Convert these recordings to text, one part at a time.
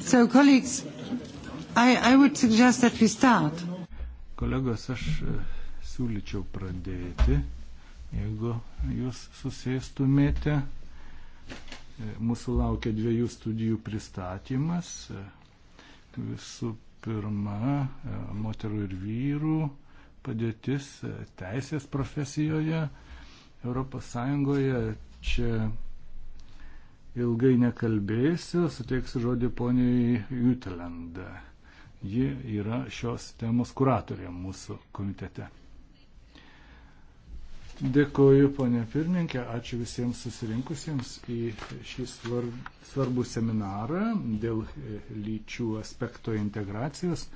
So, colleagues, I, I would suggest that we start. Kolegos, aš e, siūlyčiau pradėti, jeigu jūs susėstumėte. E, mūsų laukia dviejų studijų pristatymas. E, Visų pirma, e, moterų ir vyrų padėtis e, teisės profesijoje Europos Sąjungoje. Čia ilgai nekalbėsiu, suteiksiu žodį poniai Jutland. Ji yra šios temos kuratorė mūsų komitete. Dėkoju, ponė pirmininkė, ačiū visiems susirinkusiems į šį svarbų seminarą dėl e, lyčių aspekto integracijos. E,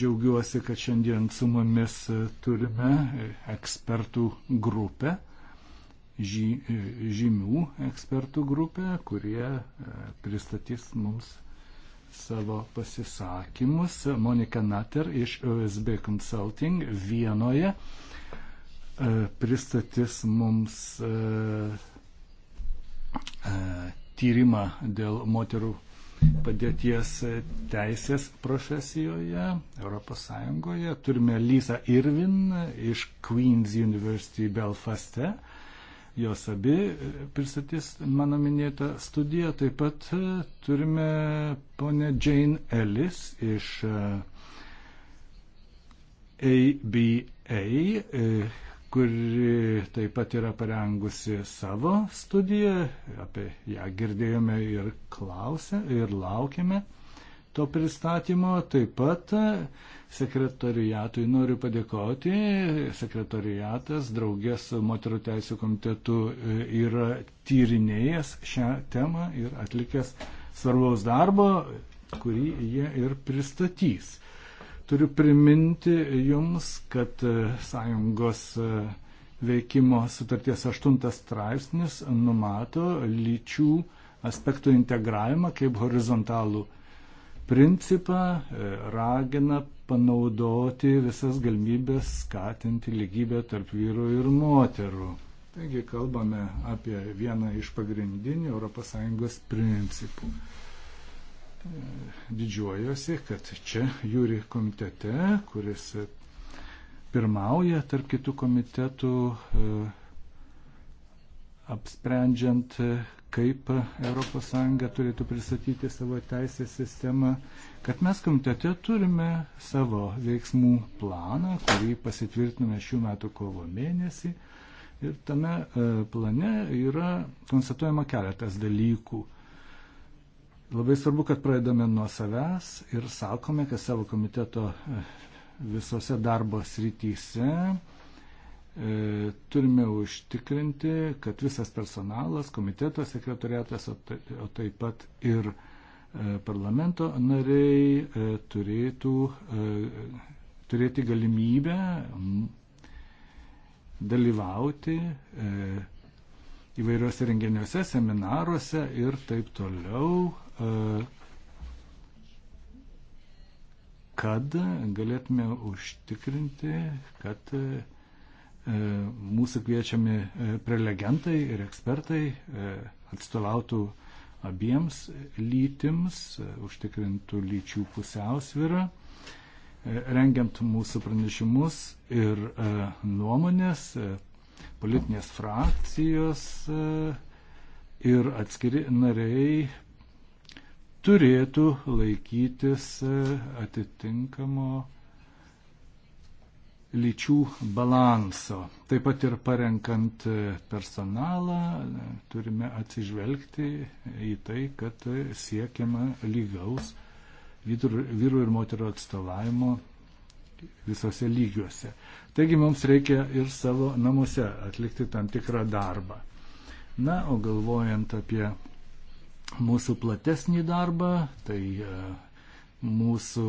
džiaugiuosi, kad šiandien su mumis turime e, ekspertų grupę, žy, žymių ekspertų grupę, kurie pristatys mums savo pasisakymus. Monika Nater iš OSB Consulting Vienoje E, pristatys mums e, e, tyrimą dėl moterų padėties teisės profesijoje Europos Sąjungoje. Turime Lisa Irvin iš Queen's University Belfaste. Jos abi pristatys mano minėtą studiją. Taip pat turime ponę Jane Ellis iš ABA kuri taip pat yra parengusi savo studiją, apie ją girdėjome ir klausę, ir laukiame to pristatymo. Taip pat e, sekretoriatui noriu padėkoti. Sekretoriatas draugės su moterų teisų komitetu e, yra tyrinėjęs šią temą ir atlikęs svarbaus darbo, kurį jie ir pristatys. Turiu priminti Jums, kad e, sąjungos e, veikimo sutarties 8 straipsnis numato lyčių aspektų integravimą kaip horizontalų principą, e, ragina panaudoti visas galimybės skatinti lygybę tarp vyrų ir moterų. Taigi kalbame apie vieną iš pagrindinių ES principų didžiuojosi, kad čia jūri komitete, kuris pirmauja tarp kitų komitetų, e, apsprendžiant, e, kaip ES turėtų pristatyti savo teisės sistemą, kad mes komitete turime savo veiksmų planą, kurį pasitvirtiname šių metų kovo mėnesį. Ir tame e, plane yra konstatuojama keletas dalykų. Labai svarbu, kad pradedame nuo savęs ir sakome, kad savo komiteto eh, visose darbo srityse eh, turime užtikrinti, kad visas personalas, komitetas, sekretoriatas, o taip pat ir eh, parlamento nariai turėtų turėti galimybę mm, dalyvauti įvairiuose renginiuose, seminaruose ir taip toliau, kad galėtume užtikrinti, kad e, mūsų kviečiami e, prelegentai ir ekspertai e, atstovautų abiems lytims, užtikrintų lyčių pusiausvyrą, rengiant mūsų pranešimus ir nuomonės, politinės frakcijos ir atskiri nariai turėtų laikytis e, atitinkamo lyčių balanso. Taip pat ir parenkant e, personalą e, turime atsižvelgti į tai, kad siekiama lygaus vyrų ir moterų atstovavimo visose lygiuose. Taigi mums reikia ir savo namuose atlikti tam tikrą darbą. Na, o galvojant apie mūsų platesnį darbą, tai e, mūsų,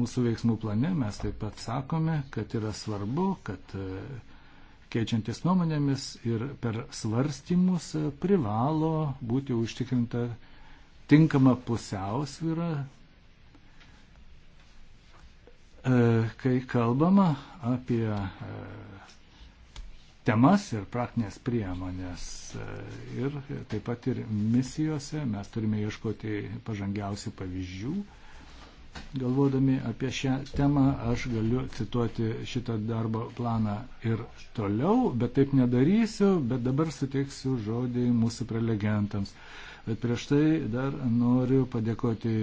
mūsų veiksmų plane mes taip pat sakome, kad yra svarbu, kad e, keičiantis nuomonėmis ir per svarstymus e, privalo būti užtikrinta tinkama pusiausvyra, kai kalbama apie temas ir praktinės priemonės. E, ir taip pat ir misijose mes turime ieškoti pažangiausių pavyzdžių. Galvodami apie šią temą, aš galiu cituoti šitą darbo planą ir toliau, bet taip nedarysiu, bet dabar suteiksiu žodį mūsų prelegentams. Bet prieš tai dar noriu padėkoti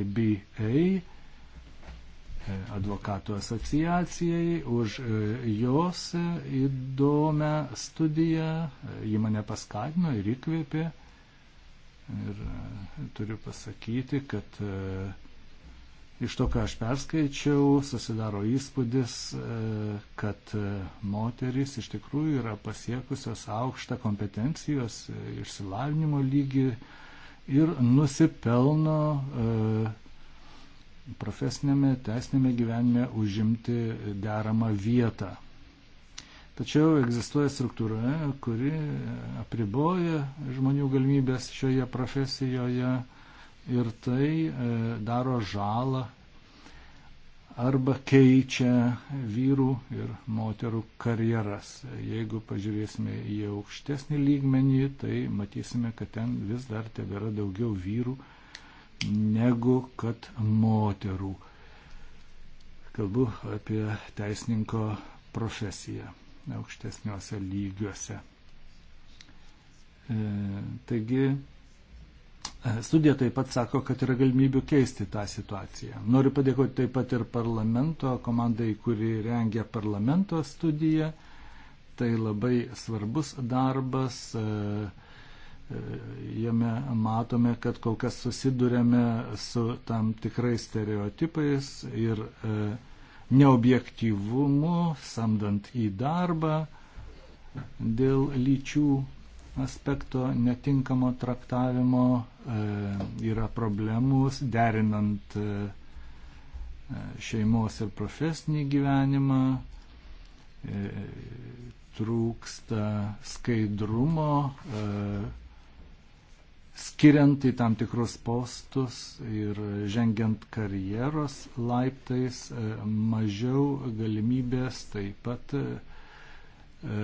IBA advokatų asociacijai už e, jos įdomią studiją. Ji mane paskatino ir įkvėpė. Ir e, turiu pasakyti, kad e, iš to, ką aš perskaičiau, susidaro įspūdis, kad moteris iš tikrųjų yra pasiekusios aukštą kompetencijos išsilavinimo lygį ir nusipelno profesinėme, teisinėme gyvenime užimti deramą vietą. Tačiau egzistuoja struktūra, kuri apriboja žmonių galimybės šioje profesijoje ir tai e, daro žalą arba keičia vyrų ir moterų karjeras. Jeigu pažiūrėsime į aukštesnį lygmenį, tai matysime, kad ten vis dar tebėra daugiau vyrų negu kad moterų. Kalbu apie teisininko profesiją aukštesniuose lygiuose. E, taigi, e, studija taip pat sako, kad yra galimybių keisti tą situaciją. Noriu padėkoti taip pat ir parlamento komandai, kuri rengia parlamento studiją. Tai labai svarbus darbas. E, Jame matome, kad kol kas susidurėme su tam tikrais stereotipais ir e, neobjektyvumu, samdant į darbą dėl lyčių aspekto netinkamo traktavimo e, yra problemų derinant e, šeimos ir profesinį gyvenimą, trūksta skaidrumo, skiriant į tam tikrus postus ir žengiant karjeros laiptais, e, mažiau galimybės taip pat e, e,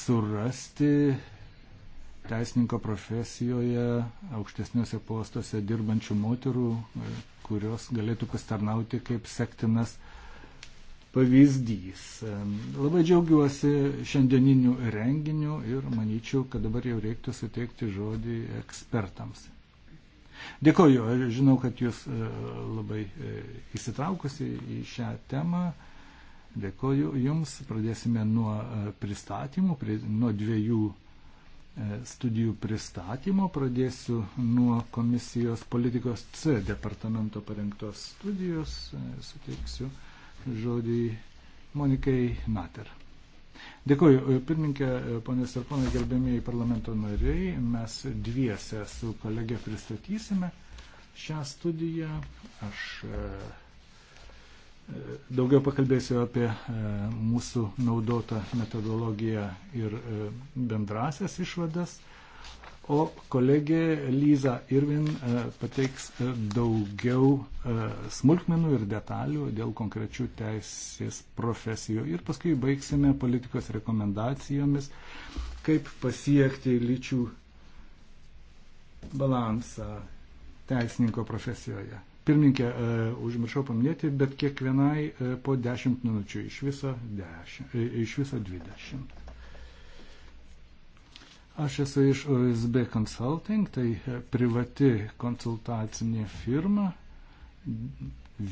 surasti teisininko profesijoje aukštesniuose postuose dirbančių moterų, kurios galėtų pasitarnauti kaip sektinas pavyzdys. Labai džiaugiuosi šiandieniniu renginiu ir manyčiau, kad dabar jau reiktų suteikti žodį ekspertams. Dėkoju, aš žinau, kad jūs e, labai e, įsitraukusi į šią temą. Dėkoju Jums, pradėsime nuo e, pristatymų, nuo dviejų studijų pristatymo. Pradėsiu nuo komisijos politikos C departamento parengtos studijos. Suteiksiu uh, žodį Monikai Nater. Dėkuoju, e, pirmininkė, e, ponės ir ponai, gerbėmėjai parlamento nariai, mes dviese su kolegė pristatysime šią studiją. Aš e, daugiau pakalbėsiu apie mūsų naudotą metodologiją ir bendrasias išvadas o kolegė Lyza Irvin e, pateiks e, daugiau e, smulkmenų ir detalių dėl konkrečių teisės profesijų. Ir paskui baigsime politikos rekomendacijomis, kaip pasiekti lyčių balansą teisininko profesijoje. Pirminkė, užmiršau paminėti, bet kiekvienai po 10 minučių, iš viso, 10, iš viso 20. Aš esu iš OSB Consulting, tai privati konsultacinė firma.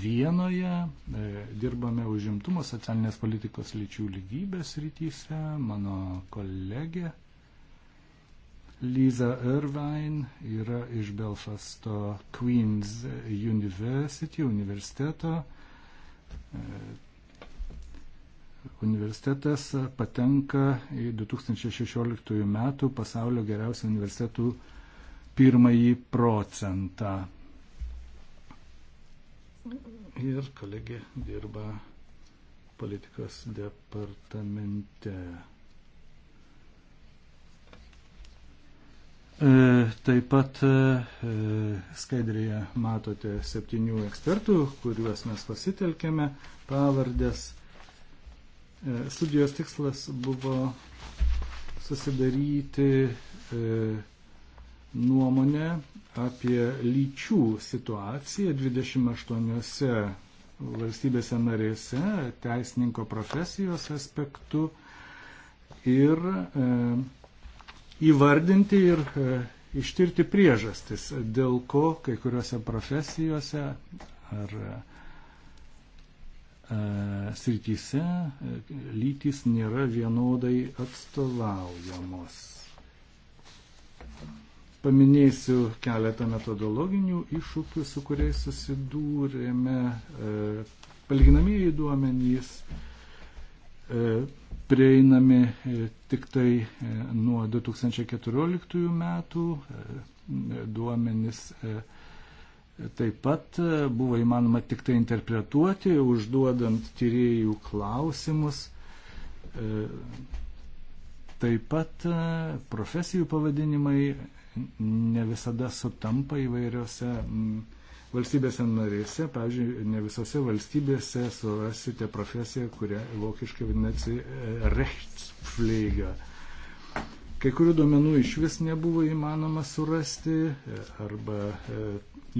Vienoje e, dirbame užimtumo socialinės politikos lyčių lygybės rytyse. Mano kolegė Liza Irvine yra iš Belfasto Queen's University universiteto. E, universitetas patenka į 2016 metų pasaulio geriausių universitetų pirmąjį procentą. Ir kolegė dirba politikos departamente. E, taip pat e, skaidrėje matote septynių ekspertų, kuriuos mes pasitelkėme, pavardės E, studijos tikslas buvo susidaryti e, nuomonę apie lyčių situaciją 28 valstybėse narėse teisininko profesijos aspektu ir e, įvardinti ir e, ištirti priežastis, dėl ko kai kuriuose profesijose ar e, E, srityse e, lytys nėra vienodai atstovaujamos. Paminėsiu keletą metodologinių iššūkių, su kuriais susidūrėme. E, palyginamieji duomenys prieinami tik tai nuo 2014 metų. Duomenys taip pat e, buvo įmanoma tik tai interpretuoti, užduodant tyriejų klausimus. E, taip pat e, profesijų pavadinimai ne visada sutampa įvairiose valstybėse narėse. Pavyzdžiui, ne visose valstybėse surasite profesiją, kurią vokiškai vadinasi Rechtspfleger. Kai kurių duomenų iš vis nebuvo įmanoma surasti arba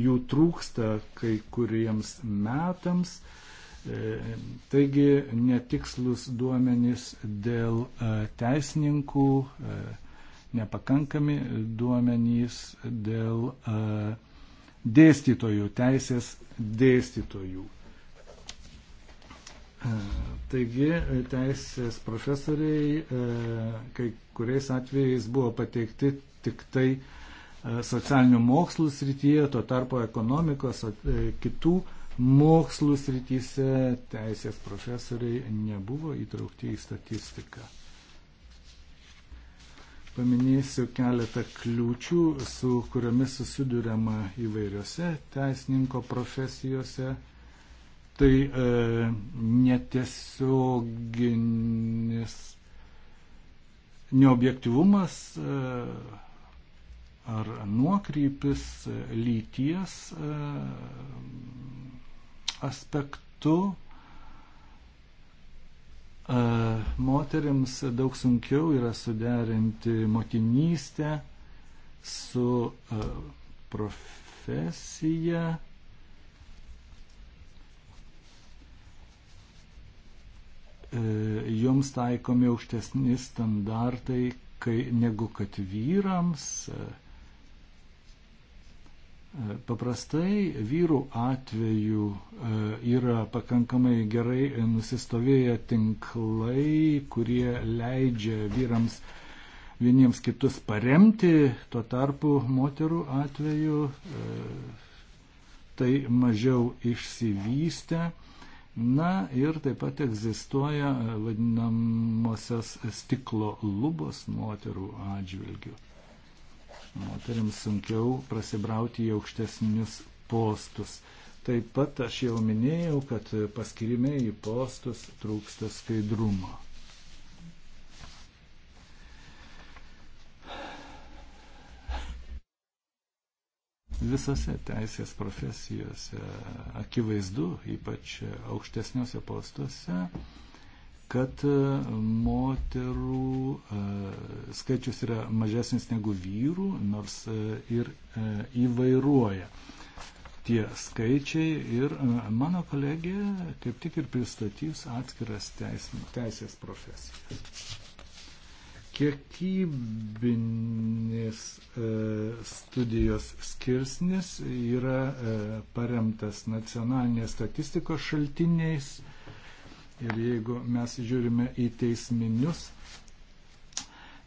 jų trūksta kai kuriems metams. E, taigi netikslus duomenys dėl e, teisininkų, e, nepakankami duomenys dėl dėstytojų, teisės dėstytojų. Taigi teisės profesoriai kai kuriais atvejais buvo pateikti tik tai E, socialinių mokslų srityje, tuo tarpu ekonomikos e, kitų mokslų srityse teisės profesoriai nebuvo įtraukti į statistiką. Paminėsiu keletą kliūčių, su kuriomis susidurėma įvairiose teisininko profesijose. Tai e, netiesioginis neobjektivumas, e, ar nuokrypis lyties e, aspektu e, moteriams daug sunkiau yra suderinti motinystę su e, profesija. Joms taikomi aukštesni standartai kai, negu kad vyrams. E, Paprastai vyrų atveju e, yra pakankamai gerai nusistovėję tinklai, kurie leidžia vyrams vieniems kitus paremti, tuo tarpu moterų atveju e, tai mažiau išsivystę. Na ir taip pat egzistuoja e, vadinamosios stiklo lubos moterų atžvilgių moteriams sunkiau prasibrauti į aukštesnius postus. Taip pat aš jau minėjau, kad paskirime į postus trūksta skaidrumo. Visose teisės profesijose akivaizdu, ypač aukštesniuose postuose, kad e, moterų e, skaičius yra mažesnis negu vyrų, nors e, ir įvairuoja tie skaičiai. Ir mano kolegė kaip tik ir pristatys atskiras teisės profesijas. Kiekybinis studijos skirsnis yra paremtas nacionalinės statistikos šaltiniais Ir jeigu mes žiūrime į teisminius,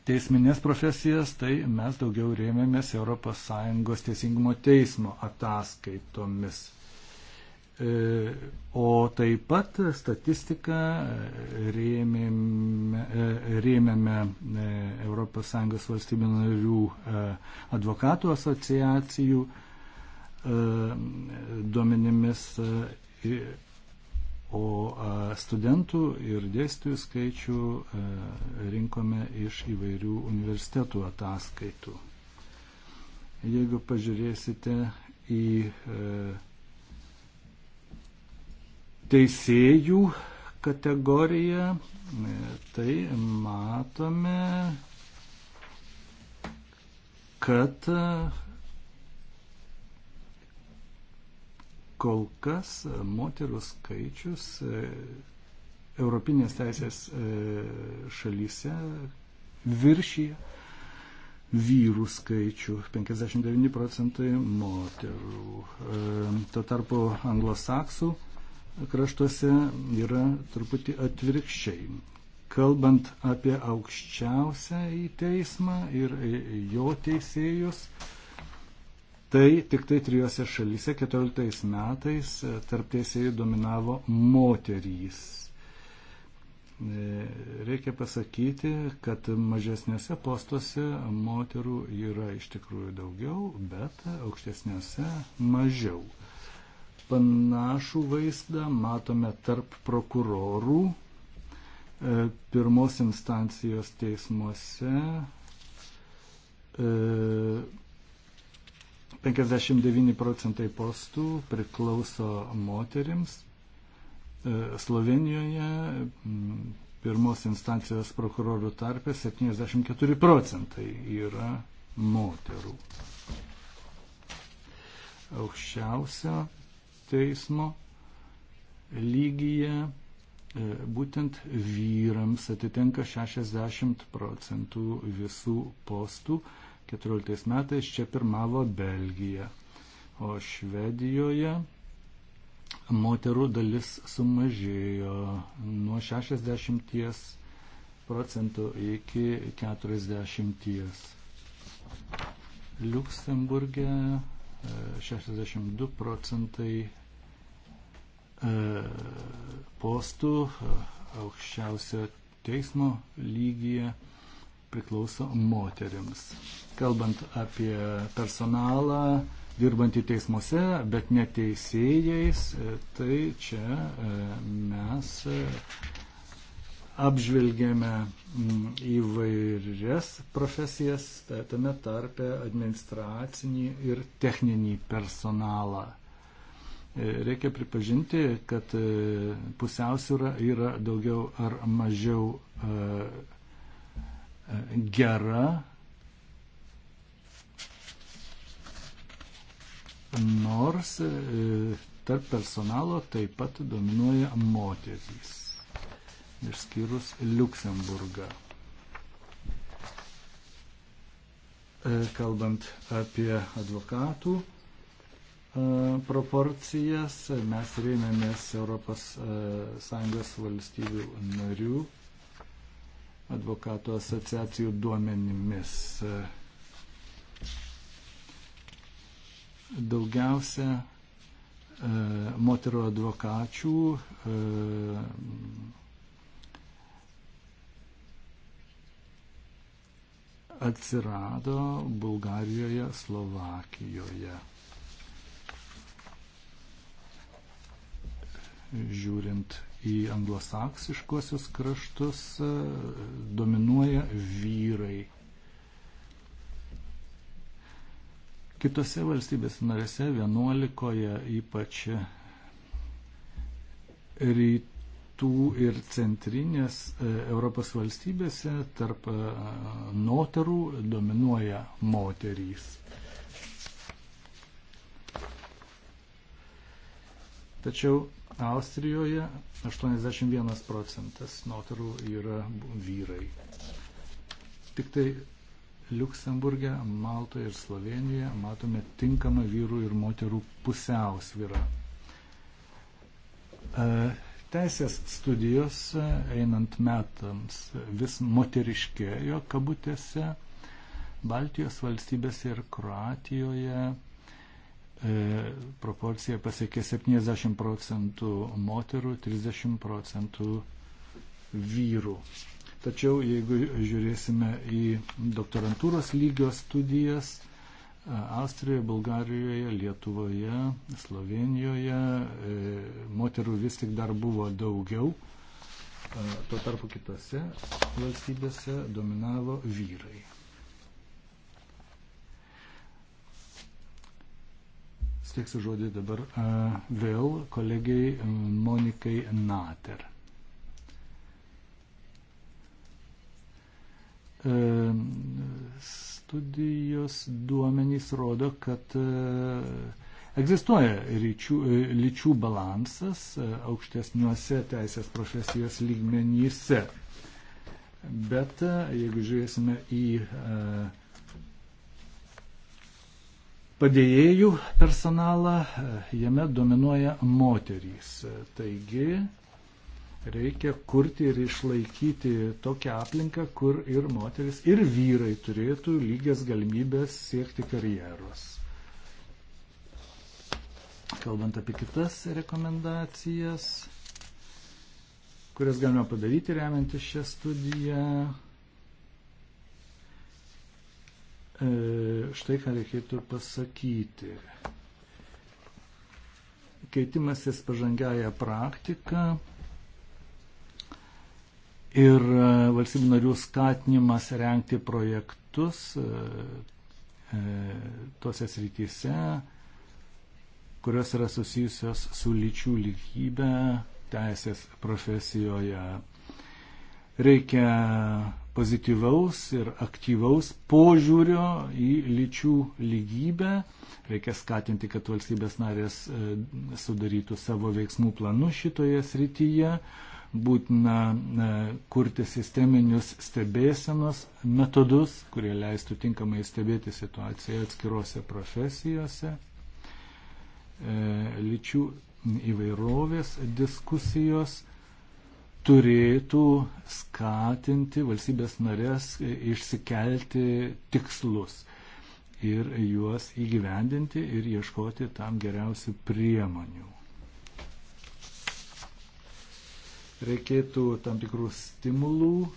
teisminės profesijas, tai mes daugiau rėmėmės ES teisingumo teismo ataskaitomis. E, o taip pat statistiką rėmėme, e, rėmėme ES valstybių narių e, advokatų asociacijų duomenimis o studentų ir dėstytojų skaičių rinkome iš įvairių universitetų ataskaitų. Jeigu pažiūrėsite į teisėjų kategoriją, tai matome, kad Kol kas e, moterų skaičius e, Europinės teisės e, šalyse viršyje vyrų skaičių, 59 procentai moterų. Tuo tarpu anglosaksų kraštuose yra truputį atvirkščiai. Kalbant apie aukščiausią į teismą ir jo teisėjus, Tai tik tai trijose šalyse 14 metais e, tarp teisėjų dominavo moterys. E, reikia pasakyti, kad mažesnėse postuose moterų yra iš tikrųjų daugiau, bet aukštesnėse mažiau. Panašų vaizdą matome tarp prokurorų e, pirmos instancijos teismuose 59 procentai postų priklauso moterims. E, Slovenijoje pirmos instancijos prokurorų tarpė 74 procentai yra moterų. Aukščiausio teismo lygyje e, būtent vyrams atitenka 60 procentų visų postų 2014 metais čia pirmavo Belgija, o Švedijoje moterų dalis sumažėjo nuo 60 procentų iki 40. Luksemburgė 62 procentai e, postų e, aukščiausio teismo lygyje priklauso moteriams. Kalbant apie personalą, dirbantį teismuose, bet ne teisėjais, e, tai čia e, mes e, apžvelgėme įvairias profesijas, tame tarpe administracinį ir techninį personalą. Reikia pripažinti, kad pusiausvyra yra daugiau ar mažiau gera. Nors e, tarp personalo taip pat dominuoja moterys, išskyrus Luksemburgą. E, kalbant apie advokatų e, proporcijas, mes rėmėmės ES valstybių narių advokatų asociacijų duomenimis. Daugiausia e, moterų advokačių e, atsirado Bulgarijoje, Slovakijoje. Žiūrint į anglosaksiškuosius kraštus e, dominuoja vyrai. Kitose valstybės narėse 11, ypač rytų ir centrinės e, Europos valstybėse, tarp notarų e, dominuoja moterys. Tačiau Austrijoje 81 procentas moterų yra vyrai. Tik tai Liuksemburgė, Maltoje ir Slovenijoje matome tinkamą vyrų ir moterų pusiausvyrą. E, teisės studijos e, einant metams vis moteriškėjo kabutėse. Baltijos valstybėse ir Kroatijoje E, proporcija pasiekė 70 procentų moterų, 30 procentų vyrų. Tačiau jeigu žiūrėsime į doktorantūros lygio studijas, e, Austrijoje, Bulgarijoje, Lietuvoje, Slovenijoje e, moterų vis tik dar buvo daugiau, tuo tarpu kitose valstybėse dominavo vyrai. steiksiu žodį dabar vėl kolegijai Monikai Nater. E, studijos duomenys rodo, kad e, egzistuoja ryčių, e, lyčių balansas aukštesniuose teisės profesijos lygmenyse. Bet jeigu žiūrėsime į uh, padėjėjų personalą, e, jame dominuoja moterys. E, taigi reikia kurti ir išlaikyti tokią aplinką, kur ir moteris, ir vyrai turėtų lygias galimybės siekti karjeros. Kalbant apie kitas rekomendacijas, kurias galime padaryti remiantis šią studiją, E, štai ką reikėtų pasakyti. Keitimasis pažangiaja praktika ir e, valstybių narių skatinimas renkti projektus e, tuose srityse, kurios yra susijusios su lyčių lygybė teisės profesijoje. Reikia pozityvaus ir aktyvaus požiūrio į lyčių lygybę. Reikia skatinti, kad valstybės narės e, sudarytų savo veiksmų planus šitoje srityje. Būtina e, kurti sisteminius stebėsenos metodus, kurie leistų tinkamai stebėti situaciją atskirose profesijose. E, lyčių įvairovės diskusijos turėtų skatinti valstybės narės išsikelti tikslus ir juos įgyvendinti ir ieškoti tam geriausių priemonių. Reikėtų tam tikrų stimulų, e,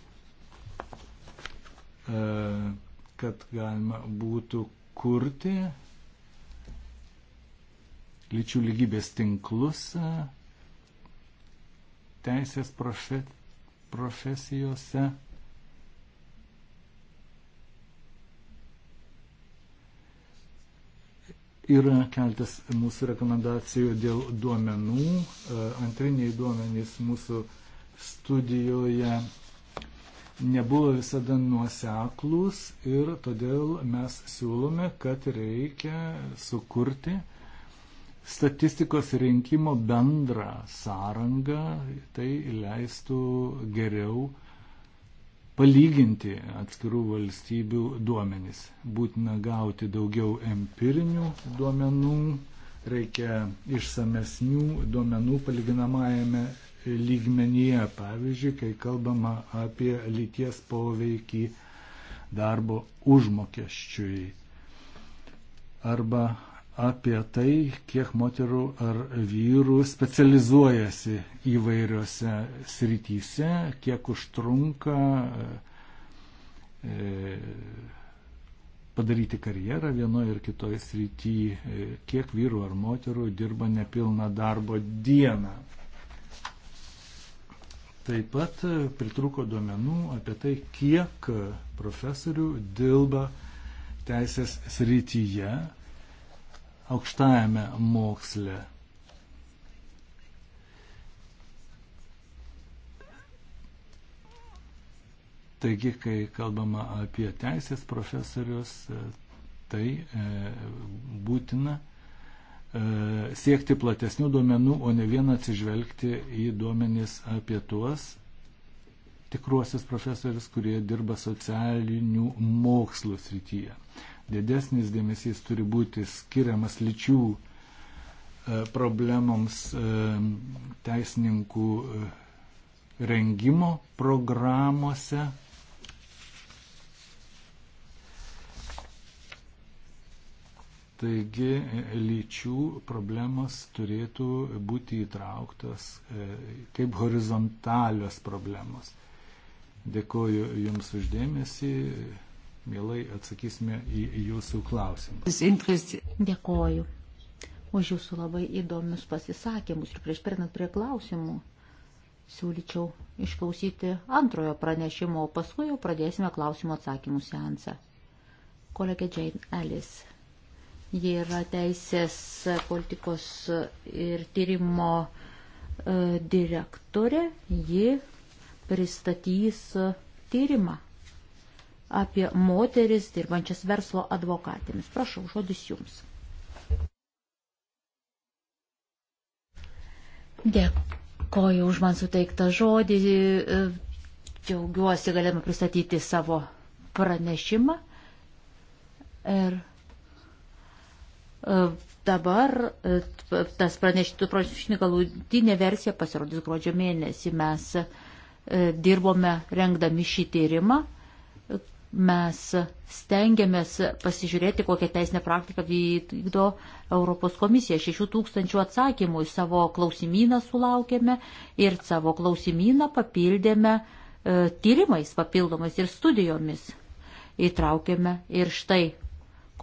kad galima būtų kurti lyčių lygybės tinklus e, teisės profe, profesijose. Yra keltas mūsų rekomendacijų dėl duomenų. E, antriniai duomenys mūsų studijoje nebuvo visada nuoseklus ir todėl mes siūlome, kad reikia sukurti uh, statistikos rinkimo bendrą sąrangą, tai leistų geriau palyginti atskirų valstybių duomenys. Būtina gauti daugiau empirinių duomenų, reikia išsamesnių duomenų palyginamajame lygmenyje, pavyzdžiui, kai kalbama apie lyties poveikį darbo užmokesčiui arba apie tai, kiek moterų ar vyrų specializuojasi įvairiose srityse, kiek užtrunka e, padaryti karjerą vienoje ir kitoje srityje, e, kiek vyrų ar moterų dirba nepilną darbo dieną. Taip pat e, pritruko duomenų apie tai, kiek profesorių dirba teisės srityje, aukštajame moksle. Taigi, kai kalbama apie teisės profesorius, tai e, būtina e, siekti platesnių duomenų, o ne vien atsižvelgti į duomenys apie tuos tikruosius profesorius, kurie dirba socialinių mokslų srityje. Didesnis dėmesys turi būti skiriamas lyčių e, problemoms e, teisininkų e, rengimo programuose. Taigi lyčių problemos turėtų būti įtrauktos kaip horizontalios problemos. Dėkoju Jums uždėmesį mielai atsakysime į jūsų klausimus. Dėkoju už jūsų labai įdomius pasisakymus ir prieš pernant prie klausimų. Siūlyčiau išklausyti antrojo pranešimo, o paskui jau pradėsime klausimų atsakymų seansą. Kolegė Jane Alice. Ji yra teisės politikos ir tyrimo e, direktorė. Ji pristatys tyrimą apie moteris dirbančias verslo advokatėmis. Prašau, žodis jums. Dėkoju už man suteiktą žodį. Džiaugiuosi galėdama pristatyti savo pranešimą. Ir e, dabar e, tas praneštų pranešinį galutinė versija pasirodys gruodžio mėnesį. Mes e, dirbome rengdami šį tyrimą mes stengiamės pasižiūrėti, kokią teisinę praktiką vykdo Europos komisija. 6 tūkstančių atsakymų į savo klausimyną sulaukėme ir savo klausimyną papildėme e, tyrimais papildomais ir studijomis. Įtraukėme ir štai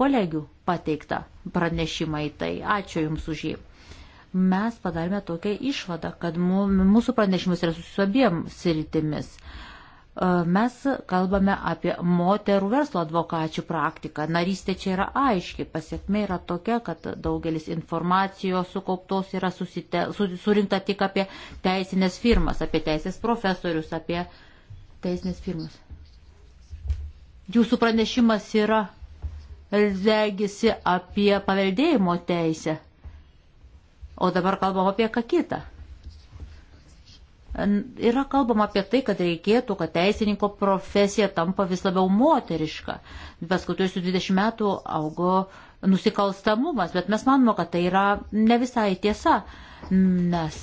kolegių pateiktą pranešimą į tai. Ačiū Jums už jį. Mes padarėme tokią išvadą, kad mūsų pranešimus yra susisabiem sritimis. E, E, mes kalbame apie moterų verslo advokačių praktiką. Narystė čia yra aiški. Pasiekmė yra tokia, kad daugelis informacijos sukauptos yra susite, su, surinkta tik apie teisinės firmas, apie teisės profesorius, apie teisinės firmas. Jūsų pranešimas yra regisi apie paveldėjimo teisę. O dabar kalbam apie ką kitą. Yra kalbama apie tai, kad reikėtų, kad teisininko profesija tampa vis labiau moteriška. Paskutinius 20 metų augo nusikalstamumas, bet mes manome, kad tai yra ne visai tiesa, nes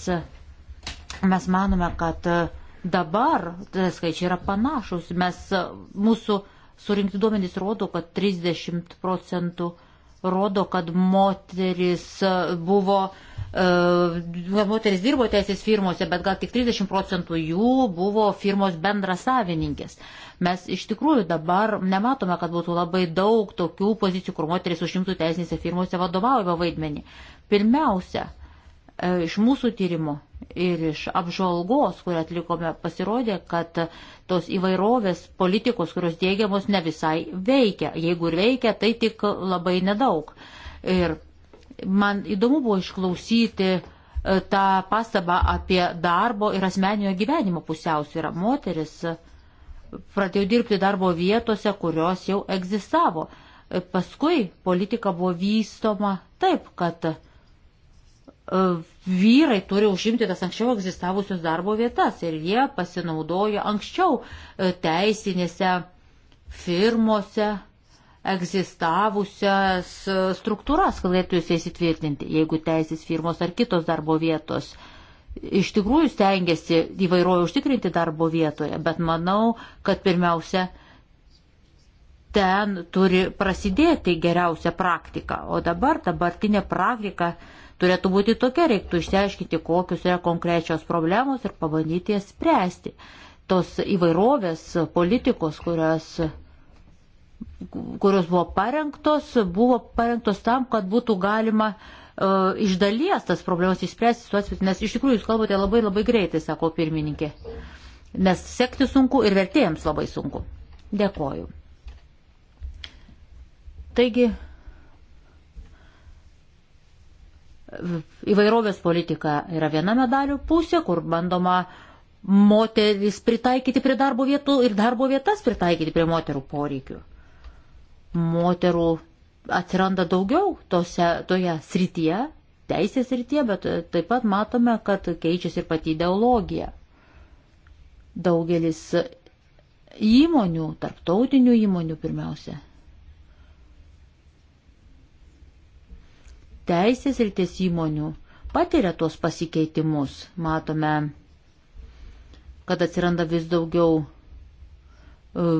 mes manome, kad dabar tai skaičiai yra panašus. Mes, mūsų surinkti duomenys rodo, kad 30 procentų rodo, kad moteris buvo uh, moteris dirbo teisės firmose, bet gal tik 30 procentų jų buvo firmos bendrasavininkės. Mes iš tikrųjų dabar nematome, kad būtų labai daug tokių pozicijų, kur moteris užimtų teisinėse firmose vadovaujamą vaidmenį. Pirmiausia, e, iš mūsų tyrimo ir iš apžvalgos, kurią atlikome, pasirodė, kad tos įvairovės politikos, kurios dėgiamos, ne visai veikia. Jeigu ir veikia, tai tik labai nedaug. Ir Man įdomu buvo išklausyti e, tą pastabą apie darbo ir asmeninio gyvenimo pusiausvyrą. Moteris e, pradėjo dirbti darbo vietose, kurios jau egzistavo. E, paskui politika buvo vystoma taip, kad vyrai turi užimti tas anksčiau egzistavusios darbo vietas ir jie pasinaudoja anksčiau teisinėse firmose egzistavusias struktūras, kad galėtų jūs įsitvirtinti, jeigu teisės firmos ar kitos darbo vietos iš tikrųjų stengiasi įvairovę užtikrinti darbo vietoje, bet manau, kad pirmiausia, ten turi prasidėti geriausia praktika, o dabar dabartinė praktika turėtų būti tokia, reiktų išsiaiškinti, kokius yra konkrečios problemos ir pabandyti jas spręsti. Tos įvairovės politikos, kurias kurios buvo parengtos, buvo parengtos tam, kad būtų galima uh, iš dalies tas problemas išspręsti situacijas, nes iš tikrųjų jūs kalbate labai labai greitai, sako pirmininkė, nes sekti sunku ir vertėjams labai sunku. Dėkoju. Taigi, įvairovės politika yra viena medalio pusė, kur bandoma moteris pritaikyti prie darbo vietų ir darbo vietas pritaikyti prie moterų poreikių moterų atsiranda daugiau tose, toje srityje, teisės srityje, bet e, taip pat matome, kad keičiasi ir pati ideologija. Daugelis įmonių, tarptautinių įmonių pirmiausia. Teisės rytis įmonių patiria tuos pasikeitimus. Matome, kad atsiranda vis daugiau e,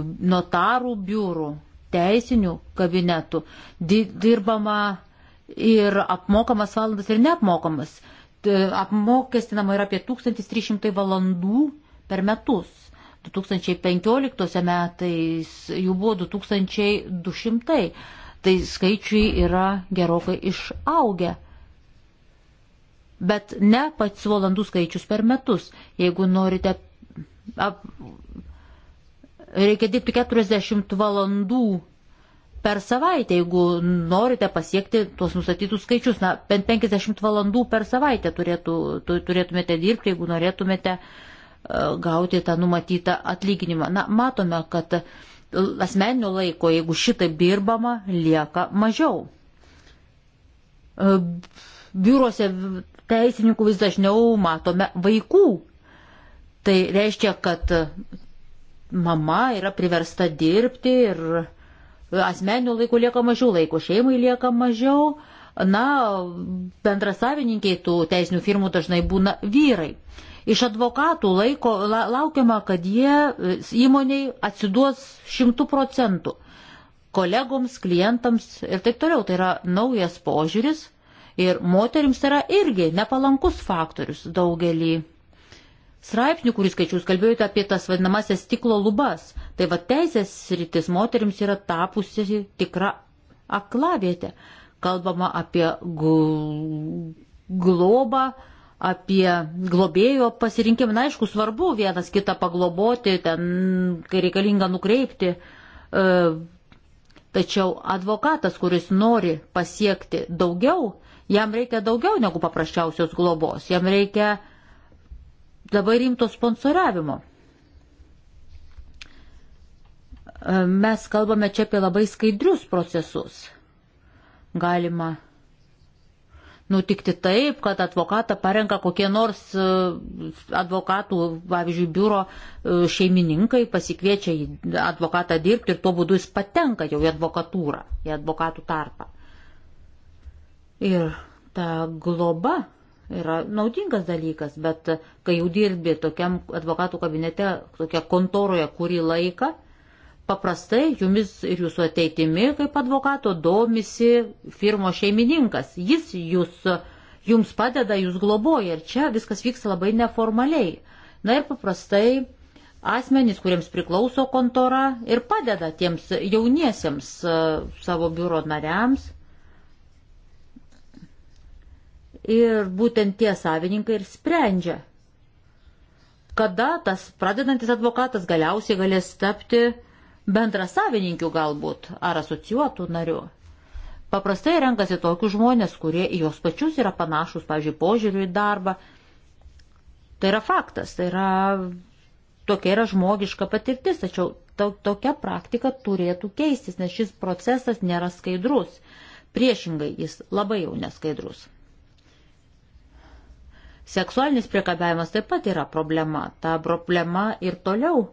notarų biurų, teisinių kabinetų, dirbama ir apmokamas valandas ir neapmokamas. Apmokestinama yra apie 1300 valandų per metus. 2015 metais jų buvo 2200. Tai skaičiai yra gerokai išaugę. Bet ne pats valandų skaičius per metus. Jeigu norite ap, reikia dirbti 40 valandų per savaitę, jeigu norite pasiekti tuos nustatytus skaičius. Na, bent 50 valandų per savaitę turėtų, tu, turėtumėte dirbti, jeigu norėtumėte e, gauti tą numatytą atlyginimą. Na, matome, kad asmeninio laiko, jeigu šitai dirbama, lieka mažiau. E, biuruose teisininkų vis dažniau matome vaikų. Tai reiškia, kad mama yra priversta dirbti ir asmeninių laikų lieka mažiau laiko, šeimai lieka mažiau. Na, bendrasavininkiai tų teisinių firmų dažnai būna vyrai. Iš advokatų laiko la, laukiama, kad jie e, įmoniai atsiduos šimtų procentų kolegoms, klientams ir taip toliau. Tai yra naujas požiūris ir moterims tai yra irgi nepalankus faktorius daugelį straipsnių, kurį skaičius kalbėjote apie tas vadinamasias stiklo lubas. Tai va teisės rytis moteriams yra tapusi tikra aklavietė. Kalbama apie globą, apie globėjo pasirinkimą. Na, aišku, svarbu vienas kitą pagloboti, ten, kai reikalinga nukreipti. E, tačiau advokatas, kuris nori pasiekti daugiau, jam reikia daugiau negu paprasčiausios globos. Jam reikia labai rimto sponsoravimo. E, mes kalbame čia apie labai skaidrius procesus. Galima nutikti taip, kad advokatą parenka kokie nors e, advokatų, pavyzdžiui, biuro e, šeimininkai, pasikviečia į advokatą dirbti ir tuo būdu jis patenka jau į advokatūrą, į advokatų tarpą. Ir ta globa yra naudingas dalykas, bet kai jau dirbi tokiam advokatų kabinete, tokia kontoroje kurį laiką, paprastai jumis ir jūsų ateitimi kaip advokato domisi firmo šeimininkas. Jis jūs, jums padeda, jūs globoja ir čia viskas vyksta labai neformaliai. Na ir paprastai asmenys, kuriems priklauso kontora ir padeda tiems jauniesiems e, savo biuro nariams ir būtent tie savininkai ir sprendžia, kada tas pradedantis advokatas galiausiai galės tapti bendra savininkiu galbūt ar asociuotų nariu. Paprastai renkasi tokius žmonės, kurie jos pačius yra panašus, pavyzdžiui, požiūriu į darbą. Tai yra faktas, tai yra tokia yra žmogiška patirtis, tačiau to, tokia praktika turėtų keistis, nes šis procesas nėra skaidrus. Priešingai, jis labai jau neskaidrus. Seksualinis priekabiavimas taip pat yra problema. Ta problema ir toliau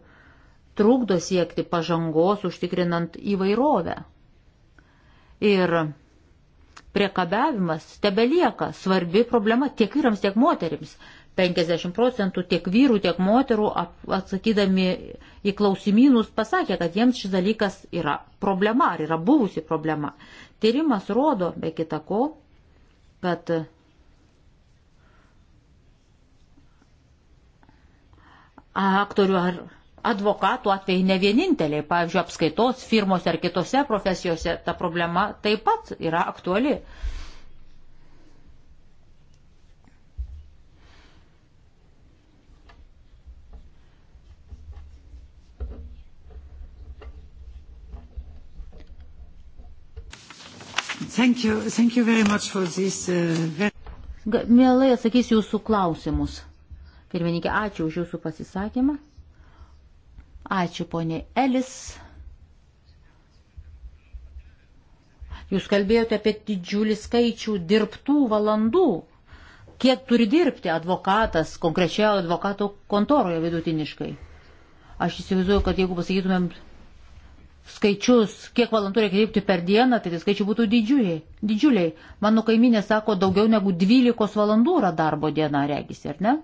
trukdo siekti pažangos, užtikrinant įvairovę. Ir priekabiavimas tebelieka svarbi problema tiek vyrams, tiek moterims. 50 procentų tiek vyrų, tiek moterų atsakydami į klausimynus pasakė, kad jiems šis dalykas yra problema ar yra buvusi problema. Tyrimas rodo, be kita ko, kad aktorių ar advokatų atvejai ne vieninteliai, pavyzdžiui, apskaitos firmose ar kitose profesijose ta problema taip pat yra aktuali. Thank you. Thank you very much for this. Uh, very... Mielai atsakysiu jūsų klausimus. Pirmininkė, ačiū už jūsų pasisakymą. Ačiū, ponė Elis. Jūs kalbėjote apie didžiulį skaičių dirbtų valandų. Kiek turi dirbti advokatas konkrečioje advokato kontoroje vidutiniškai? Aš įsivaizduoju, kad jeigu pasakytumėm skaičius, kiek valandų reikia dirbti per dieną, tai tie skaičiai būtų didžiuliai. didžiuliai. Mano kaiminė sako, daugiau negu 12 valandų yra darbo diena, regis, ar ne?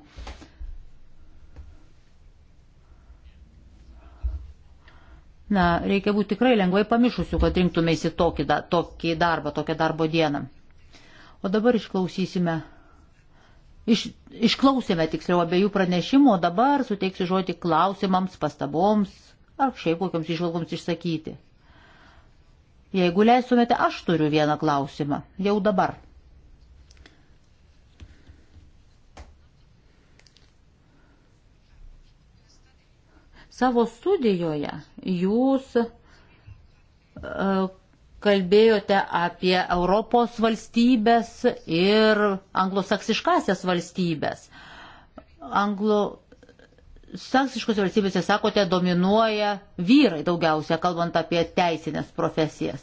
Na, reikia būti tikrai lengvai pamišusiu, kad rinktumėsi tokį, da, tokį darbą, tokią darbo dieną. O dabar išklausysime. Iš, išklausėme tiksliau abiejų pranešimų, o dabar suteiksiu žodį klausimams, pastaboms ar šiaip kokiams išvalgoms išsakyti. Jeigu leisumėte, aš turiu vieną klausimą. Jau dabar. Savo studijoje jūs e, kalbėjote apie Europos valstybės ir anglosaksiškasias valstybės. Anglosaksiškose valstybėse, sakote, dominuoja vyrai daugiausia, kalbant apie teisinės profesijas.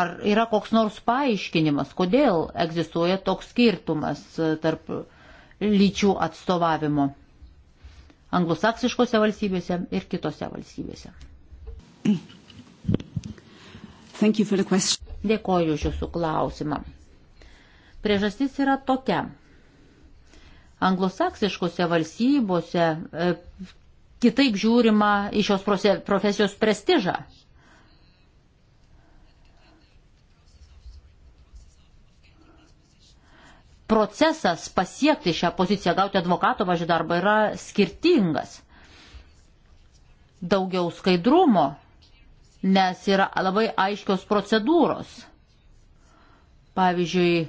Ar yra koks nors paaiškinimas, kodėl egzistuoja toks skirtumas e, tarp lyčių atstovavimo? anglosaksiškose valstybėse ir kitose valstybėse. Dėkoju už jūsų klausimą. Priežastis yra tokia. Anglosaksiškose valstybose e, kitaip žiūrima į šios profesijos prestižą. procesas pasiekti šią poziciją, gauti advokato važiuoti darbą yra skirtingas. Daugiau skaidrumo, nes yra labai aiškios procedūros. Pavyzdžiui,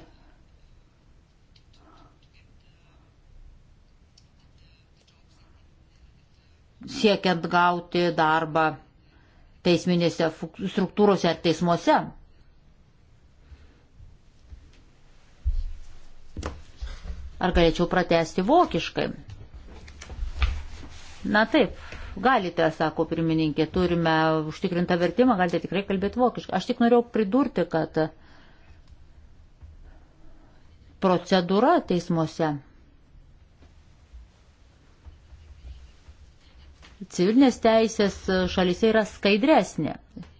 siekiant gauti darbą teisminėse struktūrose ar teismuose. Ar galėčiau pratesti vokiškai? Na taip, galite, sako pirmininkė, turime užtikrintą vertimą, galite tikrai kalbėti vokiškai. Aš tik norėjau pridurti, kad procedūra teismuose civilinės teisės šalyse yra skaidresnė.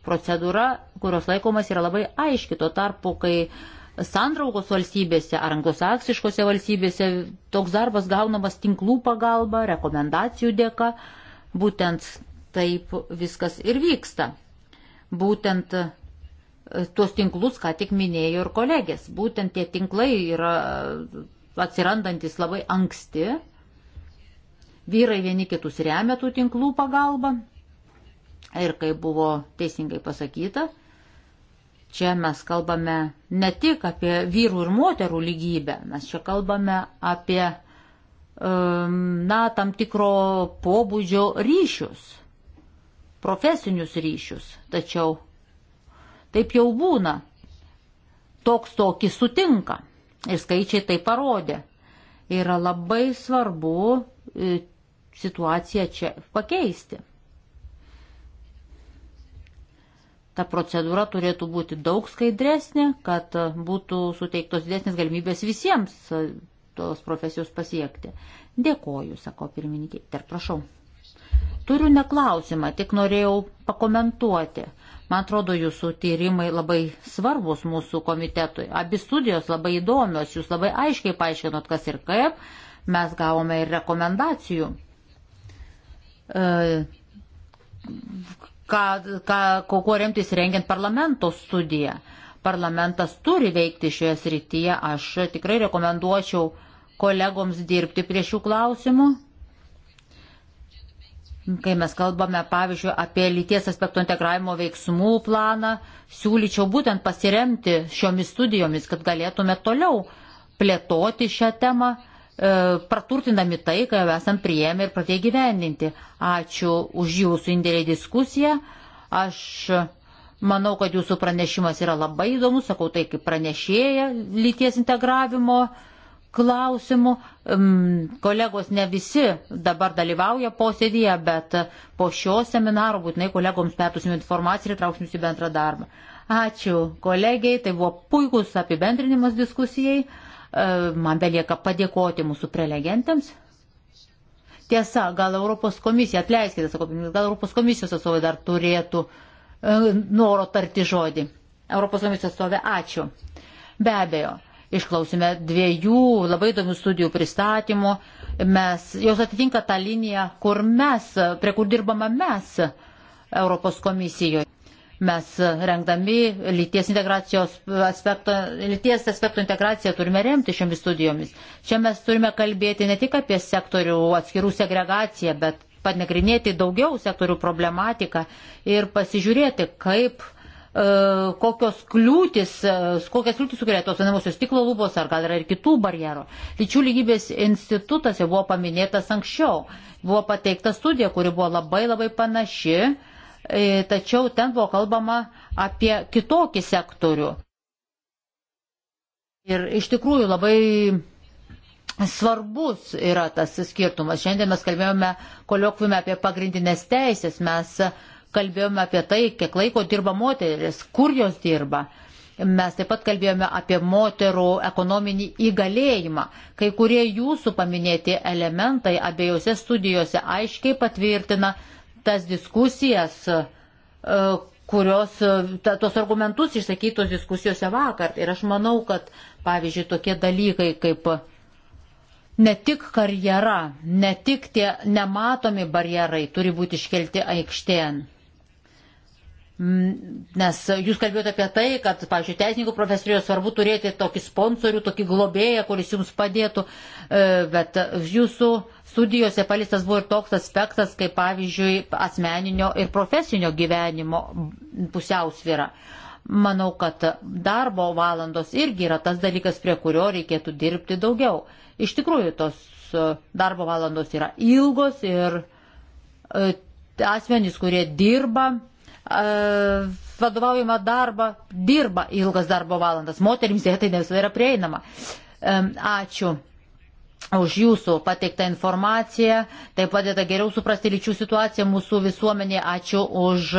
Procedūra, kurios laikomas, yra labai aiški. Tuo tarpu, kai sandraugos valstybėse ar anglosaksiškose valstybėse toks darbas gaunamas tinklų pagalba, rekomendacijų dėka. Būtent taip viskas ir vyksta. Būtent e, tuos tinklus, ką tik minėjo ir kolegės. Būtent tie tinklai yra e, atsirandantis labai anksti. Vyrai vieni kitus remia tų tinklų pagalba. Ir kaip buvo teisingai pasakyta, Čia mes kalbame ne tik apie vyrų ir moterų lygybę, mes čia kalbame apie, na, tam tikro pobūdžio ryšius, profesinius ryšius. Tačiau taip jau būna, toks tokį sutinka ir skaičiai tai parodė. Yra labai svarbu e, situaciją čia pakeisti. Ta procedūra turėtų būti daug skaidresnė, kad būtų suteiktos didesnės galimybės visiems e, tos profesijos pasiekti. Dėkoju, sako pirmininkė. Ir prašau. Turiu neklausimą, tik norėjau pakomentuoti. Man atrodo, jūsų tyrimai labai svarbus mūsų komitetui. Abi studijos labai įdomios, jūs labai aiškiai paaiškinot, kas ir kaip. Mes gavome ir rekomendacijų. E, ką, ką, kuo remtis rengiant parlamento studiją. Parlamentas turi veikti šioje srityje. Aš tikrai rekomenduočiau kolegoms dirbti prie šių klausimų. Kai mes kalbame, pavyzdžiui, apie lyties aspektų integravimo veiksmų planą, siūlyčiau būtent pasiremti šiomis studijomis, kad galėtume toliau plėtoti šią temą E, praturtindami tai, ką jau esam prieėmę ir pradėję gyvendinti. Ačiū už jūsų indėlį į diskusiją. Aš manau, kad jūsų pranešimas yra labai įdomus, sakau tai kaip pranešėja lyties integravimo klausimų. Kolegos ne visi dabar dalyvauja posėdėje, bet po šio seminaro būtinai kolegoms pertusime informaciją ir trauksim į bendrą darbą. Ačiū kolegiai, tai buvo puikus apibendrinimas diskusijai. E, man belieka padėkoti mūsų prelegentams. Tiesa, gal Europos komisija, atleiskite, sakau, gal Europos komisijos atstovai dar turėtų e, noro tarti žodį. Europos komisijos atstovė, ačiū. Be abejo, išklausime dviejų labai įdomių studijų pristatymų. Mes, jos atitinka tą liniją, kur mes, prie kur dirbame mes Europos komisijoje. Mes rengdami lyties, aspekto, lyties aspekto integraciją turime remti šiomis studijomis. Čia mes turime kalbėti ne tik apie sektorių atskirų segregaciją, bet panagrinėti daugiau sektorių problematiką ir pasižiūrėti, kaip e, kokios kliūtis, e, kokias kliūtis sukuria tos vadinamosios stiklo lubos, ar gal yra ir kitų barjerų. Lyčių lygybės institutas jau buvo paminėtas anksčiau. Buvo pateikta studija, kuri buvo labai labai panaši E, tačiau ten buvo kalbama apie kitokį sektorių. Ir iš tikrųjų labai svarbus yra tas skirtumas. Šiandien mes kalbėjome koliokvime apie pagrindinės teisės, mes kalbėjome apie tai, kiek laiko dirba moteris, kur jos dirba. Mes taip pat kalbėjome apie moterų ekonominį įgalėjimą. Kai kurie jūsų paminėti elementai abiejose studijose aiškiai patvirtina tas diskusijas, e, kurios, e, ta, tos argumentus išsakytos diskusijose vakar. Ir aš manau, kad, pavyzdžiui, tokie dalykai kaip ne tik karjera, ne tik tie nematomi barjerai turi būti iškelti aikštėn. Mm, nes jūs kalbėjote apie tai, kad, pavyzdžiui, teisininkų profesorijoje svarbu turėti tokį sponsorių, tokį globėją, kuris jums padėtų, e, bet jūsų studijose palistas buvo ir toks aspektas, kaip, pavyzdžiui, asmeninio ir profesinio gyvenimo pusiausvyra. Manau, kad darbo valandos irgi yra tas dalykas, prie kurio reikėtų dirbti daugiau. Iš tikrųjų, tos e, darbo valandos yra ilgos ir e, asmenys, kurie dirba, vadovaujama darba dirba ilgas darbo valandas. Moterims tai ne visada yra prieinama. Ačiū už jūsų pateiktą informaciją, tai padeda geriau suprasti lyčių situaciją mūsų visuomenėje. Ačiū už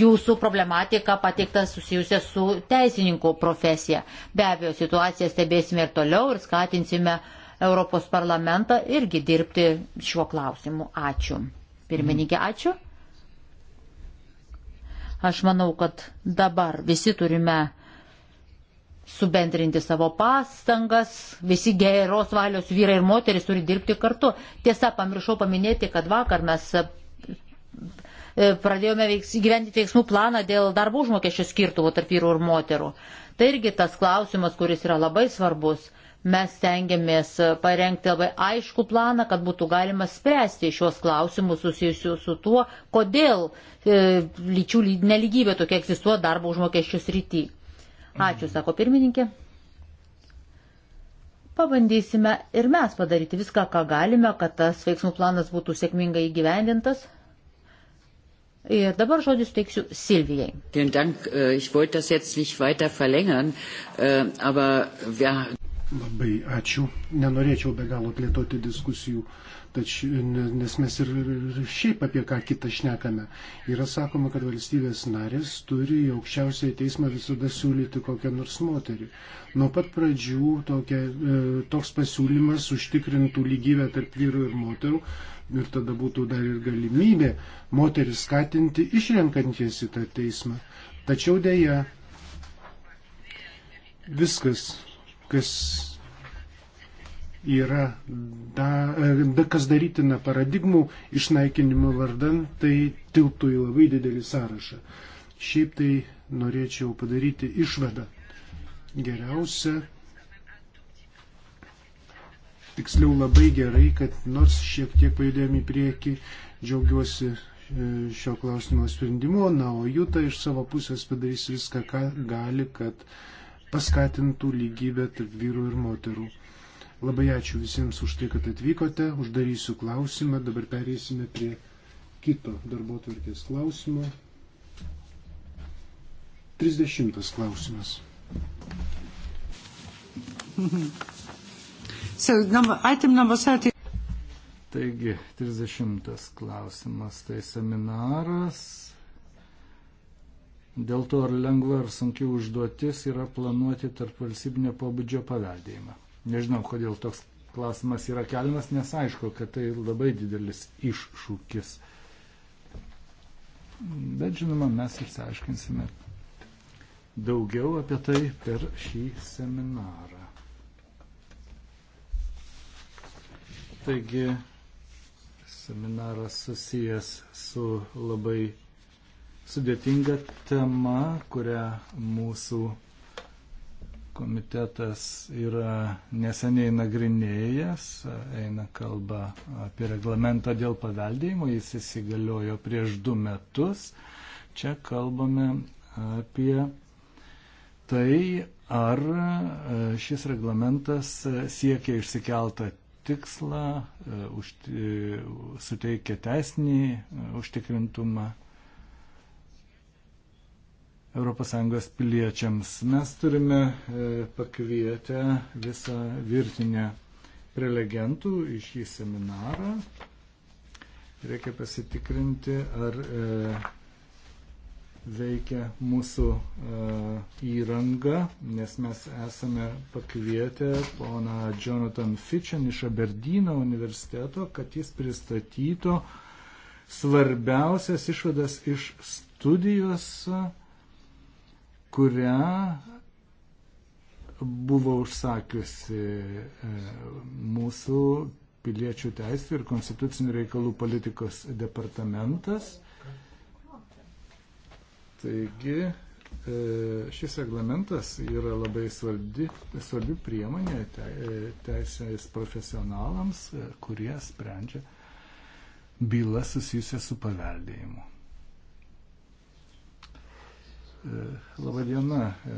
jūsų problematiką pateiktą susijusią su teisininkų profesija. Be abejo, situaciją stebėsime ir toliau ir skatinsime Europos parlamentą irgi dirbti šiuo klausimu. Ačiū. Pirmininkė, ačiū. Aš manau, kad dabar visi turime subendrinti savo pastangas, visi geros valios vyrai ir moteris turi dirbti kartu. Tiesa, pamiršau paminėti, kad vakar mes e, e, pradėjome veiks, gyventi veiksmų planą dėl darbo užmokesčio skirtumo tarp vyrų ir moterų. Tai irgi tas klausimas, kuris yra labai svarbus. Mes stengiamės parengti labai aišku planą, kad būtų galima spręsti šios klausimus susijusius su tuo, kodėl e, lyčių neligybė tokia egzistuoja darbo užmokesčių srity. Ačiū, mhm. sako pirmininkė. Pabandysime ir mes padaryti viską, ką galime, kad tas veiksmų planas būtų sėkmingai įgyvendintas. Ir dabar žodį suteiksiu Silvijai. Vielen Dank. Äh, ich wollte das jetzt nicht weiter verlängern, äh, aber ja. Labai ačiū. Nenorėčiau be galo plėtoti diskusijų, tač, nes mes ir šiaip apie ką kitą šnekame. Yra sakoma, kad valstybės narės turi į aukščiausiąjį teismą visada siūlyti kokią nors moterį. Nuo pat pradžių tokia, e, toks pasiūlymas užtikrintų lygybę tarp vyrų ir moterų ir tada būtų dar ir galimybė moteris skatinti išrenkant jas į tą teismą. Tačiau dėja, viskas kas yra, da, da, e, kas darytina paradigmų išnaikinimo vardan, tai tiltų į labai didelį sąrašą. Šiaip tai norėčiau padaryti išvadą. Geriausia, tiksliau labai gerai, kad nors šiek tiek pajudėjom į priekį, džiaugiuosi e, šio klausimo sprendimu, na, o Juta iš savo pusės padarys viską, ką gali, kad uh, paskatintų lygybę tarp vyrų ir moterų. Labai ačiū visiems už tai, kad atvykote. Uždarysiu klausimą. Dabar pereisime prie kito darbo tvarkės klausimo. 30 klausimas. So, number, item number 30. Taigi, 30 klausimas tai seminaras Dėl to ar lengva ar sunki užduotis yra planuoti tarp valstybinio pobūdžio paveldėjimą. Nežinau, kodėl toks klausimas yra keliamas, nes aišku, kad tai labai didelis iššūkis. Bet žinoma, mes išsiaiškinsime daugiau apie tai per šį seminarą. Taigi, seminaras susijęs su labai sudėtinga tema, kurią mūsų komitetas yra neseniai nagrinėjęs, eina kalba apie reglamentą dėl paveldėjimo, jis įsigaliojo prieš du metus. Čia kalbame apie tai, ar e, šis reglamentas siekia išsikeltą tikslą, e, e, suteikia teisinį užtikrintumą ES piliečiams. Mes turime e, pakvietę visą virtinę prelegentų į šį seminarą. Reikia pasitikrinti, ar e, veikia mūsų e, įranga, nes mes esame pakvietę poną Jonathan Fitchen iš Aberdyno universiteto, kad jis pristatytų svarbiausias išvadas iš studijos. E, kurią buvo užsakiusi e, mūsų piliečių teisų ir konstitucinių reikalų politikos departamentas. Taigi e, šis reglamentas yra labai svarbi, svarbi priemonė e, teisės profesionalams, kurie sprendžia bylas susijusią su paveldėjimu. E, Labadiena, e,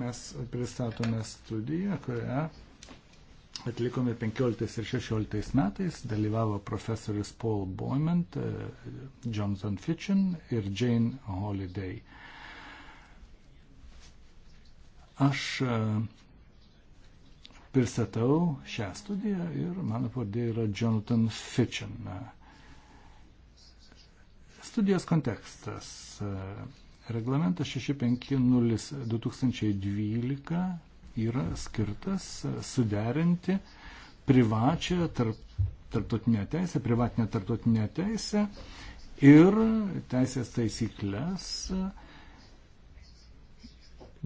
mes pristatome studiją, kurią atlikome 15 ir 16 metais, dalyvavo profesorius Paul Boyment, e, Johnson Fitchin ir Jane Holiday. Aš pristatau šią studiją ir mano pavardė yra Jonathan Fitchin. Studijos kontekstas. Reglamentas 650-2012 yra skirtas suderinti privačią tarp, tarptautinę teisę, privatinę tarptautinę teisę ir teisės taisyklės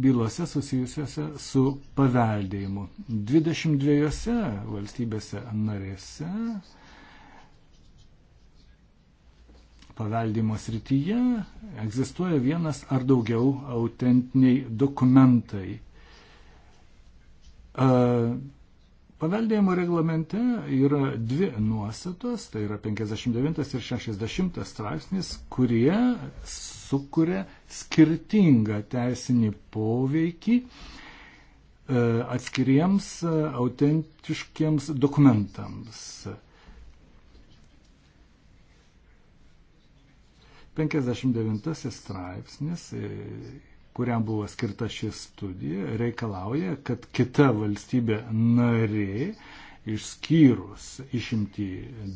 bylose susijusiuose su paveldėjimu. 22 valstybėse narėse paveldimo srityje egzistuoja vienas ar daugiau autentiniai dokumentai. E, paveldėjimo reglamente yra dvi nuostatos, tai yra 59 ir 60 straipsnis, kurie sukuria skirtingą teisinį poveikį e, atskiriems e, autentiškiems dokumentams. 59 straipsnis, e, kuriam buvo skirta ši studija, reikalauja, kad kita valstybė narė, išskyrus išimti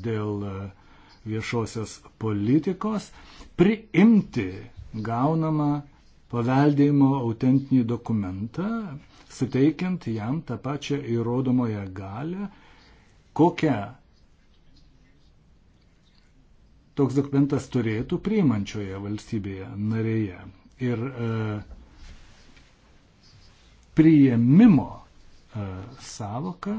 dėl e, viešosios politikos, priimti gaunamą paveldėjimo autentinį dokumentą, suteikiant jam tą pačią įrodomąją galę, kokią toks dokumentas turėtų priimančioje valstybėje narėje. Ir e, priėmimo e, savoka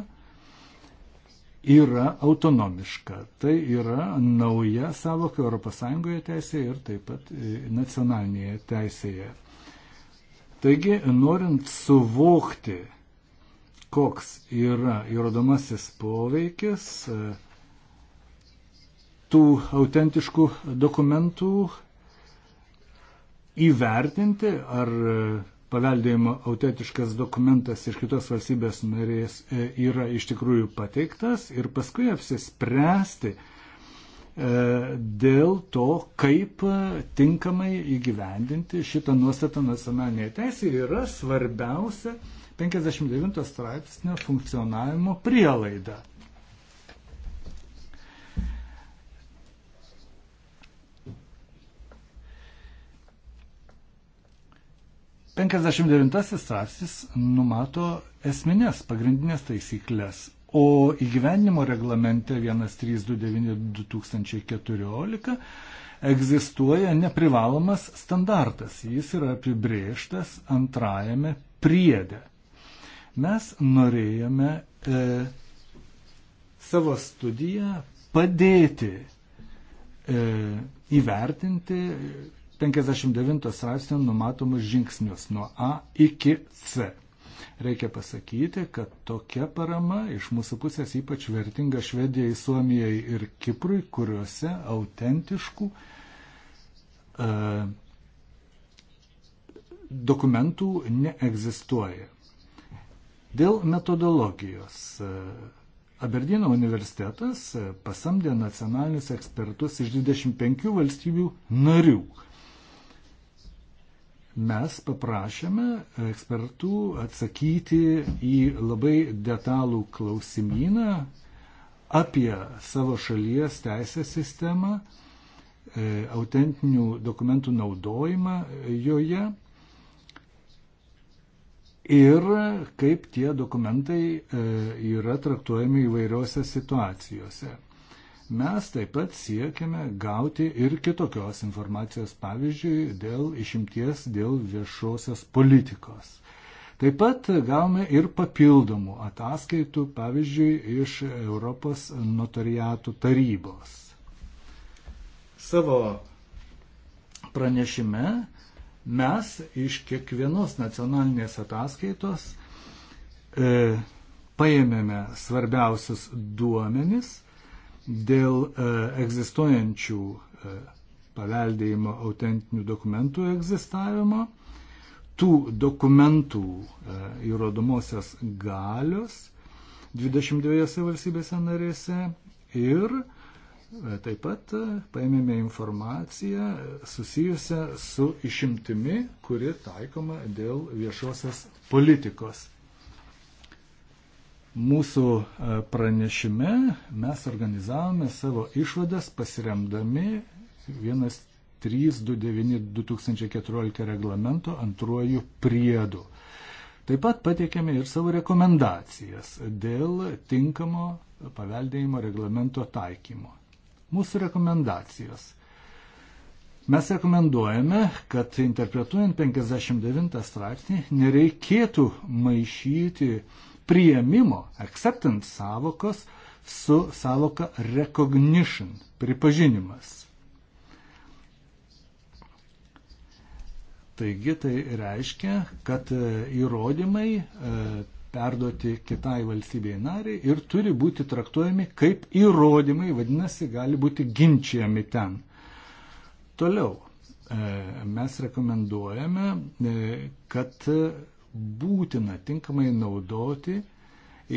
yra autonomiška. Tai yra nauja savoka ES teisėje ir taip pat e, nacionalinėje teisėje. Taigi, norint suvokti, koks yra įrodomasis poveikis, e, tų autentiškų dokumentų įvertinti, ar paveldėjimo autentiškas dokumentas iš kitos valstybės narės e, yra iš tikrųjų pateiktas ir paskui apsispręsti e, dėl to, kaip e, tinkamai įgyvendinti šitą nuostatą nacionalinėje teisėje yra svarbiausia 59 straipsnio funkcionavimo prielaida. 59 straipsnis numato esminės pagrindinės taisyklės, o įgyvenimo reglamente 1329-2014 egzistuoja neprivalomas standartas. Jis yra apibrėžtas antrajame priede. Mes norėjome e, savo studiją padėti e, įvertinti 59 straipsnio numatomus žingsnius nuo A iki C. Reikia pasakyti, kad tokia parama iš mūsų pusės ypač vertinga Švedijai, Suomijai ir Kiprui, kuriuose autentiškų e, dokumentų neegzistuoja. Dėl metodologijos. E, Aberdyno universitetas e, pasamdė nacionalinius ekspertus iš 25 valstybių narių mes paprašėme ekspertų atsakyti į labai detalų klausimyną apie savo šalies teisės sistemą, e, autentinių dokumentų naudojimą joje ir kaip tie dokumentai e, yra traktuojami įvairiose situacijose mes taip pat siekiame gauti ir kitokios informacijos, pavyzdžiui, dėl išimties dėl viešosios politikos. Taip pat gavome ir papildomų ataskaitų, pavyzdžiui, iš Europos notariatų tarybos. Savo pranešime mes iš kiekvienos nacionalinės ataskaitos e, paėmėme svarbiausius duomenis dėl e, egzistuojančių e, paveldėjimo autentinių dokumentų egzistavimo, tų dokumentų e, įrodomosios galios 22 valstybėse narėse ir taip pat paėmėme informaciją susijusią su išimtimi, kuri taikoma dėl viešosios politikos Mūsų e, pranešime mes organizavome savo išvadas pasiremdami 1329-2014 reglamento antruoju priedu. Taip pat patiekėme ir savo rekomendacijas dėl tinkamo paveldėjimo reglamento taikymo. Mūsų rekomendacijos. Mes rekomenduojame, kad interpretuojant 59 straipsnį nereikėtų maišyti uh, prieimimo, acceptance savokos su savoka recognition, pripažinimas. Taigi tai reiškia, kad e, įrodymai e, perduoti kitai valstybei nariai ir turi būti traktuojami kaip įrodymai, vadinasi, gali būti ginčiami ten. Toliau e, mes rekomenduojame, kad būtina tinkamai naudoti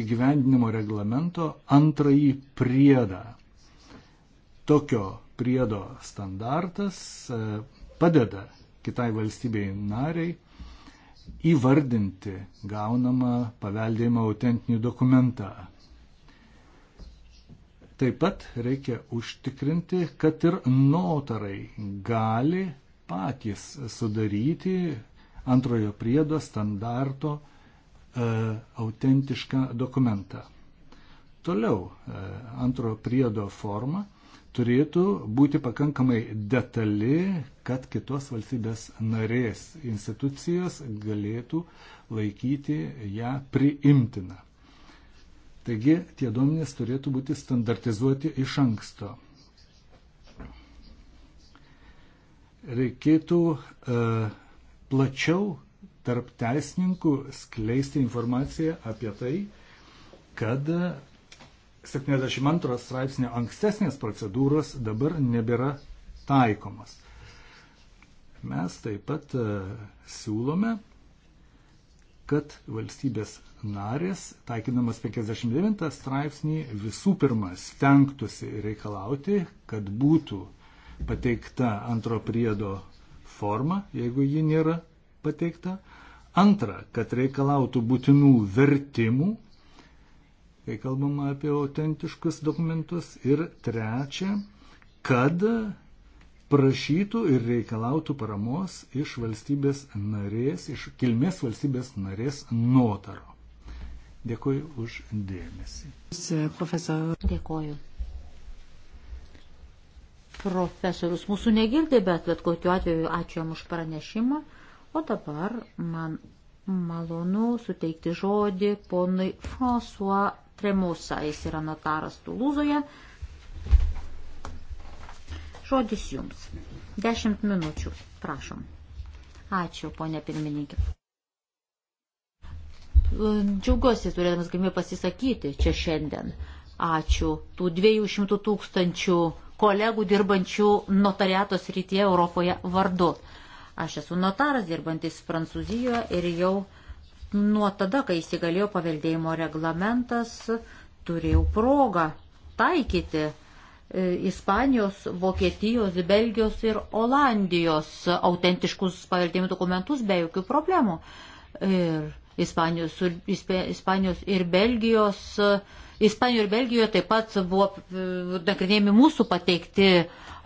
įgyvendinimo reglamento antrąjį priedą. Tokio priedo standartas e, padeda kitai valstybei nariai įvardinti gaunamą paveldėjimą autentinį dokumentą. Taip pat reikia užtikrinti, kad ir notarai gali patys sudaryti antrojo priedo standarto e, autentišką dokumentą. Toliau e, antrojo priedo forma turėtų būti pakankamai detali, kad kitos valstybės narės institucijos galėtų laikyti ją priimtiną. Taigi tie duomenys turėtų būti standartizuoti iš anksto. Reikėtų uh, plačiau tarp teisininkų skleisti informaciją apie tai, kad 72 straipsnio ankstesnės procedūros dabar nebėra taikomas. Mes taip pat e, siūlome, kad valstybės narės, taikydamas 59 straipsnį, visų pirma stengtųsi reikalauti, kad būtų pateikta antro priedo forma, jeigu ji nėra pateikta. Antra, kad reikalautų būtinų vertimų, kai kalbama apie autentiškus dokumentus. Ir trečia, kad prašytų ir reikalautų paramos iš valstybės narės, iš kilmės valstybės narės notaro. Dėkuoju už dėmesį. Profesor. Dėkuoju profesorius mūsų negirdė, bet bet kokiu atveju ačiū jam už pranešimą. O dabar man malonu suteikti žodį ponui François Tremusa. Jis yra notaras Tulūzoje. Žodis jums. Dešimt minučių. Prašom. Ačiū, ponė pirmininkė. Džiaugiuosi turėdamas galimybę pasisakyti čia šiandien. Ačiū tų 200 tūkstančių kolegų dirbančių notariatos rytyje Europoje vardu. Aš esu notaras dirbantis Prancūzijoje ir jau nuo tada, kai įsigalėjo paveldėjimo reglamentas, turėjau progą taikyti e, Ispanijos, Vokietijos, Belgijos ir Olandijos autentiškus paveldėjimo dokumentus be jokių problemų. Ir Ispanijos, Ispanijos ir Belgijos. Ispanijoje ir Belgijoje taip pat buvo e, nagrinėjami mūsų pateikti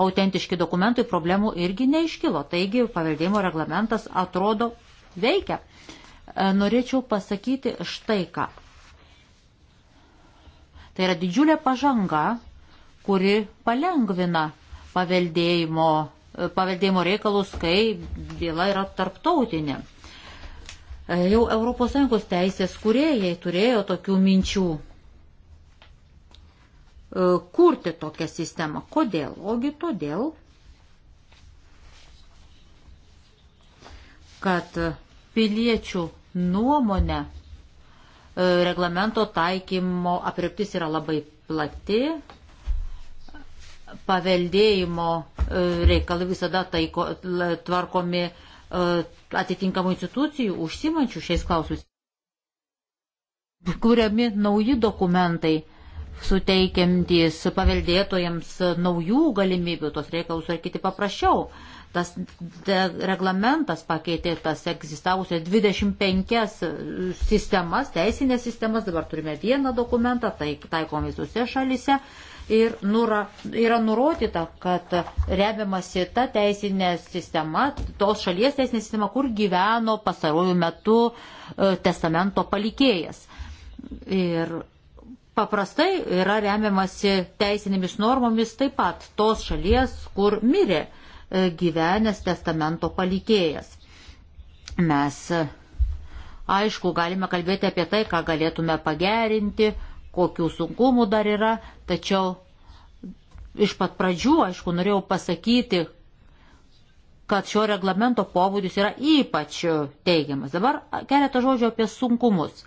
autentiški dokumentai, problemų irgi neiškilo. Taigi paveldėjimo reglamentas atrodo veikia. E, norėčiau pasakyti štai ką. Tai yra didžiulė pažanga, kuri palengvina paveldėjimo, e, paveldėjimo reikalus, kai byla yra tarptautinė. E, jau ES teisės kuriejai turėjo tokių minčių e, kurti tokią sistemą. Kodėl? Ogi todėl, kad piliečių nuomonė e, reglamento taikymo apriptis yra labai plati, paveldėjimo reikalai visada taiko, tvarkomi E, atitinkamų institucijų užsimančių šiais klausimais. Kuriami nauji dokumentai, suteikiantys paveldėtojams naujų galimybių, tos reikalus tvarkyti paprasčiau. Tas reglamentas pakeitė tas egzistavusias 25 sistemas, teisinės sistemas, dabar turime vieną dokumentą, tai taikom visose šalise ir nura, yra nurodyta, kad remiamasi ta teisinė sistema, tos šalies teisinė sistema, kur gyveno pasarojų metu e, testamento palikėjas. Ir paprastai yra remiamasi teisinėmis normomis taip pat tos šalies, kur mirė e, gyvenęs testamento palikėjas. Mes e, aišku, galime kalbėti apie tai, ką galėtume pagerinti, kokių sunkumų dar yra, tačiau iš pat pradžių, aišku, norėjau pasakyti, kad šio reglamento pobūdis yra ypač teigiamas. Dabar keletą žodžių apie sunkumus.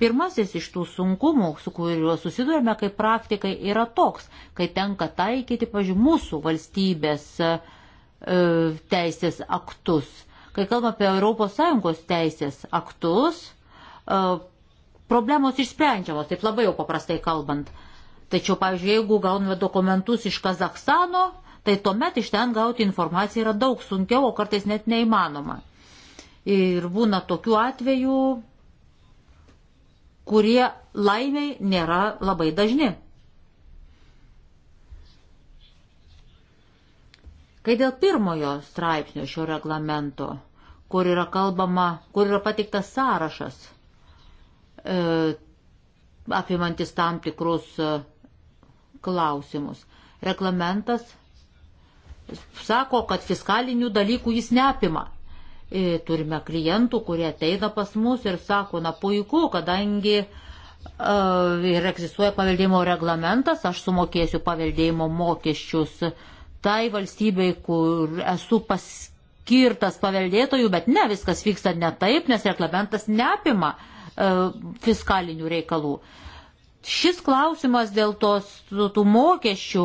Pirmasis iš tų sunkumų, su kuriuo susidurime kaip praktikai, yra toks, kai tenka taikyti, pažiūrėjau, mūsų valstybės e, teisės aktus. Kai kalbame apie ES teisės aktus, e, problemos išsprendžiamos, taip labai jau paprastai kalbant. Tačiau, pavyzdžiui, jeigu gauname dokumentus iš Kazakstano, tai tuomet iš ten gauti informaciją yra daug sunkiau, o kartais net neįmanoma. Ir būna tokių atvejų, kurie laimiai nėra labai dažni. Kai dėl pirmojo straipsnio šio reglamento, kur yra kalbama, kur yra pateiktas sąrašas E, apimantis tam tikrus e, klausimus. Reglamentas sako, kad fiskalinių dalykų jis neapima. E, turime klientų, kurie ateina pas mus ir sako, na puiku, kadangi ir egzistuoja paveldėjimo reglamentas, aš sumokėsiu paveldėjimo mokesčius tai valstybei, kur esu paskirtas paveldėtojų, bet ne, viskas vyksta ne taip, nes reglamentas neapima uh, E, fiskalinių reikalų. Šis klausimas dėl tos, tų mokesčių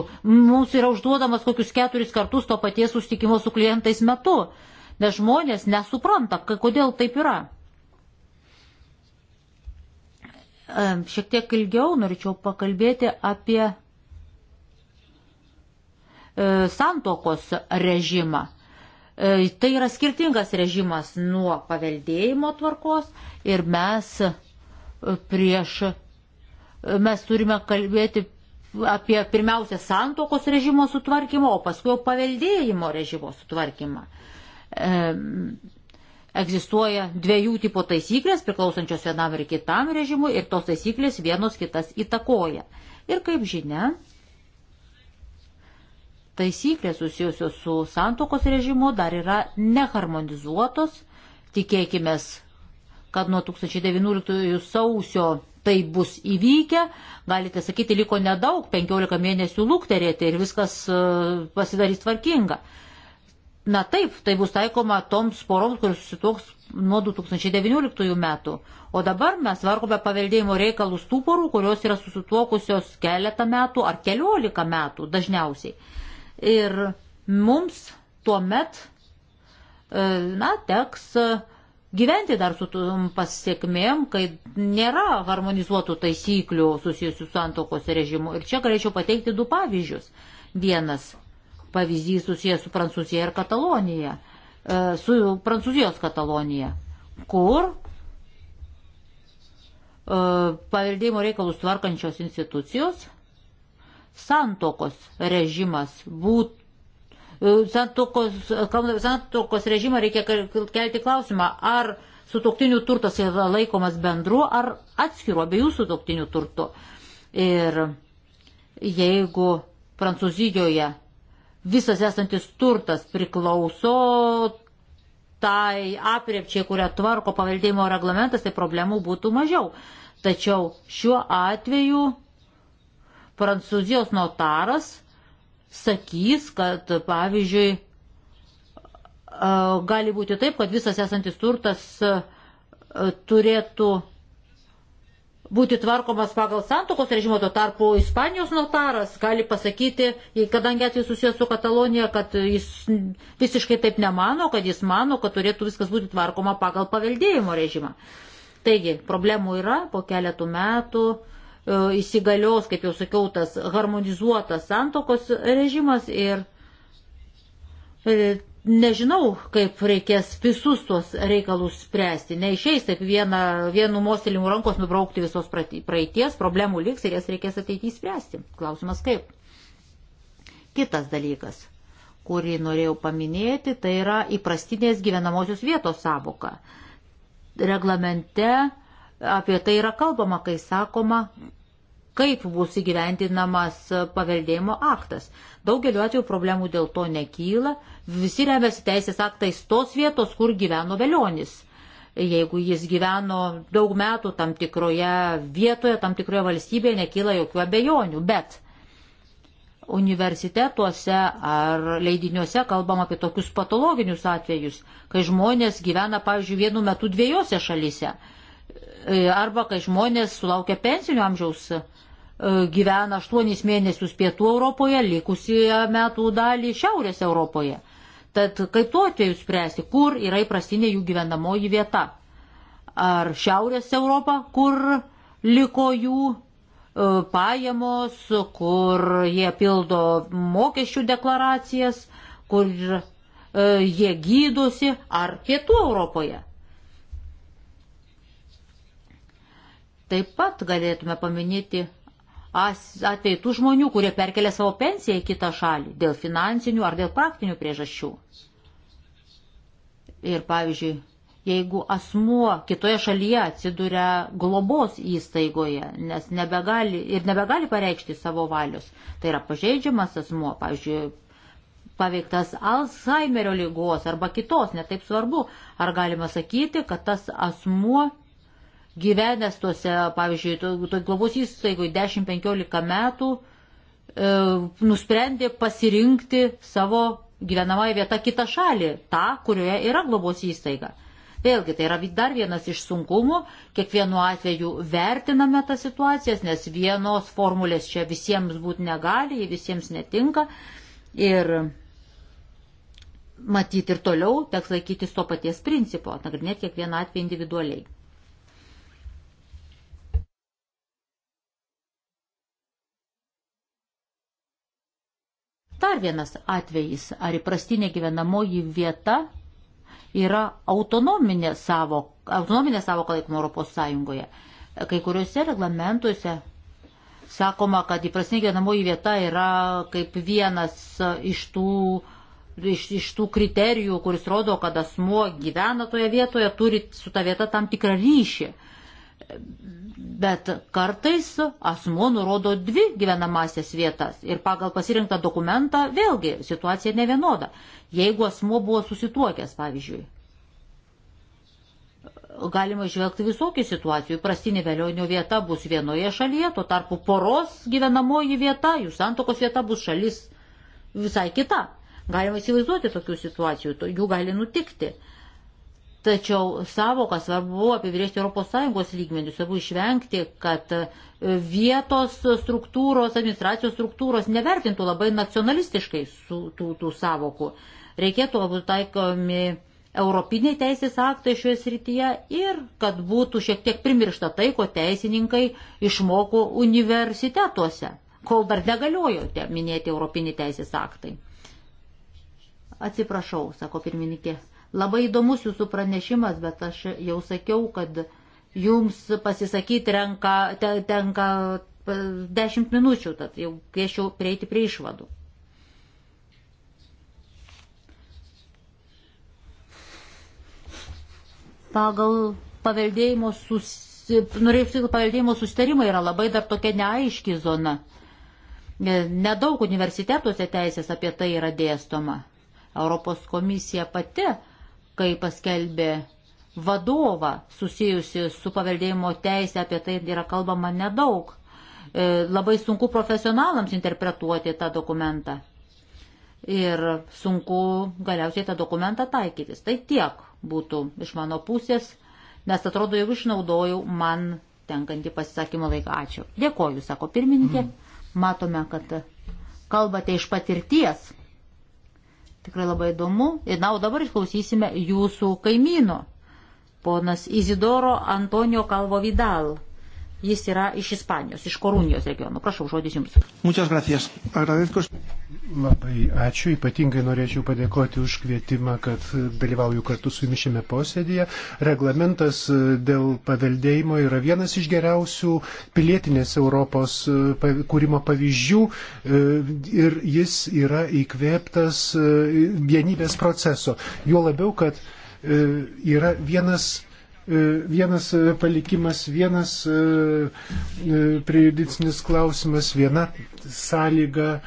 mums yra užduodamas kokius keturis kartus to paties sustikimo su klientais metu, nes žmonės nesupranta, kodėl taip yra. E, šiek tiek ilgiau norėčiau pakalbėti apie e, santokos režimą. E, tai yra skirtingas režimas nuo paveldėjimo tvarkos ir mes e, prieš, e, mes turime kalbėti apie pirmiausia santokos režimo sutvarkymą, o paskui jau paveldėjimo režimo sutvarkymą. E, egzistuoja dviejų tipo taisyklės, priklausančios vienam ir kitam režimui, ir tos taisyklės vienos kitas įtakoja. Ir kaip žinia, taisyklės susijusios su santokos režimu dar yra neharmonizuotos. Tikėkime, kad nuo 2019 sausio tai bus įvykę. Galite sakyti, liko nedaug, 15 mėnesių lūkterėti ir viskas e, pasidarys tvarkinga. Na taip, tai bus taikoma toms poroms, kuris susitoks nuo 2019 metų. O dabar mes vargome paveldėjimo reikalus tų porų, kurios yra susituokusios keletą metų ar keliolika metų dažniausiai ir mums tuo met, e, na, teks e, gyventi dar su tom pasiekmėm, kai nėra harmonizuotų taisyklių susijusių santokos režimu. Ir čia galėčiau pateikti du pavyzdžius. Vienas pavyzdys susijęs su Prancūzija ir Katalonija, e, su Prancūzijos Katalonija, kur paveldėjimo reikalus tvarkančios institucijos santokos režimas būtų. E, santokos, santokos režimą reikia kelti klausimą, ar sutoktinių turtas yra laikomas bendru ar atskiru abiejų sutoktinių turtu. Ir jeigu Prancūzijoje visas esantis turtas priklauso tai apriepčiai, kurią tvarko paveldėjimo reglamentas, tai problemų būtų mažiau. Tačiau šiuo atveju Prancūzijos notaras sakys, kad pavyzdžiui, gali būti taip, kad visas esantis turtas turėtų būti tvarkomas pagal santokos režimo, tuo tarpu Ispanijos notaras gali pasakyti, kadangi atvejis susijęs su Katalonija, kad jis visiškai taip nemano, kad jis mano, kad turėtų viskas būti tvarkoma pagal paveldėjimo režimą. Taigi, problemų yra, po keletų metų uh, E, įsigalios, kaip jau sakiau, tas harmonizuotas santokos režimas ir e, nežinau, kaip reikės visus tuos reikalus spręsti. Neišeis taip vieną, vienu mostelimu rankos nubraukti visos praeities, problemų liks ir jas reikės ateityje spręsti. Klausimas kaip. Kitas dalykas, kurį norėjau paminėti, tai yra įprastinės gyvenamosios vietos savoka. Reglamente Apie tai yra kalbama, kai sakoma, kaip bus įgyvendinamas paveldėjimo aktas. Daugeliu atveju problemų dėl to nekyla, visi remiasi teisės aktais tos vietos, kur gyveno velionis. Jeigu jis gyveno daug metų tam tikroje vietoje, tam tikroje valstybėje, nekyla jokių abejonių, bet universitetuose ar leidiniuose kalbam apie tokius patologinius atvejus, kai žmonės gyvena, pavyzdžiui, vienu metu dviejose šalise. E, arba kai žmonės sulaukia pensinio amžiaus e, gyvena 8 mėnesius pietų Europoje, likusią metų dalį šiaurės Europoje. Tad kaip tuo atveju spręsti, kur yra įprastinė jų gyvenamoji vieta? Ar šiaurės Europa, kur liko jų e, pajamos, kur jie pildo mokesčių deklaracijas, kur jie gydosi, ar pietų Europoje? Taip pat galėtume paminėti ateitų žmonių, kurie perkelia savo pensiją į kitą šalį dėl finansinių ar dėl praktinių priežasčių. Ir pavyzdžiui, jeigu asmuo kitoje šalyje atsiduria globos įstaigoje, nes nebegali ir nebegali pareikšti savo valios, tai yra pažeidžiamas asmuo, pavyzdžiui, paveiktas Alzheimerio lygos arba kitos, netaip svarbu, ar galima sakyti, kad tas asmuo gyvenęs tuose, pavyzdžiui, toj to globos įstaigoje 10-15 metų, e, nusprendė pasirinkti savo gyvenamąją vietą kitą šalį, tą, kurioje yra globos įstaiga. Vėlgi, tai yra dar vienas iš sunkumų, kiekvienu atveju vertiname tas situacijas, nes vienos formulės čia visiems būti negali, visiems netinka. Ir matyti ir toliau teks laikytis to paties principo, nagrinėti kiekvieną atvejį individualiai. dar vienas atvejis, ar įprastinė gyvenamoji vieta yra autonominė savo, autonominė savo laikoma Europos Sąjungoje. Kai kuriuose reglamentuose sakoma, kad įprastinė gyvenamoji vieta yra kaip vienas iš tų iš, iš tų kriterijų, kuris rodo, kad asmuo gyvena toje vietoje, turi su ta vieta tam tikrą ryšį. Bet kartais asmo nurodo dvi gyvenamasias vietas ir pagal pasirinktą dokumentą vėlgi situacija nevienoda. Jeigu asmo buvo susituokęs, pavyzdžiui, galima žvelgti visokių situacijų. Prastinė velionio vieta bus vienoje šalyje, tuo tarpu poros gyvenamoji vieta, jų santokos vieta bus šalis visai kita. Galima įsivaizduoti tokių situacijų, jų gali nutikti. Tačiau savoką svarbu apibriežti ES lygmenių, svarbu išvengti, kad vietos struktūros, administracijos struktūros nevertintų labai nacionalistiškai su, tų, tų savokų. Reikėtų, kad būtų taikomi europiniai teisės aktai šioje srityje ir kad būtų šiek tiek primiršta tai, ko teisininkai išmoko universitetuose, kol dar negaliojo tie minėti europiniai teisės aktai. Atsiprašau, sako pirmininkės Labai įdomus jūsų pranešimas, bet aš jau sakiau, kad jums pasisakyti renka, te, tenka 10 e, minučių, tad jau kviečiu prieiti prie išvadų. Pagal paveldėjimo, susi... Norėjau, paveldėjimo sustarimai yra labai dar tokia neaiški zona. E, nedaug universitetuose teisės apie tai yra dėstoma. Europos komisija pati kai paskelbė vadovą susijusi su paveldėjimo teisė, apie tai yra kalbama nedaug. E, labai sunku profesionalams interpretuoti tą dokumentą. Ir sunku galiausiai tą dokumentą taikytis. Tai tiek būtų iš mano pusės, nes atrodo, jeigu išnaudojau man tenkantį pasisakymą laiką. Ačiū. Dėkoju, sako pirmininkė. Mhm. Matome, kad kalbate iš patirties. Tikrai labai įdomu. Ir na, o dabar išklausysime jūsų kaimyno, ponas Izidoro Antonio Kalvo Vidal. Jis yra iš Ispanijos, iš Korunijos regionų. Prašau, žodis jums. Muchas gracias. Agradezco. Labai ačiū. Ypatingai norėčiau padėkoti už kvietimą, kad dalyvauju kartu su jumis šiame posėdėje. Reglamentas e, dėl paveldėjimo yra vienas iš geriausių pilietinės Europos e, kūrimo pavyzdžių e, ir jis yra įkvėptas vienybės proceso. Juo labiau, kad yra vienas E, vienas e, palikimas, vienas e, prejudicinis klausimas, viena sąlyga,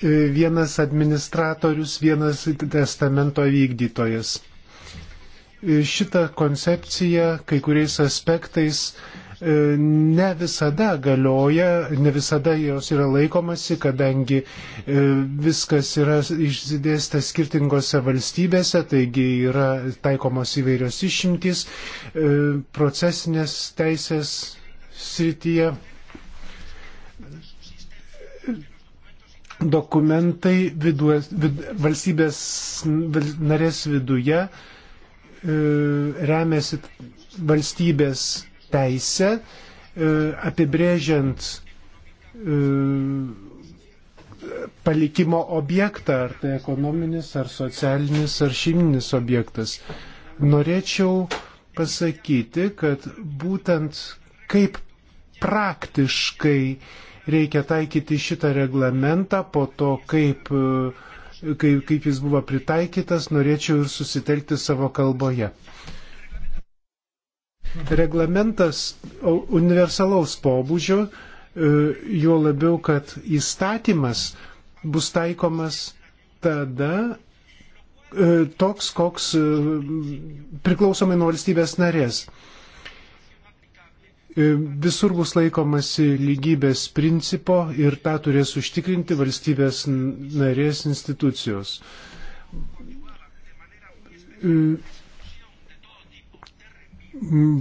vienas administratorius, vienas testamento vykdytojas. Šitą koncepciją kai kuriais aspektais E, ne visada galioja, ne visada jos yra laikomasi, kadangi e, viskas yra išsidėsta skirtingose valstybėse, taigi yra taikomos įvairios išimtys e, procesinės teisės srityje. Dokumentai vidu, vid, valstybės narės viduje remiasi valstybės teisę, e, apibrėžiant e, palikimo objektą, ar tai ekonominis, ar socialinis, ar šeiminis objektas. Norėčiau pasakyti, kad būtent kaip praktiškai reikia taikyti šitą reglamentą po to, kaip, e, kaip, kaip jis buvo pritaikytas, norėčiau ir susitelkti savo kalboje. Reglamentas universalaus pobūdžio, e, juo labiau, kad įstatymas bus taikomas tada e, toks, koks e, priklausomai nuo valstybės narės. Visur bus laikomasi lygybės principo ir tą turės užtikrinti valstybės narės institucijos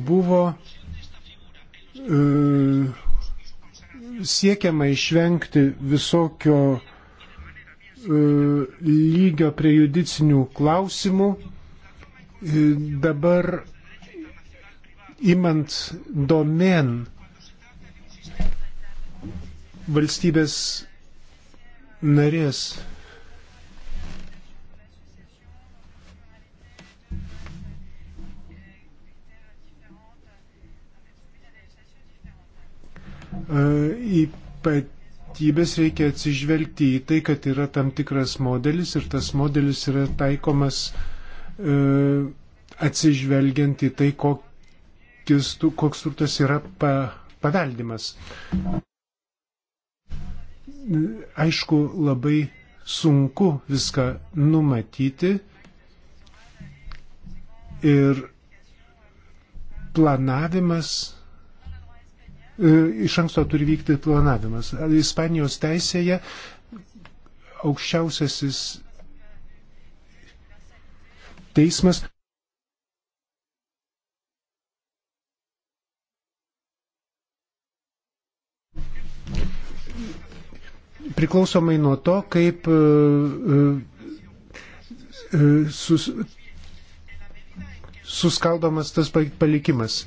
buvo e, siekiama išvengti visokio e, lygio prejudicinių klausimų. E, dabar imant domen valstybės narės tapatybės reikia atsižvelgti į tai, kad yra tam tikras modelis ir tas modelis yra taikomas e, atsižvelgiant į tai, kokis, koks turtas yra pa, paveldimas. Aišku, labai sunku viską numatyti ir planavimas E, iš anksto turi vykti planavimas. Ispanijos teisėje aukščiausiasis teismas priklausomai nuo to, kaip e, e, sus, suskaldomas tas palikimas.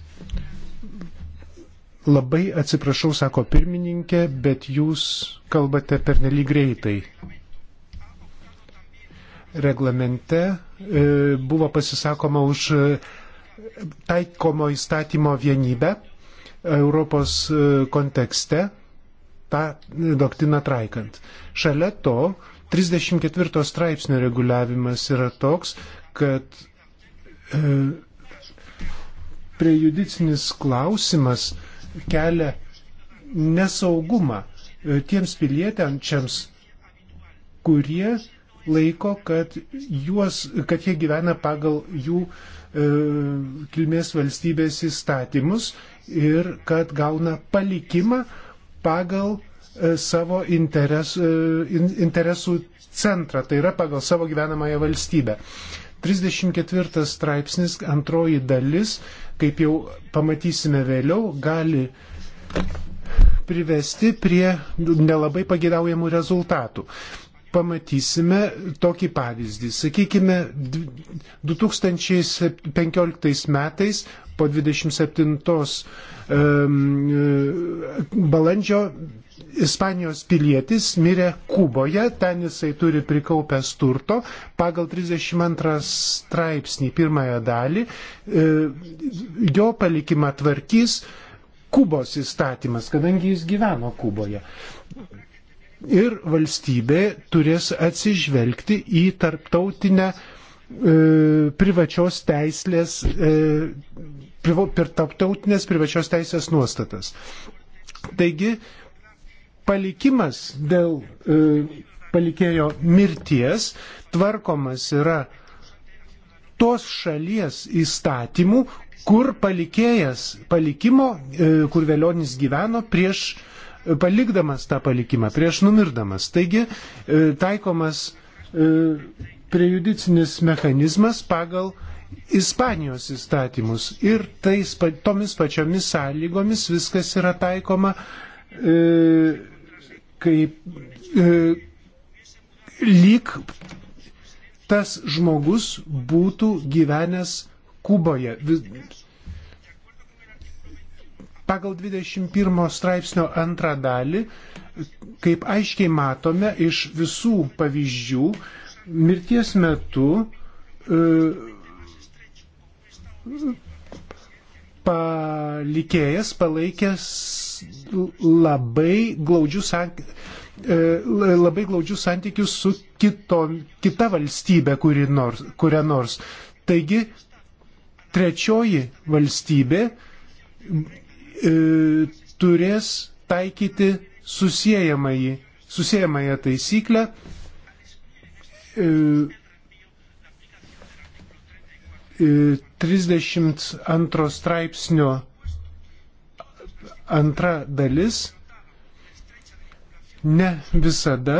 Labai atsiprašau, sako pirmininkė, bet jūs kalbate pernelyg greitai. Reglamente e, buvo pasisakoma už e, taikomo įstatymo vienybę Europos e, kontekste, tą doktriną traikant. Šalia to 34 straipsnio reguliavimas yra toks, kad prejudicinis klausimas e, kelia nesaugumą e, tiems piliečiams, kurie laiko, kad, juos, kad jie gyvena pagal jų e, kilmės valstybės įstatymus ir kad gauna palikimą pagal e, savo interes, e, in, interesų centrą, tai yra pagal savo gyvenamąją valstybę. E, 34 straipsnis antroji dalis, kaip jau pamatysime vėliau, gali privesti prie nelabai pagėdaujamų rezultatų. Pamatysime tokį pavyzdį. Sakykime, 2015 metais po 27 um, ehm, balandžio Ispanijos pilietis mirė Kuboje, ten jisai turi prikaupęs turto pagal 32 straipsnį pirmąją dalį, e, jo palikimą tvarkys Kubos įstatymas, kadangi jis gyveno Kuboje. Ir valstybė turės atsižvelgti į tarptautinę e, privačios teislės, e, per tarptautinės privačios teisės nuostatas. Taigi palikimas dėl e, palikėjo mirties tvarkomas yra tos šalies įstatymų, kur palikėjas palikimo, e, kur vėlionis gyveno prieš e, palikdamas tą palikimą, prieš numirdamas. Taigi e, taikomas e, prejudicinis mechanizmas pagal Ispanijos įstatymus ir tais, tomis pačiomis sąlygomis viskas yra taikoma e, kaip e, lyg tas žmogus būtų gyvenęs Kuboje. Pagal 21 straipsnio antrą dalį, kaip aiškiai matome iš visų pavyzdžių, mirties metu e, palikėjas palaikęs labai glaudžius e, labai glaudžius santykius su kito, kita valstybė, kuri nors, kuria nors. Taigi, trečioji valstybė e, turės taikyti susijamąją susijamą taisyklę. E, e, 32 straipsnio antra dalis ne visada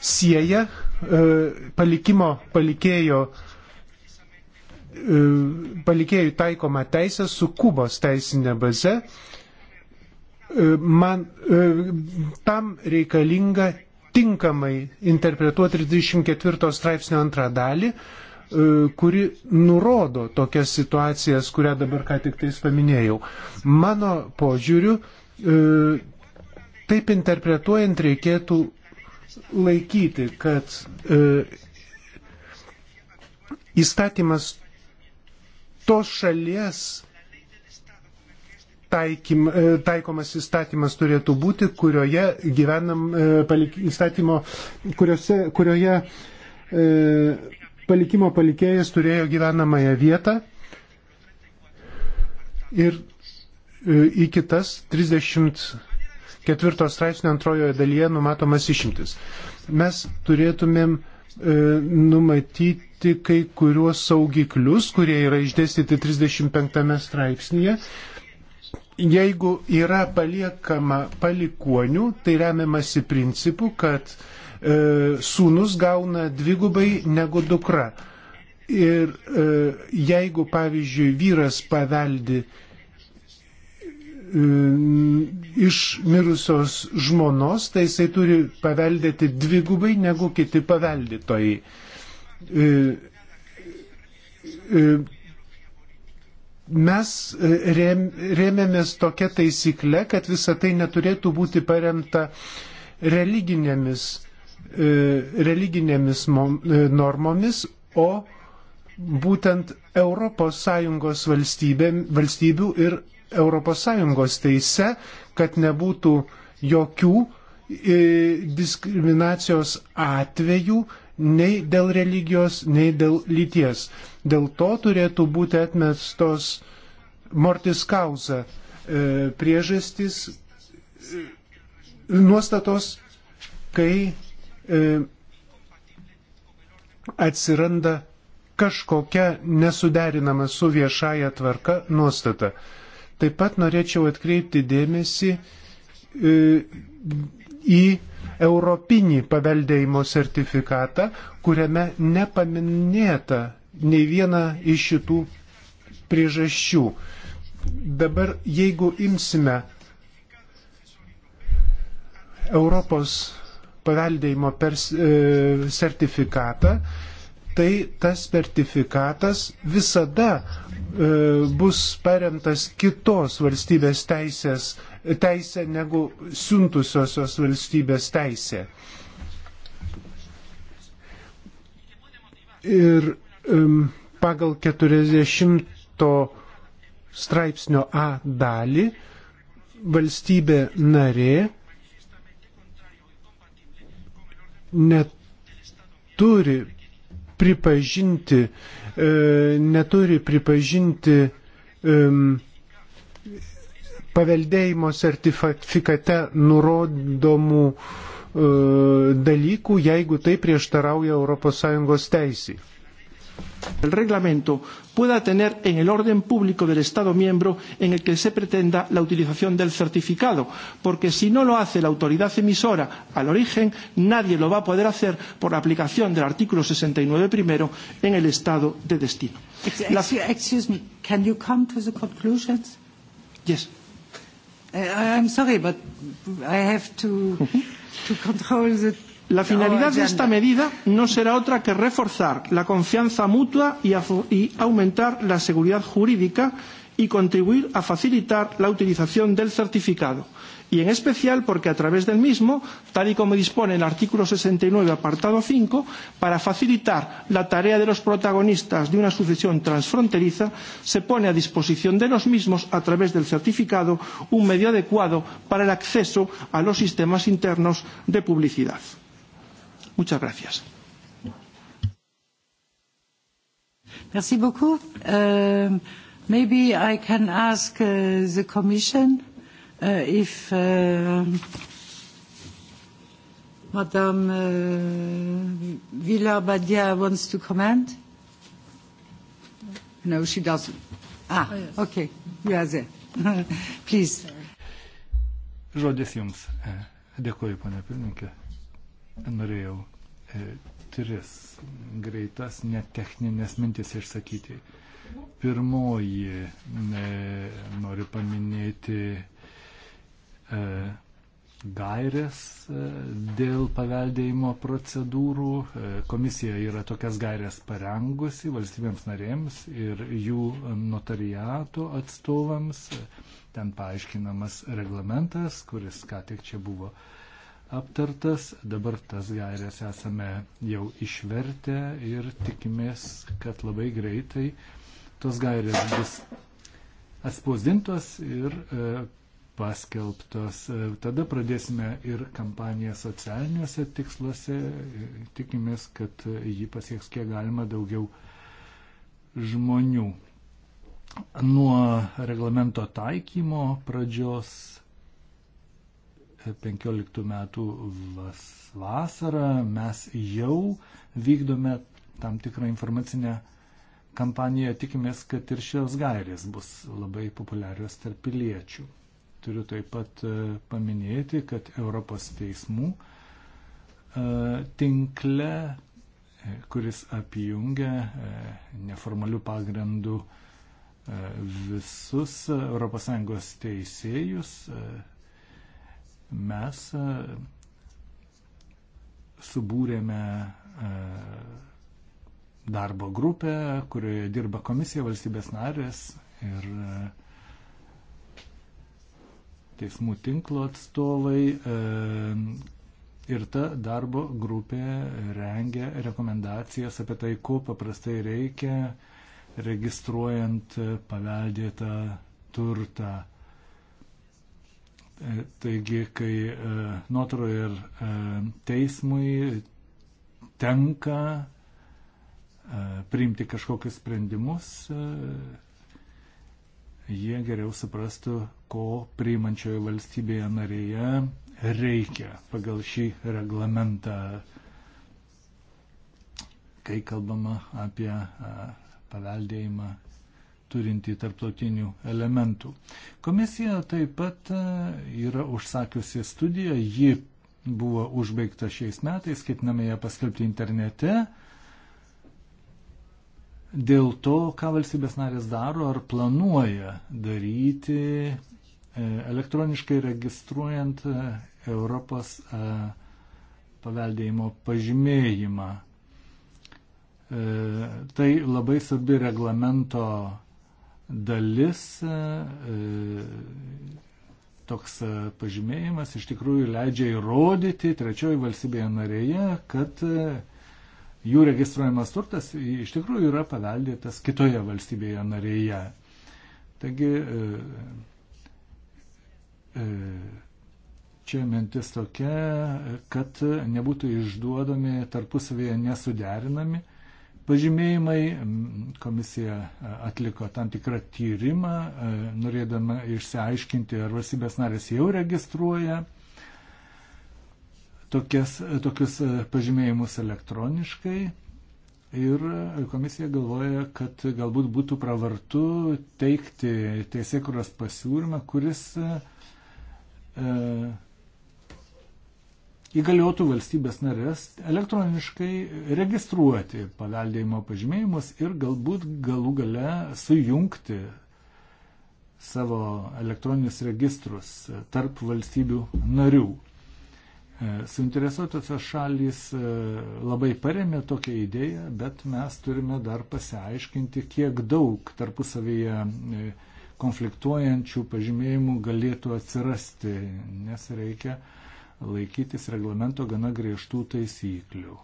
sieja e, palikimo palikėjo e, palikėjų taikoma teisė su Kubos teisinė baze. E, man tam reikalinga tinkamai interpretuoti 34 straipsnio antrą dalį, E, kuri nurodo tokias situacijas, kurią dabar ką tik tais paminėjau. Mano požiūriu, e, taip interpretuojant reikėtų laikyti, kad e, įstatymas tos šalies taikim, taikomas įstatymas turėtų būti, kurioje gyvenam palik, įstatymo, kuriuose, kurioje e, palikimo palikėjas turėjo gyvenamąją vietą ir e, į kitas 34 straipsnio antrojoje dalyje numatomas išimtis. Mes turėtumėm e, numatyti kai kuriuos saugiklius, kurie yra išdėstyti 35 straipsnėje. Jeigu yra paliekama palikuonių, tai remiamasi principu, kad uh, E, sūnus gauna dvigubai negu dukra. Ir e, jeigu, pavyzdžiui, vyras paveldi e, iš mirusios žmonos, tai jisai turi paveldėti dvigubai negu kiti paveldytojai mes rėm, rėmėmės tokia taisykle, kad visa tai neturėtų būti paremta religinėmis E, religinėmis e, normomis, o būtent ES valstybė, valstybių ir ES teise, kad nebūtų jokių e, diskriminacijos atvejų nei dėl religijos, nei dėl lyties. Dėl to turėtų būti atmestos mortis causa priežastis nuostatos, kai E, atsiranda kažkokia nesuderinama su viešaja tvarka nuostata. Taip pat norėčiau atkreipti dėmesį e, į europinį paveldėjimo sertifikatą, kuriame nepaminėta nei viena iš šitų priežasčių. Dabar jeigu imsime Europos paveldėjimo pers, e, sertifikatą, tai tas sertifikatas visada e, bus paremtas kitos valstybės teisės, teisė negu siuntusiosios valstybės teisė. Ir e, pagal 40 straipsnio A dalį valstybė narė neturi pripažinti, e, neturi pripažinti e, paveldėjimo sertifikate nurodomų e, dalykų, jeigu tai prieštarauja ES teisiai el reglamento pueda tener en el orden público del Estado miembro en el que se pretenda la utilización del certificado, porque si no lo hace la autoridad emisora al origen, nadie lo va a poder hacer por la aplicación del artículo 69 primero en el Estado de destino. Excuse, excuse me, can you come to the conclusions? Yes. Uh, I'm sorry, but I have to, mm-hmm. to control the La finalidad de esta medida no será otra que reforzar la confianza mutua y, y aumentar la seguridad jurídica y contribuir a facilitar la utilización del certificado y en especial porque a través del mismo, tal y como dispone el artículo 69, apartado 5, para facilitar la tarea de los protagonistas de una sucesión transfronteriza, se pone a disposición de los mismos, a través del certificado, un medio adecuado para el acceso a los sistemas internos de publicidad. Muchas gracias. Merci beaucoup. Um, maybe I can ask uh, the Commission uh, if uh, Madame uh, Villa-Badia wants to comment. No, she doesn't. Ah, oh, yes. okay. You are there. Please. Žodis jums. Dėkuoju, ponia pirmininkė. Norėjau E, tris greitas netechninės mintis išsakyti. Pirmoji e, noriu paminėti e, gairės e, dėl paveldėjimo procedūrų. E, komisija yra tokias gairės parengusi valstybėms narėms ir jų notariato atstovams. Ten paaiškinamas reglamentas, kuris ką tik čia buvo e, aptartas, dabar tas gairias esame jau išvertę ir tikimės, kad labai greitai tos gairės bus atspausdintos ir e, paskelbtos. E, tada pradėsime ir kampaniją socialiniuose tiksluose. E, tikimės, kad ji pasieks kiek galima daugiau žmonių. Nuo reglamento taikymo pradžios 15 metų vasarą mes jau vykdome tam tikrą informacinę kampaniją, tikimės, kad ir šios gairės bus labai populiarios tarp piliečių. Turiu taip pat e, paminėti, kad Europos teismų e, tinkle, e, kuris apjungia neformalių pagrindų visus ES teisėjus, mes e, subūrėme e, darbo grupę, kurioje dirba komisija valstybės narės ir e, teismų tinklo atstovai. Ir ta darbo grupė rengia rekomendacijas apie tai, ko paprastai reikia registruojant paveldėtą turtą. E, taigi, kai e, notaro ir e, teismui tenka priimti kažkokius sprendimus, jie geriau suprastų, ko priimančioje valstybėje narėje reikia pagal šį reglamentą, kai kalbama apie paveldėjimą turinti tarptautinių elementų. Komisija taip pat e, yra užsakiusi studiją, ji buvo užbaigta šiais metais, ketiname ją paskelbti internete. Dėl to, ką valstybės narės daro ar planuoja daryti e, elektroniškai registruojant e, Europos paveldėjimo pažymėjimą. Tai labai svarbi reglamento dalis e, toks e, pažymėjimas iš tikrųjų leidžia įrodyti trečioji valstybėje narėje, kad e, jų registruojamas turtas iš tikrųjų yra paveldėtas kitoje valstybėje narėje. Taigi čia mintis tokia, kad nebūtų išduodami tarpusavėje nesuderinami pažymėjimai. Komisija atliko tam tikrą tyrimą, norėdama išsiaiškinti, ar valstybės narės jau registruoja tokias, tokius pažymėjimus elektroniškai. Ir komisija galvoja, kad galbūt būtų pravartu teikti teisėkuros pasiūlymą, kuris e, įgaliotų valstybės narės elektroniškai registruoti paveldėjimo pažymėjimus ir galbūt galų gale sujungti savo elektroninius registrus tarp valstybių narių. E, Suinteresuotosios šalys e, labai paremė tokią idėją, bet mes turime dar pasiaiškinti, kiek daug tarpusavyje e, konfliktuojančių pažymėjimų galėtų atsirasti, nes reikia uh, laikytis reglamento gana griežtų taisyklių.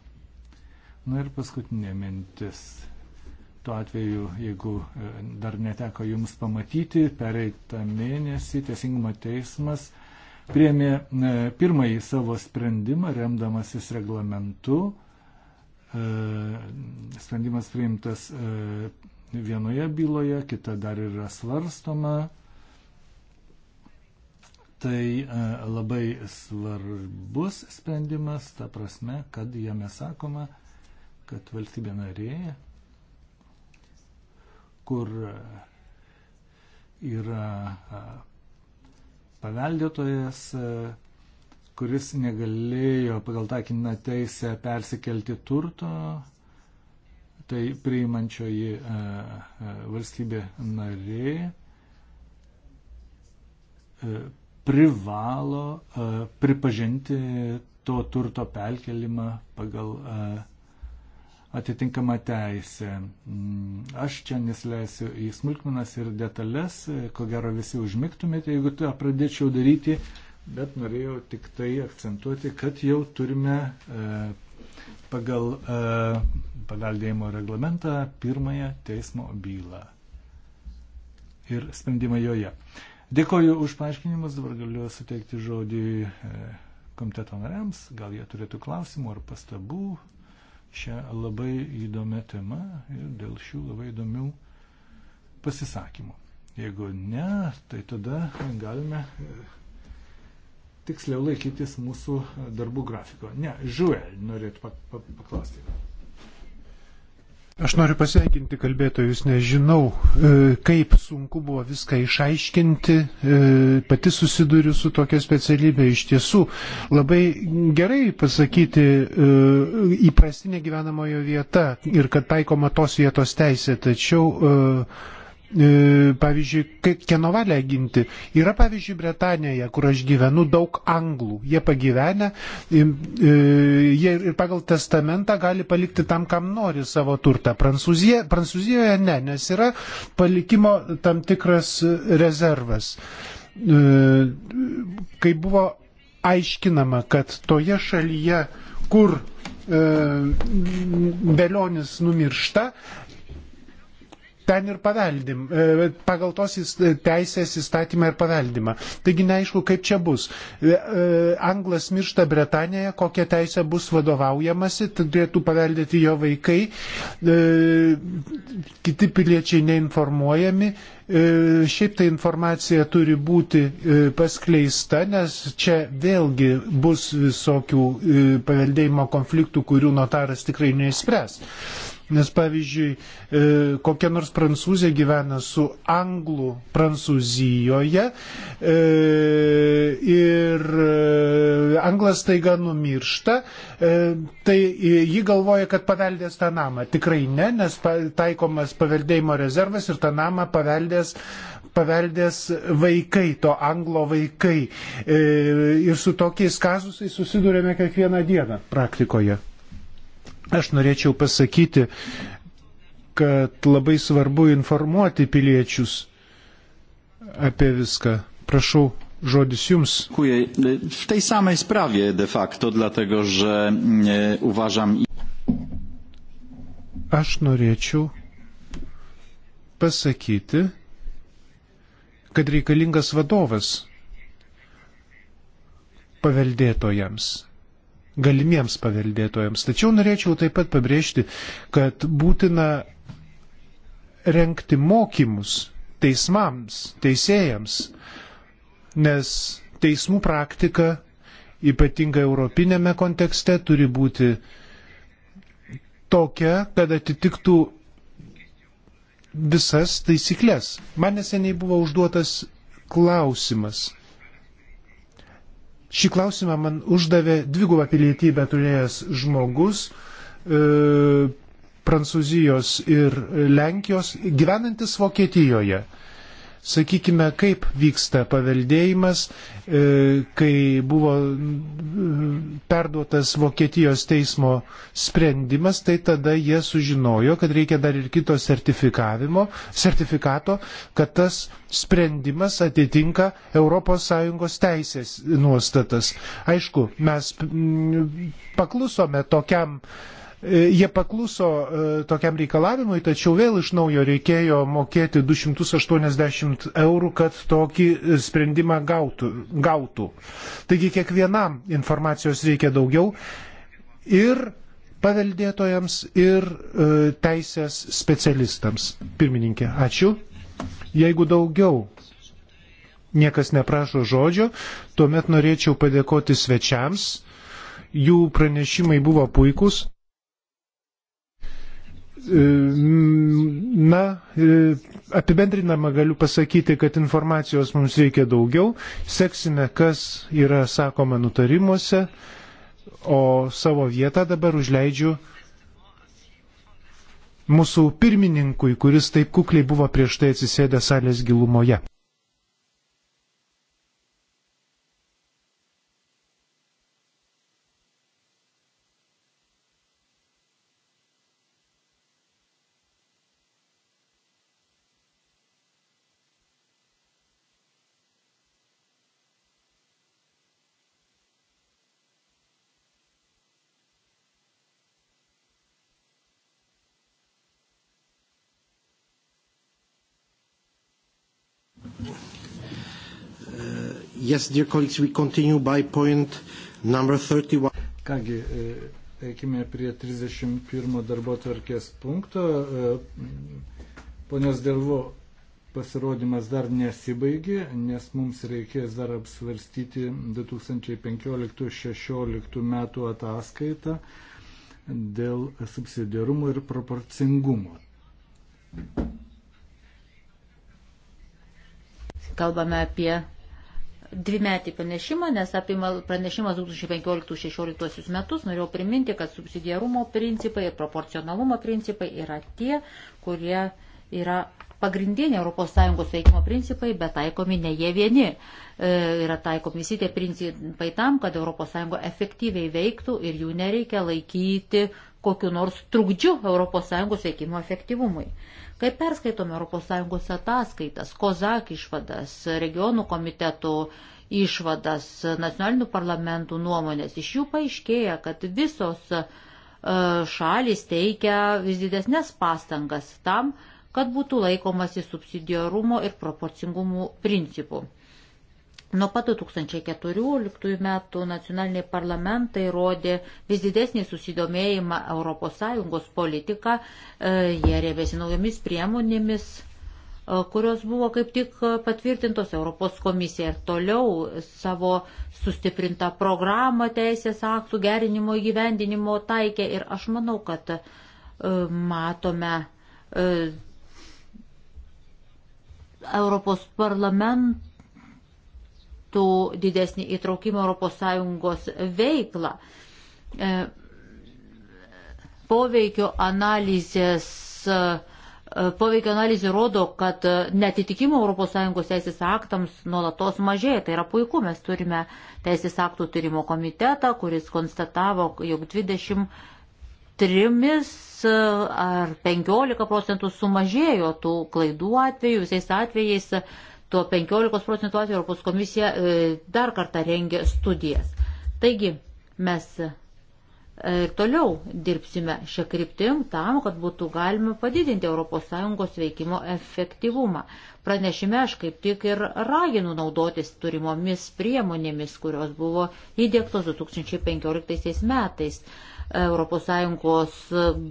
Na ir paskutinė mintis. Tuo atveju, jeigu e, dar neteko jums pamatyti, pereitą mėnesį Teisingumo teismas priemė e, pirmąjį savo sprendimą, remdamasis reglamentu. E, sprendimas priimtas vienoje byloje, kita dar yra svarstoma tai e, labai svarbus sprendimas, ta prasme, kad jame sakoma, kad valstybė narė, kur yra e, paveldėtojas, e, kuris negalėjo pagal takinę teisę persikelti turto, tai priimančioji valstybė narė privalo e, pripažinti to turto perkelimą pagal e, atitinkamą teisę. Mm, aš čia nesileisiu į smulkmenas ir detalės, e, ko gero visi užmygtumėte, jeigu tą pradėčiau daryti, bet norėjau tik tai akcentuoti, kad jau turime pagal paveldėjimo reglamentą pirmąją teismo bylą ir sprendimą joje. Dėkoju už paaiškinimus, dabar galiu suteikti žodį e, komiteto nariams, gal jie turėtų klausimų ar pastabų šią labai įdomią temą ir dėl šių labai įdomių pasisakymų. Jeigu ne, tai tada galime e, tiksliau laikytis mūsų darbų grafiko. Ne, Žuel norėtų paklausti. Aš noriu pasveikinti kalbėtojus, nežinau, e, kaip sunku buvo viską išaiškinti, e, pati susiduriu su tokia specialybė, iš tiesų labai gerai pasakyti e, įprastinė gyvenamojo vieta ir kad taikoma tos vietos teisė, tačiau uh, E, pavyzdžiui, kaip kieno valią ginti. Yra, pavyzdžiui, Bretanėje, kur aš gyvenu, daug anglų. Jie pagyvenę, e, jie ir pagal testamentą gali palikti tam, kam nori savo turtą. Prancūzija, Prancūzijoje ne, nes yra palikimo tam tikras rezervas. E, kai buvo aiškinama, kad toje šalyje, kur Belionis numiršta, ten ir paveldim, e, pagal tos teisės įstatymą ir paveldimą. Taigi neaišku, kaip čia bus. E, e, Anglas miršta Bretanėje, kokia teisė bus vadovaujamasi, turėtų paveldėti jo vaikai, kiti piliečiai neinformuojami. Šiaip ta informacija turi būti paskleista, nes čia vėlgi bus visokių paveldėjimo konfliktų, kurių notaras tikrai neįspręs. Nes pavyzdžiui, e, kokia nors prancūzė gyvena su anglų Prancūzijoje e, ir e, anglas taiga numiršta, tai ji galvoja, kad paveldės tą namą. Tikrai ne, nes taikomas paveldėjimo rezervas ir tą namą paveldės paveldės vaikai, to anglo vaikai. Ir su tokiais kazusais susidurėme kiekvieną dieną praktikoje. Aš norėčiau pasakyti, kad labai svarbu informuoti piliečius apie viską. Prašau, žodis jums. Dziękuję. W tej samej sprawie de facto, dlatego że e, uważam. Aš norėčiau pasakyti, kad reikalingas vadovas paveldėtojams galimiems paveldėtojams. Tačiau norėčiau taip pat pabrėžti, kad būtina renkti mokymus teismams, teisėjams, nes teismų praktika, ypatingai europinėme kontekste, turi būti tokia, kad atitiktų visas taisyklės. Man neseniai buvo užduotas klausimas Šį klausimą man uždavė dvigubą pilietybę turėjęs žmogus, e, Prancūzijos ir Lenkijos, gyvenantis Vokietijoje. E, Sakykime, kaip vyksta paveldėjimas, e, kai buvo e, perduotas Vokietijos teismo sprendimas, tai tada jie sužinojo, kad reikia dar ir kito sertifikato, kad tas sprendimas atitinka ES teisės nuostatas. Aišku, mes paklusome tokiam E, jie pakluso e, tokiam reikalavimui, tačiau vėl iš naujo reikėjo mokėti 280 eurų, kad tokį e, sprendimą gautų. gautų. Taigi kiekvienam informacijos reikia daugiau ir paveldėtojams ir teisės specialistams. Pirmininkė, ačiū. Jeigu daugiau niekas neprašo žodžio, tuomet norėčiau padėkoti svečiams. Jų pranešimai buvo puikūs. E, na, e, apibendrinama galiu pasakyti, kad informacijos mums reikia daugiau, seksime, kas yra sakoma nutarimuose, o savo vietą dabar užleidžiu mūsų pirmininkui, kuris taip kukliai buvo prieš tai atsisėdę salės gilumoje. Yes, dear colleagues, we continue by point number 31. Kągi, e, eikime prie 31 darbo tvarkės punkto. E, ponios Delvo pasirodymas dar nesibaigė, nes mums reikės dar apsvarstyti 2015-2016 metų ataskaitą dėl subsidiarumo ir proporcingumo. Kalbame apie dvimetį pranešimą, nes apima pranešimas 2015-2016 metus. Norėjau priminti, kad subsidiarumo principai ir proporcionalumo principai yra tie, kurie yra pagrindiniai ES veikimo principai, bet taikomi ne jie vieni. E, yra taikomi visi tie principai tam, kad ES efektyviai veiktų ir jų nereikia laikyti kokiu nors trukdžiu ES veikimo efektyvumui. Kai perskaitome ES ataskaitas, Kozak išvadas, regionų komitetų išvadas, nacionalinių parlamentų nuomonės, iš jų paaiškėja, kad visos e, šalis teikia vis didesnės pastangas tam, kad būtų laikomasi subsidiarumo ir proporcingumų principų. Nuo pat 2014 metų nacionaliniai parlamentai rodė vis didesnį susidomėjimą ES politiką, e, jie rėmėsi naujomis priemonėmis, e, kurios buvo kaip tik patvirtintos Europos komisija ir toliau savo sustiprintą programą teisės aktų gerinimo įgyvendinimo taikė ir aš manau, kad e, matome Europos parlamento reikėtų didesnį įtraukimą ES veiklą. E, poveikio analizės. E, poveikio analizė rodo, kad netitikimo ES teisės aktams nuolatos mažėja. Tai yra puiku. Mes turime teisės aktų tyrimo komitetą, kuris konstatavo, jog 20 trimis e, ar 15 procentų sumažėjo tų klaidų atveju, visais atvejais Tuo 15 procentų atveju Europos komisija e, dar kartą rengia studijas. Taigi mes ir e, toliau dirbsime šią kryptim tam, kad būtų galima padidinti ES veikimo efektyvumą. Pranešime aš kaip tik ir raginu naudotis turimomis priemonėmis, kurios buvo įdėktos 2015 metais. ES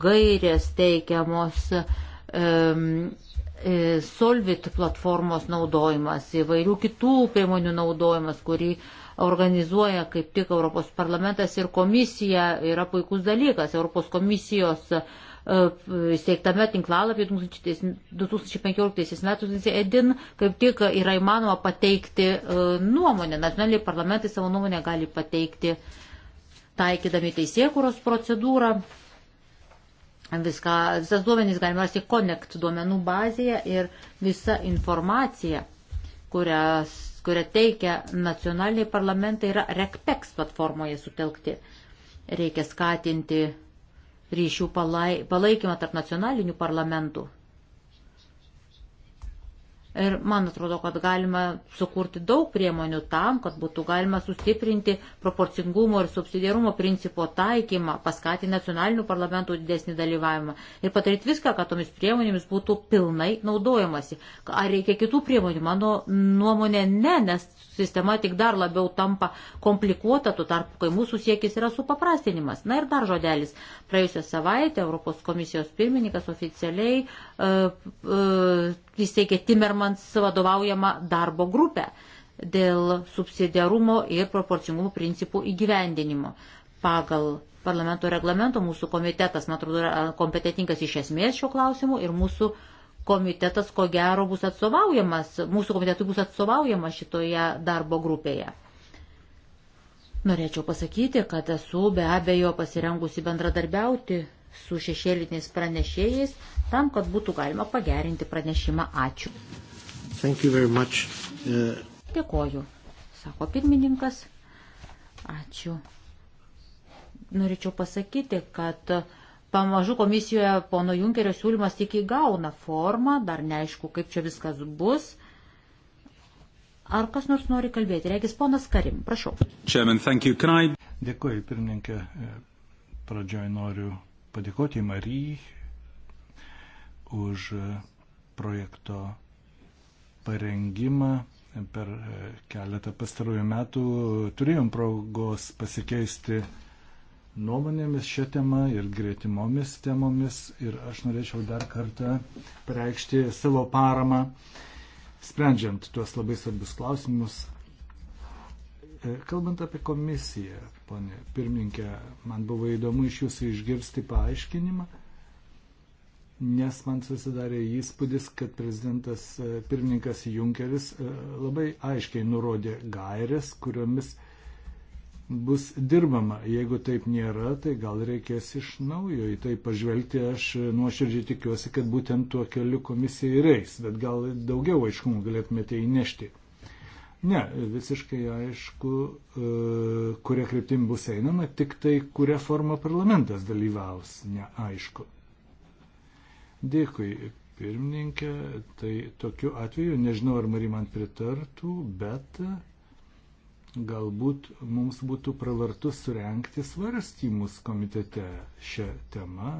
gairės teikiamos um, E, Solvit platformos naudojimas, įvairių kitų priemonių naudojimas, kurį organizuoja kaip tik Europos parlamentas ir komisija, yra puikus dalykas. Europos komisijos e, įsteigtame tinklalapyje 2015 metais EDIN kaip tik yra įmanoma pateikti e, nuomonę. Nacionaliniai parlamentai savo nuomonę gali pateikti taikydami teisėkuros procedūrą. Viską, visas duomenys galima rasti Connect duomenų bazėje ir visa informacija, kurias, kurią teikia nacionaliniai parlamentai, yra RECPEX platformoje sutelkti. Reikia skatinti ryšių palaikymą tarp nacionalinių parlamentų Ir man atrodo, kad galima sukurti daug priemonių tam, kad būtų galima sustiprinti proporcingumo ir subsidiarumo principo taikymą, paskatinti nacionalinių parlamentų didesnį dalyvavimą ir padaryti viską, kad tomis priemonėmis būtų pilnai naudojamasi. Ar reikia kitų priemonių? Mano nuomonė ne, nes sistema tik dar labiau tampa komplikuota, tuo tarpu, kai mūsų siekis yra supaprastinimas. Na ir dar žodelis. Praėjusią savaitę Europos komisijos pirmininkas oficialiai įsteigė e, e, Timmermans vadovaujama darbo grupė dėl subsidiarumo ir proporcingumo principų įgyvendinimo. Pagal parlamento reglamento mūsų komitetas, man atrodo, yra kompetitingas iš esmės šio klausimu ir mūsų komitetas, ko gero, bus atstovaujamas, mūsų komitetui bus atstovaujamas šitoje darbo grupėje. Norėčiau pasakyti, kad esu be abejo pasirengusi bendradarbiauti su šešėliniais pranešėjais, tam, kad būtų galima pagerinti pranešimą. Ačiū. Uh... Dėkoju, sako pirmininkas. Ačiū. Norėčiau pasakyti, kad pamažu komisijoje pono Junkerio siūlymas tik įgauna formą, dar neaišku, kaip čia viskas bus. Ar kas nors nori kalbėti? Regis ponas Karim, prašau. Chairman, I... Dėkuoju, pirmininkė. Pradžioj noriu padėkoti Marijai už projekto parengimą. Per keletą pastarųjų metų turėjom progos pasikeisti nuomonėmis šią temą ir greitimomis temomis ir aš norėčiau dar kartą pareikšti savo paramą, sprendžiant tuos labai svarbius klausimus, E, kalbant apie komisiją, ponė pirmininkė, man buvo įdomu iš jūsų išgirsti paaiškinimą, nes man susidarė įspūdis, kad prezidentas e, pirmininkas Junkeris e, labai aiškiai nurodė gairės, kuriomis bus dirbama. Jeigu taip nėra, tai gal reikės iš naujo į tai pažvelgti. Aš nuoširdžiai tikiuosi, kad būtent tuo keliu komisija ir eis, bet gal daugiau aiškumų galėtumėte įnešti. Ne, visiškai aišku, e, kuria kryptim bus einama, tik tai kuria forma parlamentas dalyvaus, neaišku. Dėkui, pirmininkė, tai tokiu atveju, nežinau, ar Mari man pritartų, bet galbūt mums būtų pravartu surenkti svarstymus komitete šią temą,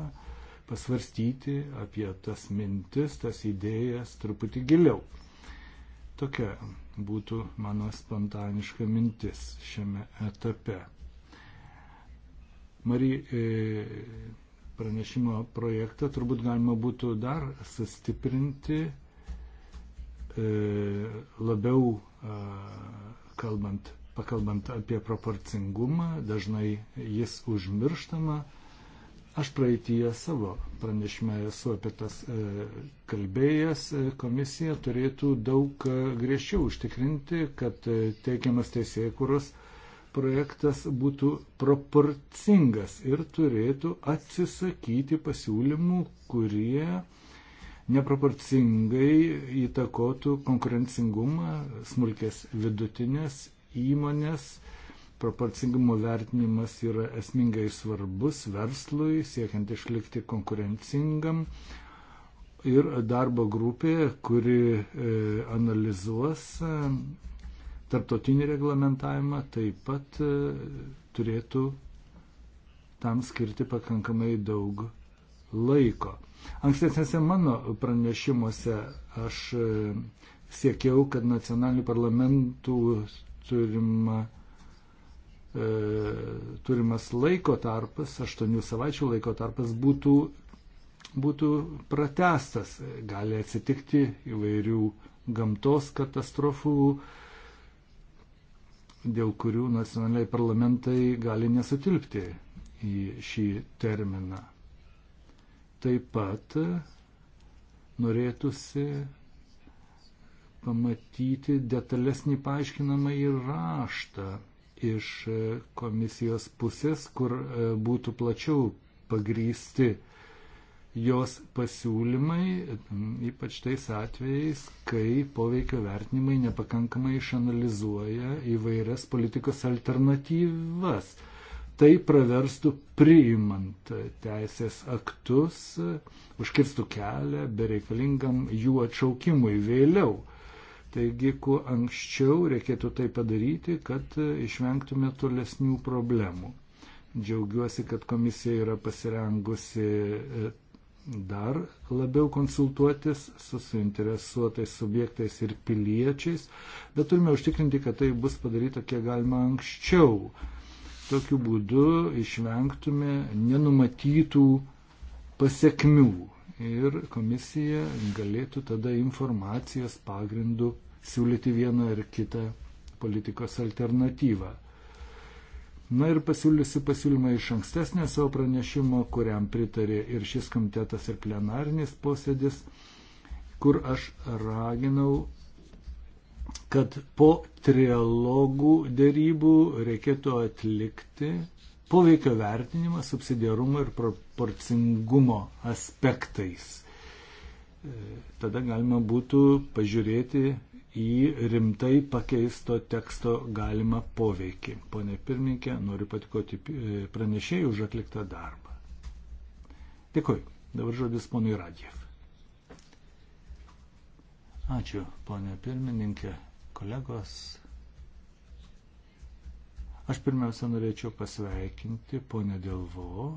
pasvarstyti apie tas mintis, tas idėjas truputį giliau. Tokia būtų mano spontaniška mintis šiame etape. Marija e, pranešimo projektą turbūt galima būtų dar sustiprinti e, labiau e, kalbant, pakalbant apie proporcingumą, dažnai jis užmirštama Aš praeitie savo pranešime esu apie tas e, kalbėjęs. E, komisija turėtų daug e, griežčiau užtikrinti, kad teikiamas teisėkuros projektas būtų proporcingas ir turėtų atsisakyti pasiūlymų, kurie neproporcingai įtakotų konkurencingumą smulkės vidutinės įmonės Proporcingumo vertinimas yra esmingai svarbus verslui, siekiant išlikti konkurencingam. Ir darbo grupė, kuri e, analizuos e, tarptautinį reglamentavimą, taip pat e, turėtų tam skirti pakankamai daug laiko. Ankstesnėse mano pranešimuose aš siekiau, kad nacionalinių parlamentų turima E, turimas laiko tarpas, aštuonių savaičių laiko tarpas būtų, būtų pratestas. Gali atsitikti įvairių gamtos katastrofų, dėl kurių nacionaliai parlamentai gali nesutilpti į šį terminą. Taip pat norėtųsi pamatyti detalesnį paaiškinamą įraštą iš e, komisijos pusės, kur e, būtų plačiau pagrysti jos pasiūlymai, ypač tais atvejais, kai poveikio vertinimai nepakankamai išanalizuoja įvairias politikos alternatyvas. Tai praverstų priimant teisės aktus, užkirstų kelią bereikalingam jų atšaukimui vėliau. Taigi, kuo anksčiau reikėtų tai padaryti, kad išvengtume tolesnių problemų. Džiaugiuosi, kad komisija yra pasirengusi e, dar labiau konsultuotis su suinteresuotais subjektais ir piliečiais, bet turime užtikrinti, kad tai bus padaryta kiek galima anksčiau. Tokiu būdu išvengtume nenumatytų pasiekmių ir komisija galėtų tada informacijos pagrindų siūlyti vieną ar kitą politikos alternatyvą. Na ir pasiūlysiu pasiūlymą iš ankstesnio savo pranešimo, kuriam pritarė ir šis komitetas, ir plenarinis posėdis, kur aš raginau, kad po trialogų dėrybų reikėtų atlikti poveikio vertinimą subsidiarumo ir proporcingumo aspektais. E, tada galima būtų pažiūrėti, į rimtai pakeisto teksto galimą poveikį. Pone pirmininkė, noriu patikoti e, pranešėjai už atliktą darbą. Dėkui. Dabar žodis ponui Radiev. Ačiū, ponė pirmininkė, kolegos. Aš pirmiausia norėčiau pasveikinti ponę Dilvo,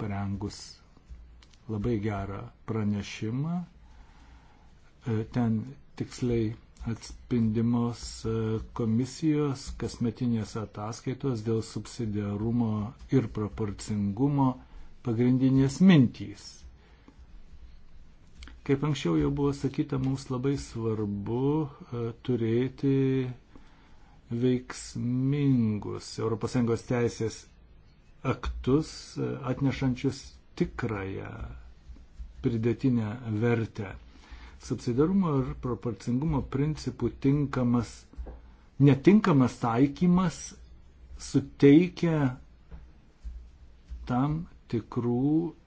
parengus labai gerą pranešimą. E, ten tiksliai atspindimos e, komisijos kasmetinės ataskaitos dėl subsidiarumo ir proporcingumo pagrindinės mintys. Kaip anksčiau jau buvo sakyta, mums labai svarbu e, turėti veiksmingus ES teisės aktus e, atnešančius tikrąją pridėtinę vertę subsidarumo ir proporcingumo principų tinkamas, netinkamas taikymas suteikia tam tikrų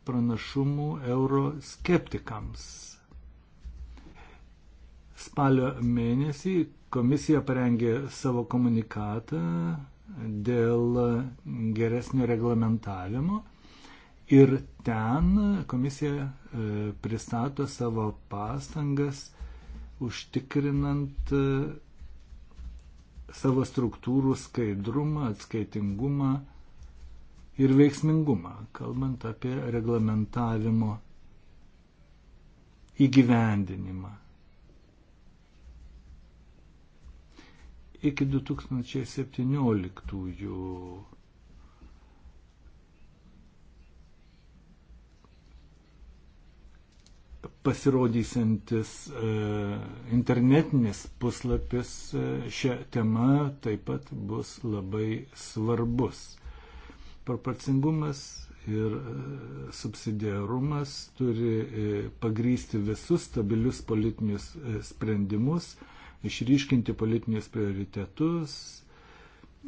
pranašumų euroskeptikams. Spalio mėnesį komisija parengė savo komunikatą dėl geresnio reglamentavimo ir ten komisija E, pristato savo pastangas užtikrinant e, savo struktūrų skaidrumą, atskaitingumą ir veiksmingumą, kalbant apie reglamentavimo įgyvendinimą. Iki 2017 pasirodysantis e, internetinis puslapis e, šią temą taip pat bus labai svarbus. Proporcingumas ir e, subsidiarumas turi pagrysti visus stabilius politinius sprendimus, išryškinti politinius prioritetus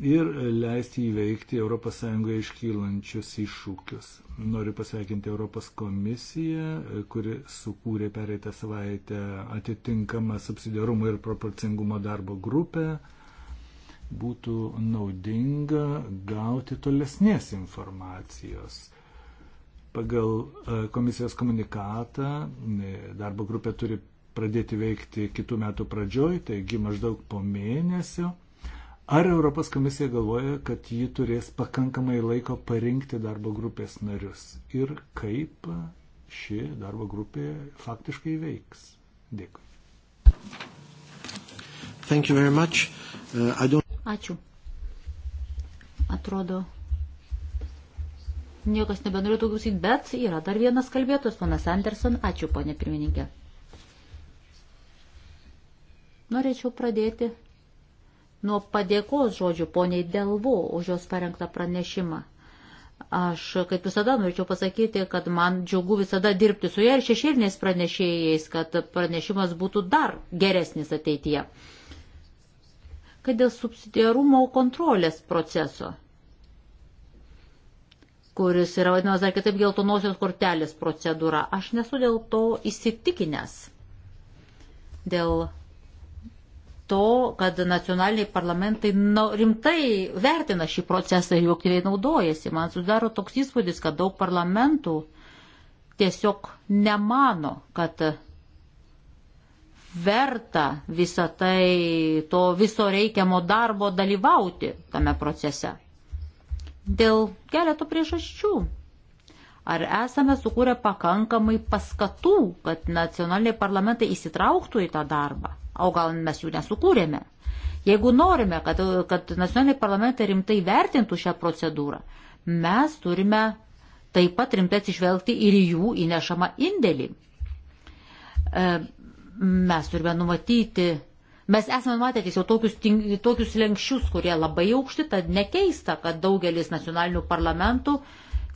ir leisti įveikti ES iškylančius iššūkius. Noriu pasveikinti Europos komisiją, kuri sukūrė pereitą savaitę atitinkamą subsidiarumo ir proporcingumo darbo grupę. Būtų naudinga gauti tolesnės informacijos. Pagal e, komisijos komunikatą e, darbo grupė turi pradėti veikti kitų metų pradžioj, taigi maždaug po mėnesio Ar Europos komisija galvoja, kad ji turės pakankamai laiko parinkti darbo grupės narius ir kaip ši darbo grupė faktiškai veiks? Dėkui. Uh, Ačiū. Atrodo, niekas nebenorėtų klausyti, bet yra dar vienas kalbėtos, ponas Anderson. Ačiū, ponė pirmininkė. Norėčiau pradėti nuo padėkos žodžių poniai Delvo už jos parengtą pranešimą. Aš, kaip visada, norėčiau pasakyti, kad man džiugu visada dirbti su ja ir šešėliniais pranešėjais, kad pranešimas būtų dar geresnis ateityje. Kad dėl subsidiarumo kontrolės proceso, kuris yra vadinamas dar kitaip geltonosios kortelės procedūra, aš nesu dėl to įsitikinęs. Dėl to, kad nacionaliniai parlamentai na, rimtai vertina šį procesą ir juo aktyviai naudojasi. Man sudaro toks įspūdis, kad daug parlamentų tiesiog nemano, kad verta visą tai, to viso reikiamo darbo dalyvauti tame procese. Dėl keletų priežasčių. Ar esame sukūrę pakankamai paskatų, kad nacionaliniai parlamentai įsitrauktų į tą darbą? o gal mes jų nesukūrėme. Jeigu norime, kad, kad nacionaliniai parlamentai rimtai vertintų šią procedūrą, mes turime taip pat rimtai atsižvelgti ir jų įnešamą indėlį. E, mes turime numatyti, mes esame matę tiesiog tokius, tokius lenkščius, kurie labai aukšti, tad nekeista, kad daugelis nacionalinių parlamentų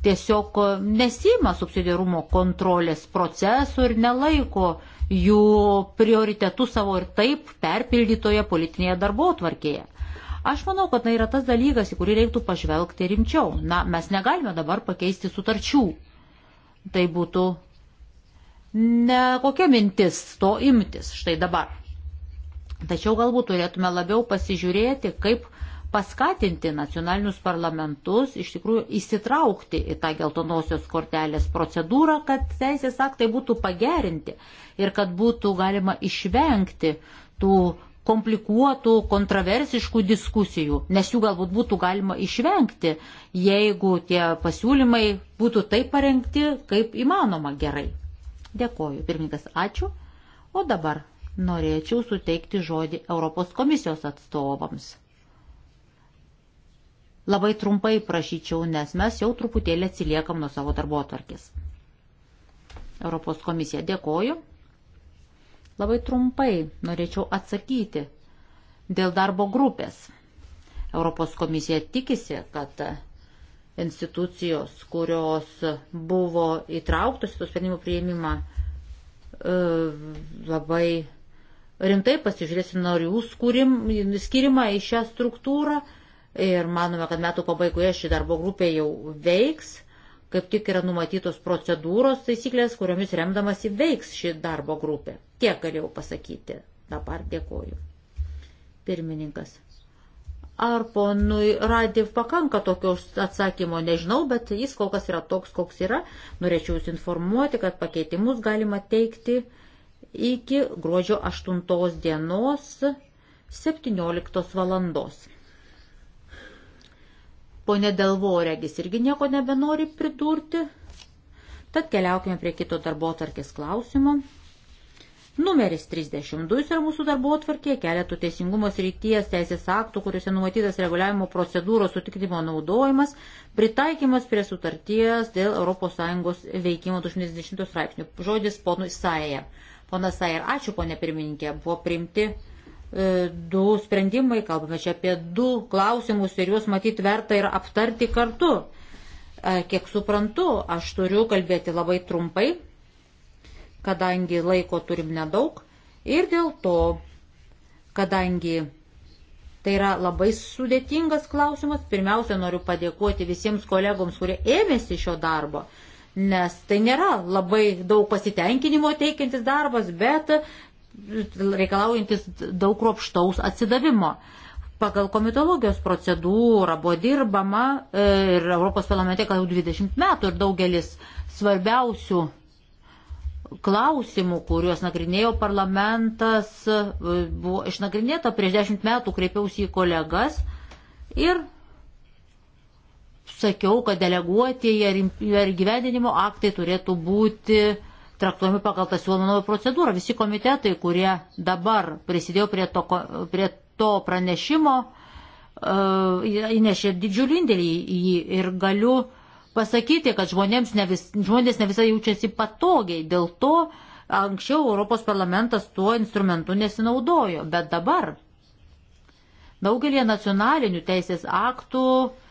tiesiog nesima subsidiarumo kontrolės procesų ir nelaiko uh, jų prioritetus savo ir taip perpildytoje politinėje darbo tvarkėje. Aš manau, kad tai yra tas dalykas, į kurį reiktų pažvelgti rimčiau. Na, mes negalime dabar pakeisti sutarčių. Tai būtų ne kokia mintis to imtis štai dabar. Tačiau galbūt turėtume labiau pasižiūrėti, kaip paskatinti nacionalinius parlamentus iš tikrųjų įsitraukti į tą geltonosios kortelės procedūrą, kad teisės aktai būtų pagerinti ir kad būtų galima išvengti tų komplikuotų, kontroversiškų diskusijų, nes jų galbūt būtų galima išvengti, jeigu tie pasiūlymai būtų taip parengti, kaip įmanoma gerai. Dėkoju, pirmininkas, ačiū. O dabar norėčiau suteikti žodį Europos komisijos atstovams. Labai trumpai prašyčiau, nes mes jau truputėlį atsiliekam nuo savo darbo atvarkės. Europos komisija dėkoju. Labai trumpai norėčiau atsakyti dėl darbo grupės. Europos komisija tikisi, kad institucijos, kurios buvo įtrauktos į tų sprendimų prieimimą, e, labai rimtai pasižiūrėsi narių skirimą į šią struktūrą ir manome, kad metų pabaigoje ši darbo grupė jau veiks, kaip tik yra numatytos procedūros taisyklės, kuriomis remdamasi veiks ši darbo grupė. Tiek galėjau pasakyti. Dabar dėkoju. Pirmininkas. Ar ponui Radiv pakanka tokios atsakymo, nežinau, bet jis kol kas yra toks, koks yra. Norėčiau jūs informuoti, kad pakeitimus galima teikti iki gruodžio 8 dienos 17 valandos. Pone Delvoregis irgi nieko nebenori pridurti. Tad keliaukime prie kito darbo tvarkės klausimo. Numeris 32 yra mūsų darbo atvarkė, keletų teisingumo srities teisės aktų, kuriuose numatytas reguliavimo procedūros sutikdymo naudojimas, pritaikymas prie sutarties dėl ES veikimo 2010 straipsnių. Žodis ponui Sajer. Pona Sajer, ačiū ponė pirmininkė, buvo priimti E, du sprendimai, kalbame čia apie du klausimus ir juos matyti verta ir aptarti kartu. E, kiek suprantu, aš turiu kalbėti labai trumpai, kadangi laiko turim nedaug ir dėl to, kadangi Tai yra labai sudėtingas klausimas. Pirmiausia, noriu padėkoti visiems kolegoms, kurie ėmėsi šio darbo. Nes tai nėra labai daug pasitenkinimo teikiantis darbas, bet reikalaujantis daug kruopštaus atsidavimo. Pagal komitologijos procedūrą buvo dirbama e, ir Europos parlamente jau 20 metų ir daugelis svarbiausių klausimų, kuriuos nagrinėjo parlamentas, e, buvo išnagrinėta prieš 10 metų, kreipiausi į kolegas ir sakiau, kad deleguoti ir gyvendinimo aktai turėtų būti uh, traktuojami pagal tą siūlomą naują procedūrą. Visi komitetai, kurie dabar prisidėjo prie to, prie to pranešimo, e, įnešė didžiulį indėlį į jį ir galiu pasakyti, kad žmonėms ne vis, žmonės ne visai jaučiasi patogiai, dėl to anksčiau Europos parlamentas tuo instrumentu nesinaudojo, bet dabar daugelį nacionalinių teisės aktų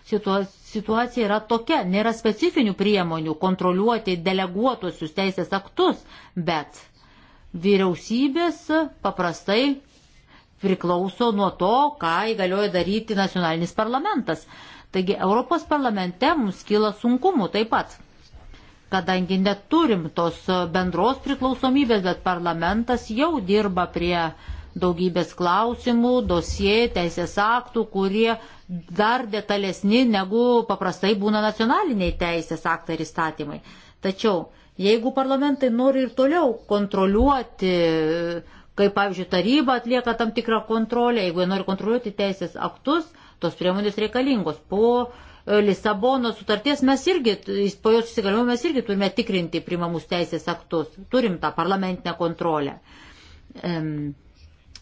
situacija yra tokia. Nėra specifinių priemonių kontroliuoti deleguotusius teisės aktus, bet vyriausybės paprastai priklauso nuo to, ką įgalioja daryti nacionalinis parlamentas. Taigi Europos parlamente mums kyla sunkumų taip pat, kadangi neturim tos bendros priklausomybės, bet parlamentas jau dirba prie uh, daugybės klausimų, dosie, teisės aktų, kurie dar detalesni negu paprastai būna nacionaliniai teisės aktai ir įstatymai. Tačiau, jeigu parlamentai nori ir toliau kontroliuoti, kaip pavyzdžiui taryba atlieka tam tikrą kontrolę, jeigu jie nori kontroliuoti teisės aktus, tos priemonės reikalingos. Po e, Lisabono sutarties mes irgi, po jos įsigaliojimo mes irgi turime tikrinti primamus teisės aktus, turim tą parlamentinę kontrolę. Um,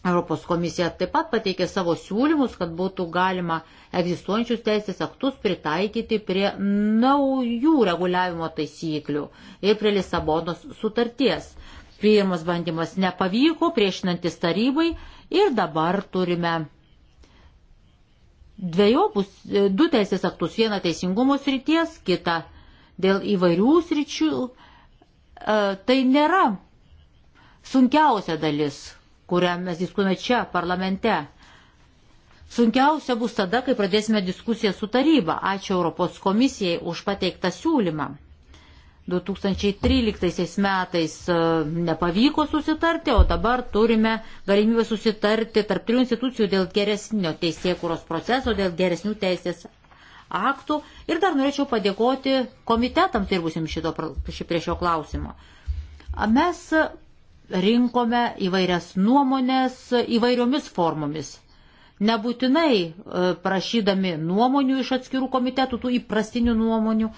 Europos komisija taip pat pateikė savo siūlymus, kad būtų galima egzistuojančius teisės aktus pritaikyti prie naujų reguliavimo taisyklių ir prie Lisabonos sutarties. Pirmas bandymas nepavyko priešinantis tarybai ir dabar turime dviejopus, du teisės aktus, vieną teisingumo srities, kitą dėl įvairių sričių. E, tai nėra sunkiausia dalis kurią mes diskutuojame čia, parlamente. Sunkiausia bus tada, kai pradėsime diskusiją su taryba. Ačiū Europos komisijai už pateiktą siūlymą. 2013 metais e, nepavyko susitarti, o dabar turime galimybę susitarti tarp trijų institucijų dėl geresnio teisėkūros proceso, dėl geresnių teisės aktų. Ir dar norėčiau padėkoti komitetams dirbusim šito, prie šio klausimo. Mes rinkome įvairias nuomonės įvairiomis formomis. Nebūtinai e, prašydami nuomonių iš atskirų komitetų, tų įprastinių nuomonių.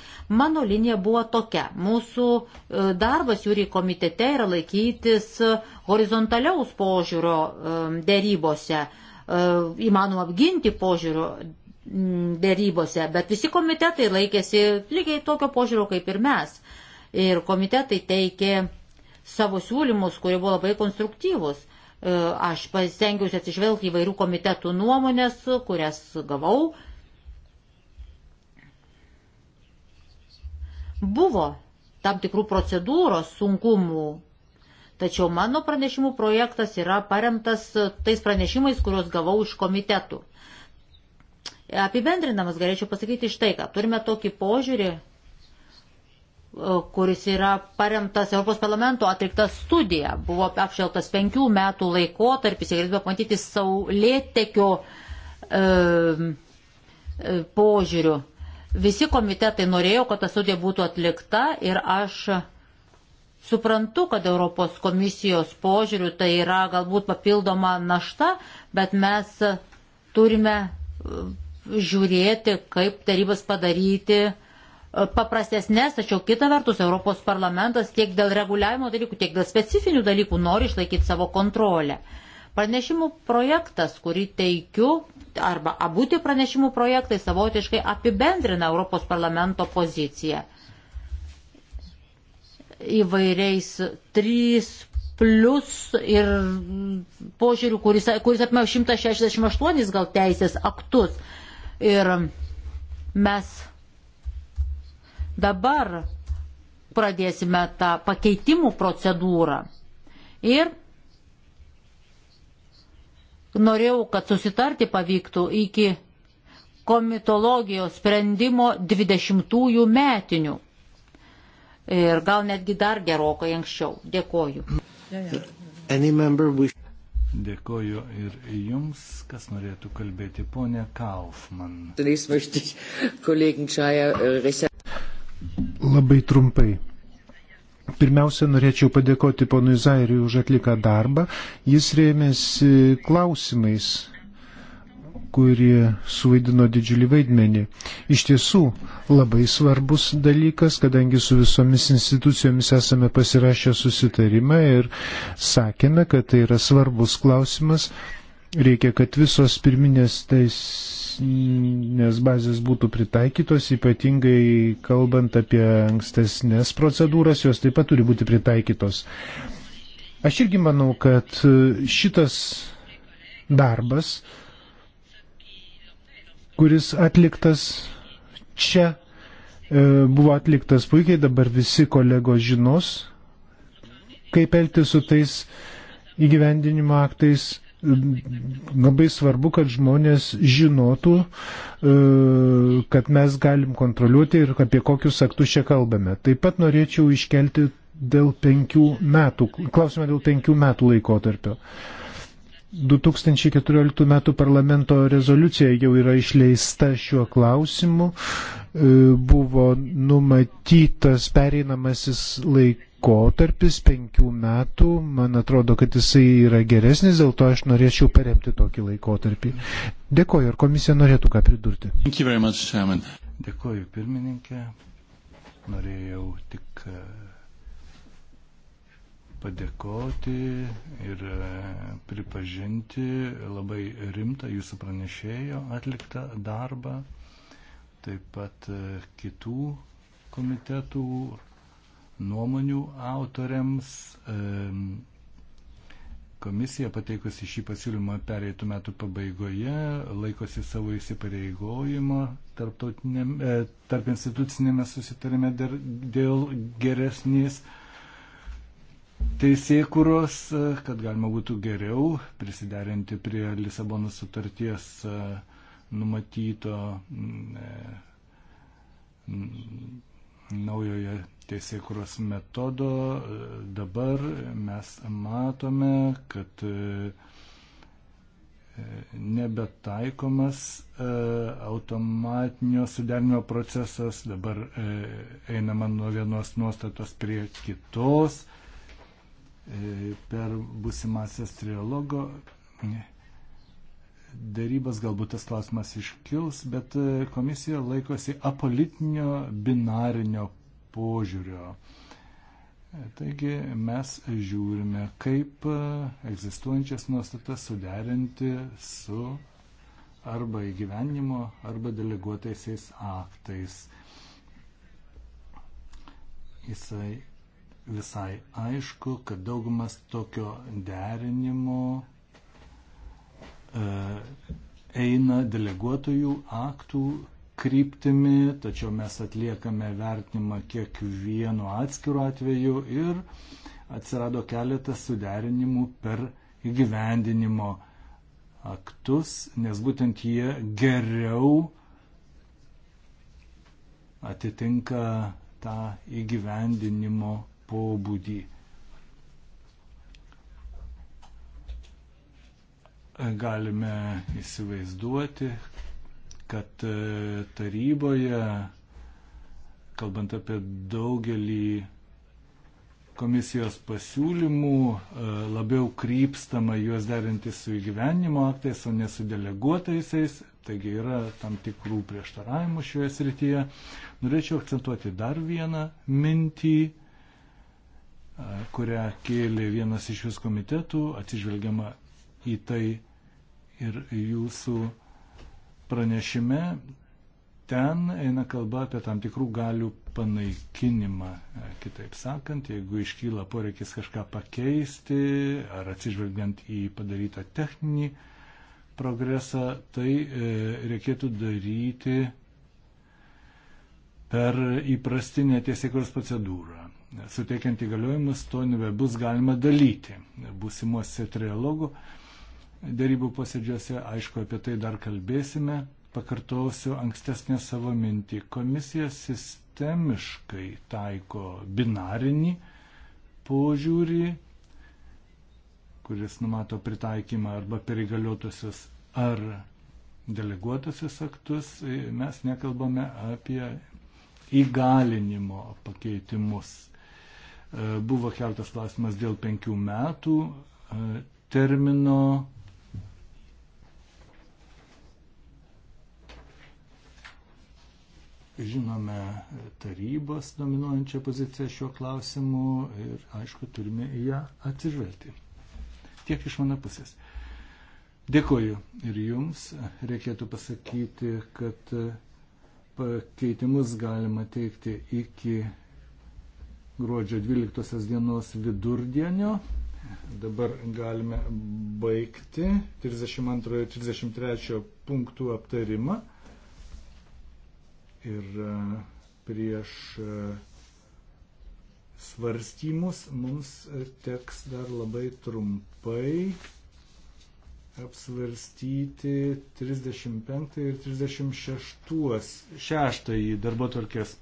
Mano linija buvo tokia. Mūsų e, darbas jūri komitete yra laikytis horizontaliaus požiūrio e, dėrybose, įmanoma apginti požiūrio dėrybose, bet visi komitetai laikėsi lygiai tokio požiūrio kaip ir mes. Ir komitetai teikė savo siūlymus, kurie buvo labai konstruktyvus. E, aš pasistengiausi atsižvelgti įvairių komitetų nuomonės, kurias gavau. Buvo tam tikrų procedūros sunkumų, tačiau mano pranešimų projektas yra paremtas tais pranešimais, kuriuos gavau iš komitetų. Apibendrinamas galėčiau pasakyti štai ką. Turime tokį požiūrį, kuris yra paremtas Europos parlamento atlikta studija. Buvo apšeltas penkių metų laikotarpis, jie galėjo pamatyti saulėtekio e, e, požiūrių. Visi komitetai norėjo, kad ta studija būtų atlikta ir aš suprantu, kad Europos komisijos požiūrių tai yra galbūt papildoma našta, bet mes turime e, žiūrėti, kaip tarybas padaryti, paprastesnės, tačiau kita vertus Europos parlamentas tiek dėl reguliavimo dalykų, tiek dėl specifinių dalykų nori išlaikyti savo kontrolę. Pranešimų projektas, kurį teikiu, arba abu tie pranešimų projektai savotiškai apibendrina Europos parlamento poziciją įvairiais 3 plus ir požiūrių, kuris, kuris apima 168 gal teisės aktus. Ir mes Dabar pradėsime tą pakeitimų procedūrą. Ir norėjau, kad susitarti pavyktų iki komitologijos sprendimo 20-ųjų metinių. Ir gal netgi dar gerokai anksčiau. Dėkoju. Dėkoju ir jums, kas norėtų kalbėti, ponė Kaufman. Labai trumpai. Pirmiausia, norėčiau padėkoti ponui Zairiui už atliką darbą. Jis rėmėsi klausimais, kurie suvaidino didžiulį vaidmenį. Iš tiesų, labai svarbus dalykas, kadangi su visomis institucijomis esame pasirašę susitarimą ir sakėme, kad tai yra svarbus klausimas. Reikia, kad visos pirminės teisės teisinės bazės būtų pritaikytos, ypatingai kalbant apie ankstesnės procedūras, jos taip pat turi būti pritaikytos. Aš irgi manau, kad šitas darbas, kuris atliktas čia, e, buvo atliktas puikiai, dabar visi kolegos žinos, kaip elgti su tais įgyvendinimo aktais labai svarbu, kad žmonės žinotų, e, kad mes galim kontroliuoti ir apie kokius aktus čia kalbame. Taip pat norėčiau iškelti dėl penkių metų, klausimą dėl penkių metų laikotarpio. 2014 m. parlamento rezoliucija jau yra išleista šiuo klausimu, e, buvo numatytas pereinamasis laikas laikotarpis penkių metų, man atrodo, kad jisai yra geresnis, dėl to aš norėčiau paremti tokį laikotarpį. Dėkoju, ar komisija norėtų ką pridurti? Much, Dėkoju, pirmininkė. Norėjau tik e, padėkoti ir e, pripažinti labai rimtą jūsų pranešėjo atliktą darbą, taip pat e, kitų komitetų nuomonių autoriams. Komisija pateikusi šį pasiūlymą pereitų metų pabaigoje laikosi savo įsipareigojimo e, tarp institucinėme susitarime dėl geresnės teisėkuros, e, kad galima būtų geriau prisiderinti prie Lisabono sutarties e, numatyto naujoje teisėkuros metodo dabar mes matome, kad e, nebetaikomas e, automatinio suderinimo procesas, dabar e, einama nuo vienos nuostatos prie kitos per busimasias trialogo dėrybas galbūt tas klausimas iškils, bet komisija laikosi apolitinio binarinio požiūrio. Taigi mes žiūrime, kaip egzistuojančias nuostatas suderinti su arba įgyvenimo, arba deleguotaisiais aktais. Jisai visai aišku, kad daugumas tokio derinimo e, eina deleguotojų aktų kryptimi, tačiau mes atliekame vertinimą kiekvienu atskiru atveju ir atsirado keletas suderinimų per įgyvendinimo aktus, nes būtent jie geriau atitinka tą įgyvendinimo pobūdį. Galime įsivaizduoti, kad e, taryboje, kalbant apie daugelį komisijos pasiūlymų, e, labiau krypstama juos derinti su įgyvenimo aktais, o ne su deleguotaisiais. Taigi yra tam tikrų prieštaravimų šioje srityje. Norėčiau akcentuoti dar vieną mintį, e, kurią kėlė vienas iš jūsų komitetų, atsižvelgiama į tai ir jūsų pranešime ten eina kalba apie tam tikrų galių panaikinimą. Kitaip sakant, jeigu iškyla poreikis kažką pakeisti ar atsižvelgiant į padarytą techninį progresą, tai e, reikėtų daryti per įprastinę tiesiekos procedūrą. Suteikiant įgaliojimus, to nebebus galima dalyti būsimuose trialogų dėrybų posėdžiuose, aišku, apie tai dar kalbėsime. Pakartosiu ankstesnę savo mintį. Komisija sistemiškai taiko binarinį požiūrį, kuris numato pritaikymą arba perigaliuotusius ar deleguotusius aktus. Mes nekalbame apie įgalinimo pakeitimus. Buvo keltas klausimas dėl penkių metų e, termino žinome tarybos dominuojančią poziciją šiuo klausimu ir, aišku, turime į ją atsižvelgti. Tiek iš mano pusės. Dėkoju ir jums. Reikėtų pasakyti, kad pakeitimus galima teikti iki gruodžio 12 dienos vidurdienio. Dabar galime baigti 32 ir 33 punktų aptarimą yra e, prieš e, svarstymus. Mums teks dar labai trumpai apsvarstyti 35 ir 36 šeštąjį darbo tvarkės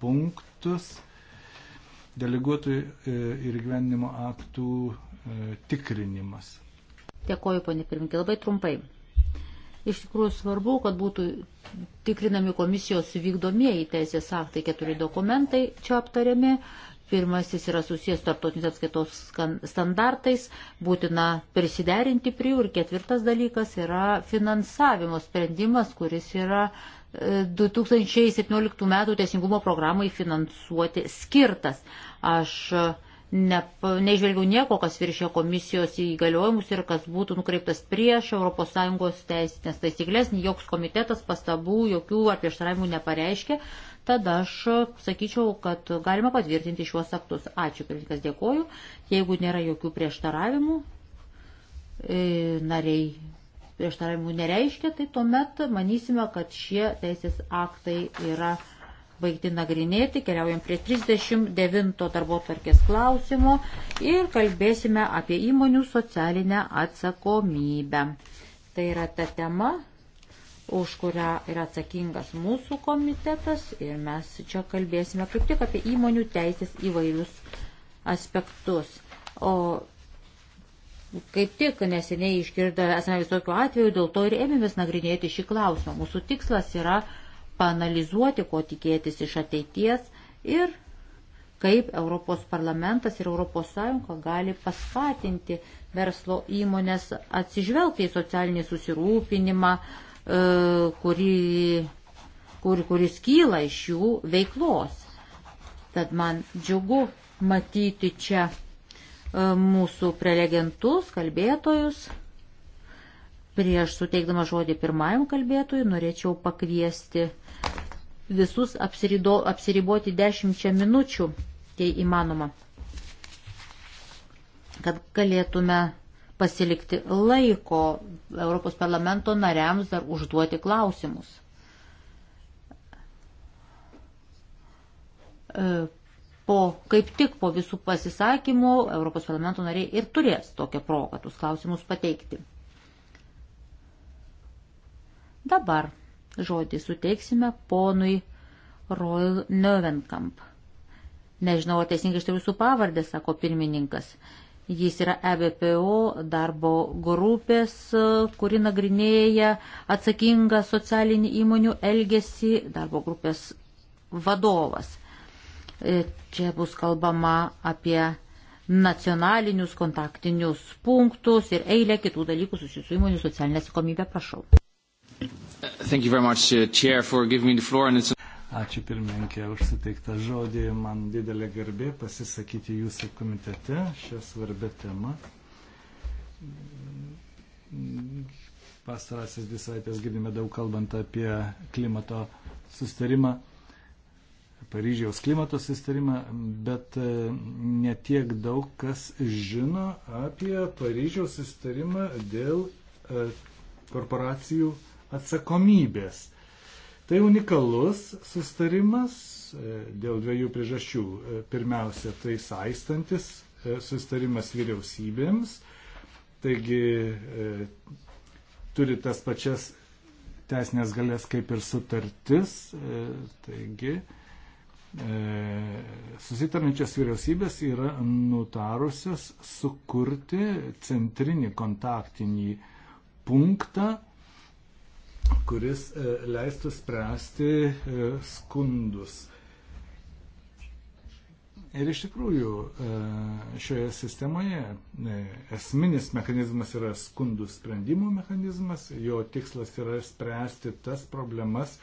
punktus deleguotų e, ir gyvenimo aktų tikrinimas. Dėkoju, ponė pirmininkė, labai trumpai. Iš tikrųjų svarbu, kad būtų tikrinami komisijos vykdomieji teisės aktai, keturi dokumentai čia aptariami. Pirmasis yra susijęs tarptautinės apskaitos standartais, būtina prisiderinti prie jų ir ketvirtas dalykas yra finansavimo sprendimas, kuris yra 2017 e, m. teisingumo programai finansuoti skirtas. Aš ne, neižvelgiau nieko, kas viršė komisijos įgaliojimus ir kas būtų nukreiptas prieš ES teisinės taisyklės, joks komitetas pastabų, jokių ar prieštaravimų nepareiškė. Tada aš sakyčiau, kad galima patvirtinti šiuos aktus. Ačiū, pirmininkas, dėkoju. Jeigu nėra jokių prieštaravimų, e, nariai prieštaravimų nereiškia, tai tuomet manysime, kad šie teisės aktai yra baigti nagrinėti, keliaujam prie 39 darbo tvarkės klausimo ir kalbėsime apie įmonių socialinę atsakomybę. Tai yra ta tema, už kurią yra atsakingas mūsų komitetas ir mes čia kalbėsime kaip tik apie įmonių teisės įvairius aspektus. O kaip tik neseniai išgirda esame visokių atvejų, dėl to ir ėmėmės nagrinėti šį klausimą. Mūsų tikslas yra uh, panalizuoti, ko tikėtis iš ateities ir kaip Europos parlamentas ir Europos Sąjunga gali paskatinti verslo įmonės atsižvelgti į socialinį susirūpinimą, e, kuri, kur, kuris kyla iš jų veiklos. Tad man džiugu matyti čia e, mūsų prelegentus, kalbėtojus. Prieš suteikdama žodį pirmajam kalbėtojui norėčiau pakviesti visus apsirido, apsiriboti dešimčia minučių, jei įmanoma, kad galėtume pasilikti laiko Europos parlamento nariams dar užduoti klausimus. E, po, kaip tik po visų pasisakymų Europos parlamento nariai ir turės tokią progą tuos klausimus pateikti. Dabar žodį suteiksime ponui Royal Neuvenkamp. Nežinau, ar teisingai ištariu su pavardė, sako pirmininkas. Jis yra EBPO darbo grupės, kuri nagrinėja atsakingą socialinį įmonių elgesį, darbo grupės vadovas. E, čia bus kalbama apie nacionalinius kontaktinius punktus ir eilę kitų dalykų susijusių įmonių socialinę atsakomybę. Prašau. Much, uh, chair, Ačiū pirmininkė už suteiktą žodį. Man didelė garbė pasisakyti jūsų komitete šią svarbę temą. Pastarasis dvi savaitės girdime daug kalbant apie klimato sustarimą, Paryžiaus klimato sustarimą, bet e, netiek daug kas žino apie Paryžiaus sustarimą dėl e, korporacijų uh, atsakomybės. Tai unikalus sustarimas e, dėl dviejų priežasčių. E, pirmiausia, tai saistantis e, sustarimas vyriausybėms, taigi turi tas pačias teisinės galės kaip ir sutartis, taigi susitarnačios vyriausybės yra nutarusios sukurti centrinį kontaktinį punktą kuris e, leistų spręsti e, skundus. Ir iš tikrųjų e, šioje sistemoje esminis mechanizmas yra skundų sprendimo mechanizmas, jo tikslas yra spręsti tas problemas,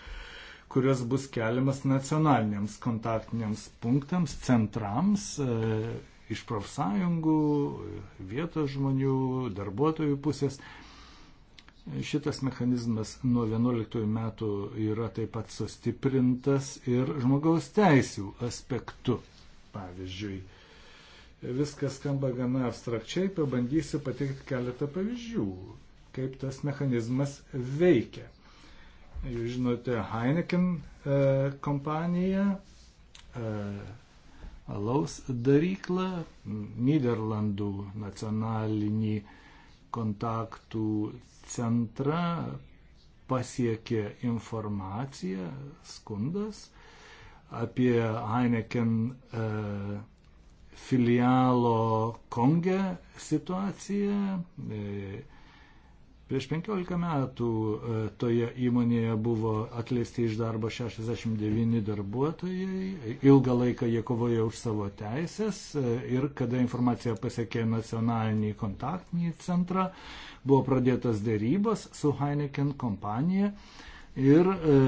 kurios bus keliamas nacionaliniams kontaktiniams punktams, centrams iš profsąjungų, vietos žmonių, darbuotojų pusės. Šitas mechanizmas nuo 11 metų yra taip pat sustiprintas ir žmogaus teisų aspektu. Pavyzdžiui, viskas skamba gana abstrakčiai, pabandysiu pateikti keletą pavyzdžių, kaip tas mechanizmas veikia. Jūs žinote, Heineken e, kompanija, e, alaus darykla, Niderlandų nacionalinį e, kontaktų centrą pasiekė informacija, skundas apie Heineken e, filialo Konge situaciją. E, Prieš 15 metų e, toje įmonėje buvo atleisti iš darbo 69 darbuotojai, ilgą laiką jie kovojo už savo teisės e, ir kada informacija pasiekė nacionalinį kontaktinį centrą, buvo pradėtas dėrybos su Heineken kompanija ir e,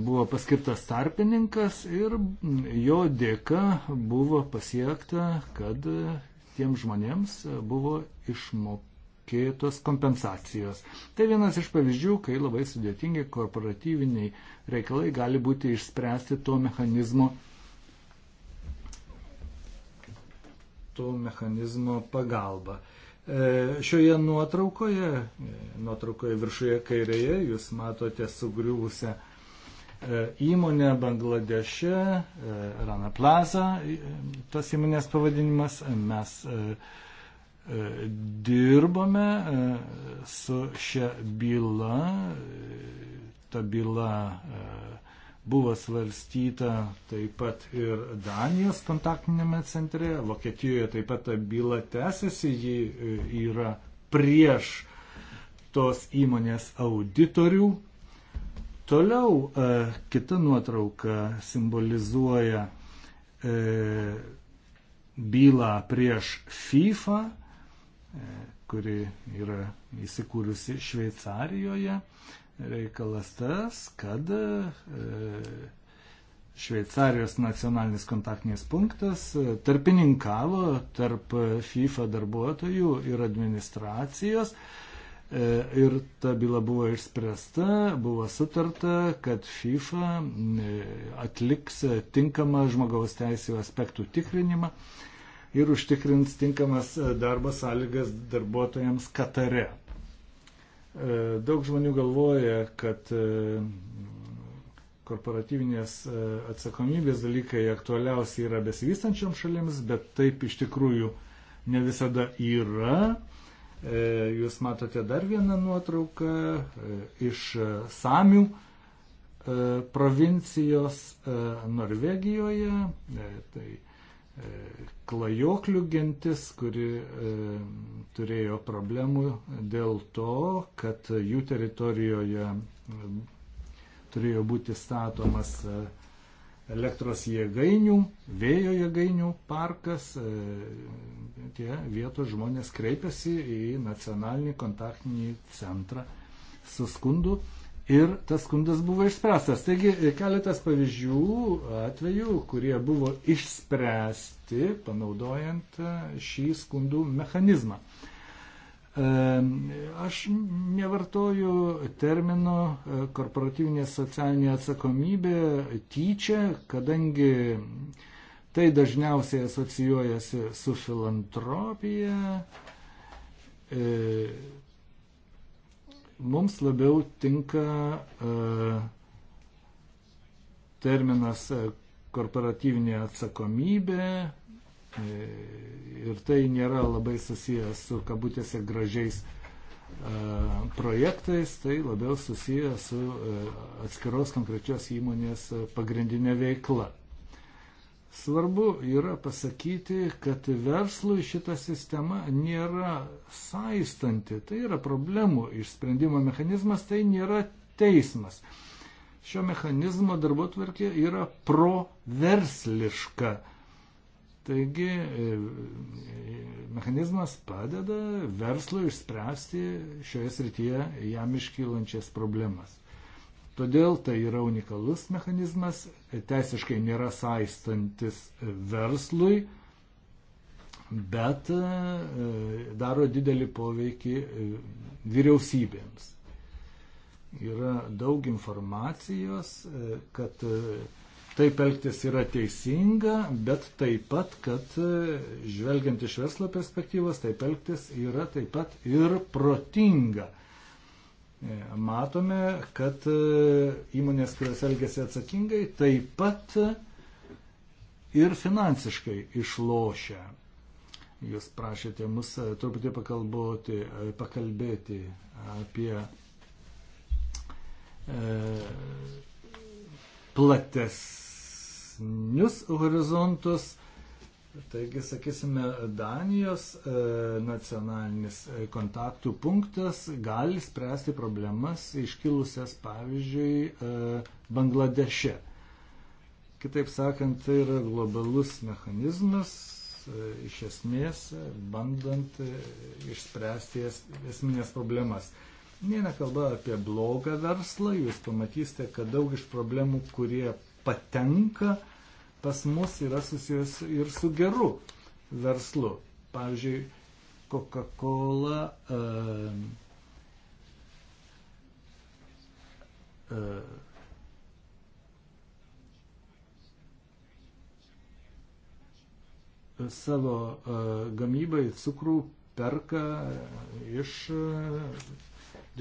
buvo paskirtas tarpininkas ir jo dėka buvo pasiekta, kad tiems žmonėms e, buvo išmokėtos kompensacijos. Tai vienas iš pavyzdžių, kai labai sudėtingi korporatyviniai reikalai gali būti išspręsti to mechanizmo, to mechanizmo pagalba. E, šioje nuotraukoje, e, nuotraukoje viršuje kairėje, jūs matote sugriuvusią E, įmonė Bangladeše, e, Rana Plaza, e, tas įmonės pavadinimas, mes dirbame su šia byla. Ta byla buvo svarstyta taip pat ir Danijos kontaktinėme centre, Vokietijoje taip pat ta byla tęsiasi, ji yra prieš tos įmonės auditorių Toliau e, kita nuotrauka simbolizuoja e, bylą prieš FIFA, e, kuri yra įsikūrusi Šveicarijoje. Reikalas tas, kad Šveicarijos nacionalinis kontaktinis punktas tarpininkavo tarp FIFA darbuotojų ir administracijos, E, ir ta byla buvo išspręsta, buvo sutarta, kad FIFA e, atliks tinkamą žmogaus teisėjų aspektų tikrinimą ir užtikrins tinkamas e, darbo sąlygas darbuotojams Katare. Daug žmonių galvoja, kad korporatyvinės atsakomybės dalykai aktualiausiai yra besivystančiam šalims, bet taip iš tikrųjų ne visada yra E, jūs matote dar vieną nuotrauką e, iš Samių e, provincijos Norvegijoje. Tai klajoklių gentis, kuri turėjo problemų dėl to, kad jų teritorijoje turėjo būti statomas elektros jėgainių, vėjo jėgainių parkas, e, tie vietos žmonės kreipiasi į nacionalinį kontaktinį centrą su skundu ir tas skundas buvo išspręstas. Taigi e, keletas pavyzdžių atvejų, kurie buvo išspręsti panaudojant e, šį skundų mechanizmą. Aš nevartoju termino e, korporatyvinė socialinė atsakomybė tyčia, kadangi tai dažniausiai asocijuojasi su filantropija. E, mums labiau tinka e, terminas korporatyvinė atsakomybė, E, ir tai nėra labai susijęs su kabutėse gražiais e, projektais, tai labiau susijęs su e, atskiros konkrečios įmonės pagrindinė veikla. Svarbu yra pasakyti, kad verslui šita sistema nėra saistanti, tai yra problemų išsprendimo mechanizmas, tai nėra teismas. Šio mechanizmo darbotvarkė yra proversliška Taigi e, e, mechanizmas padeda verslui išspręsti šioje srityje jam iškylančias problemas. Todėl tai yra unikalus mechanizmas, teisiškai nėra saistantis verslui, bet e, daro didelį poveikį vyriausybėms. Yra daug informacijos, kad taip elgtis yra teisinga, bet taip pat, kad e, žvelgiant iš verslo perspektyvos, taip elgtis yra taip pat ir protinga. E, matome, kad e, įmonės, kurios elgesi atsakingai, taip pat ir finansiškai išlošia. Jūs prašėte mus truputį pakalboti, pakalbėti apie e, platesnius horizontus. Taigi, sakysime, Danijos e, nacionalinis e, kontaktų punktas gali spręsti problemas iškilusias, pavyzdžiui, e, Bangladeše. Kitaip sakant, tai yra globalus mechanizmas, iš esmės, bandant išspręsti esminės problemas. Neina kalba apie blogą verslą, jūs pamatysite, kad daug iš problemų, kurie patenka pas mus, yra susijęs ir su geru verslu. Pavyzdžiui, Coca-Cola. Uh, uh, savo uh, gamybai cukrų perka iš uh,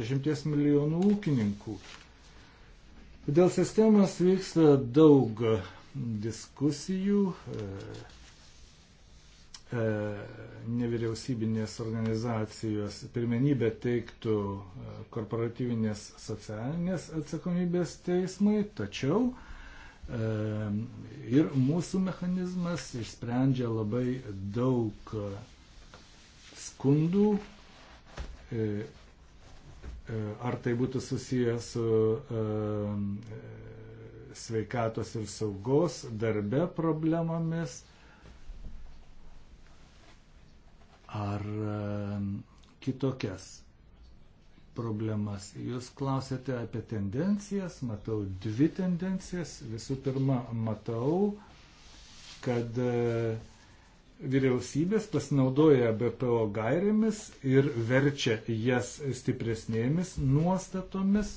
10 milijonų ūkininkų. Dėl sistemos vyksta daug diskusijų. E, e, nevyriausybinės organizacijos pirmenybę teiktų e, korporatyvinės socialinės atsakomybės teismai, tačiau ir mūsų mechanizmas išsprendžia labai daug skundų E, ar tai būtų susiję su e, sveikatos ir saugos darbe problemomis, ar e, kitokias problemas. Jūs klausėte apie tendencijas, matau dvi tendencijas. Visų pirma, matau, kad uh, vyriausybės pasinaudoja BPO gairėmis ir verčia jas stipresnėmis nuostatomis.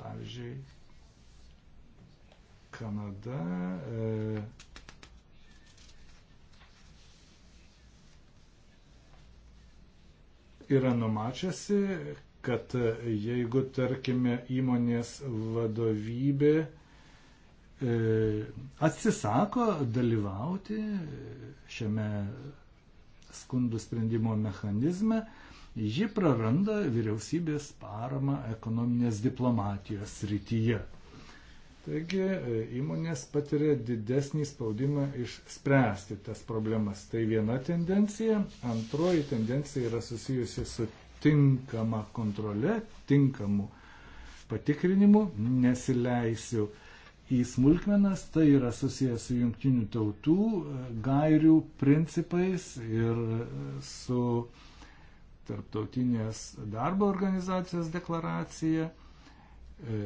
Pavyzdžiui, Kanada. E, Yra numačiasi, kad jeigu, tarkime, įmonės vadovybė e, E, atsisako dalyvauti šiame skundų sprendimo mechanizme, ji praranda vyriausybės paramą ekonominės diplomatijos rytyje. Taigi e, įmonės patiria didesnį spaudimą išspręsti tas problemas. Tai viena tendencija. Antroji tendencija yra susijusi su tinkama kontrole, tinkamu patikrinimu. Nesileisiu uh, į smulkmenas, tai yra susijęs su jungtinių tautų e, gairių principais ir e, su tarptautinės darbo organizacijos deklaracija. E,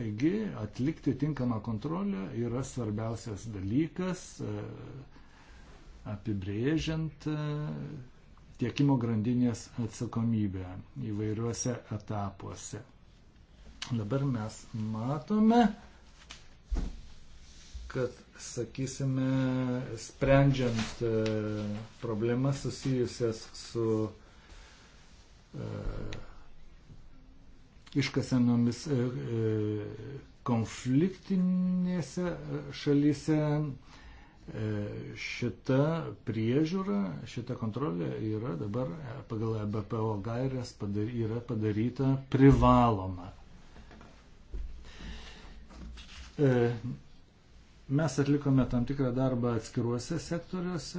taigi atlikti tinkamą kontrolę yra svarbiausias dalykas apibrėžiant tiekimo grandinės atsakomybę įvairiuose etapuose. Dabar mes matome, kad, sakysime, sprendžiant e, problemas susijusias su e, iškasenomis e, konfliktinėse šalyse šita priežiūra, šita kontrolė yra dabar pagal BPO gairias padary, yra padaryta privaloma. E, mes atlikome tam tikrą darbą atskiruose sektoriuose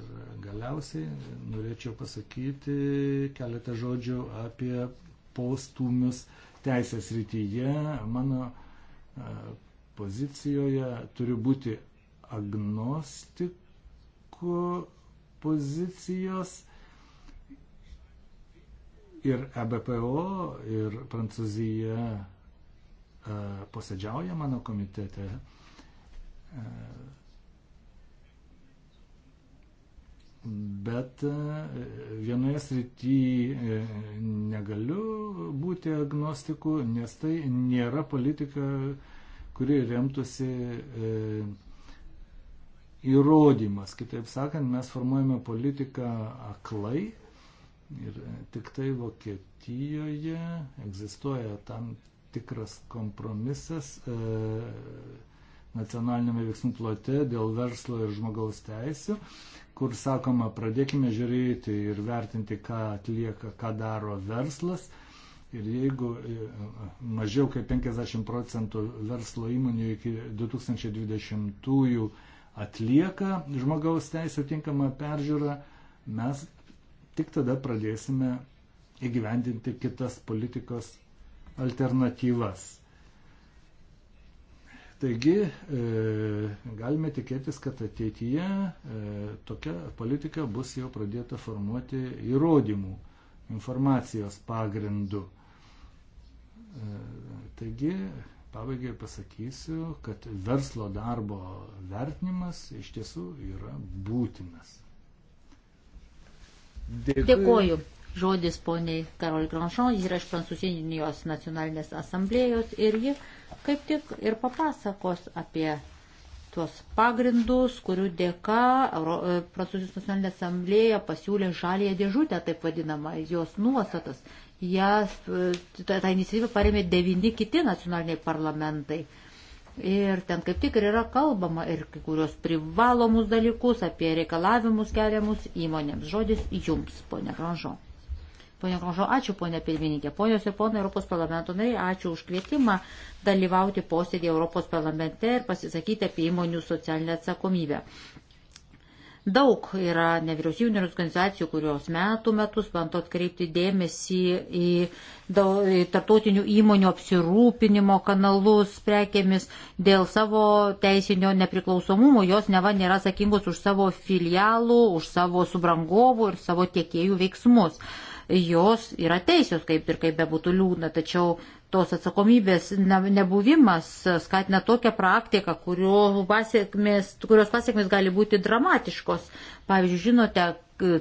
ir galiausiai norėčiau pasakyti keletą žodžių apie postūmius teisės rytyje. Mano e, pozicijoje turi būti agnostikų pozicijos ir EBPO, ir Prancūzija E, posėdžiauja mano komitete. E, bet e, vienoje srityje negaliu būti agnostiku, nes tai nėra politika, kuri remtųsi įrodymas. Kitaip sakant, mes formuojame politiką aklai ir tik tai Vokietijoje egzistuoja tam tikras kompromisas e, nacionalinėme veiksmų plote dėl verslo ir žmogaus teisų, kur sakoma, pradėkime žiūrėti ir vertinti, ką atlieka, ką daro verslas. Ir jeigu e, mažiau kaip 50 procentų verslo įmonių iki 2020-ųjų atlieka žmogaus teisų tinkamą peržiūrą, mes tik tada pradėsime įgyvendinti kitas politikos alternatyvas. Taigi e, galime tikėtis, kad ateityje e, tokia politika bus jau pradėta formuoti įrodymų, informacijos pagrindu. E, taigi, pabaigai pasakysiu, kad verslo darbo vertinimas iš tiesų yra būtinas. Dėkui. Dėkuoju žodis poniai Karol Granšon, jis yra iš Prancūzijos nacionalinės asamblėjos ir ji kaip tik ir papasakos apie tuos pagrindus, kurių dėka Euro, e, Prancūzijos nacionalinė asamblėja pasiūlė žalėje dėžutę, taip vadinamą, jos nuostatas. Ja, tą, e, tą iniciatyvą paremė devyni kiti nacionaliniai parlamentai. Ir ten kaip tik ir yra kalbama ir kai kurios privalomus dalykus apie reikalavimus keliamus įmonėms. Žodis jums, ponia Ranžo. Pone Grožo, ačiū, ponė pirmininkė. Ponios ir ponai Europos parlamento nariai, ačiū už kvietimą dalyvauti posėdį Europos parlamente ir pasisakyti apie įmonių socialinę atsakomybę. Daug yra nevyriausybinių organizacijų, kurios metų metus bando atkreipti dėmesį į, daug, į tartotinių įmonių apsirūpinimo kanalus prekėmis dėl savo teisinio nepriklausomumo. Jos neva nėra atsakingos už savo filialų, už savo subrangovų ir savo tiekėjų veiksmus jos yra teisios, kaip ir kaip bebūtų liūdna, tačiau tos atsakomybės nebuvimas skatina tokią praktiką, kurio pasiekmės, kurios pasiekmes gali būti dramatiškos. Pavyzdžiui, žinote, E,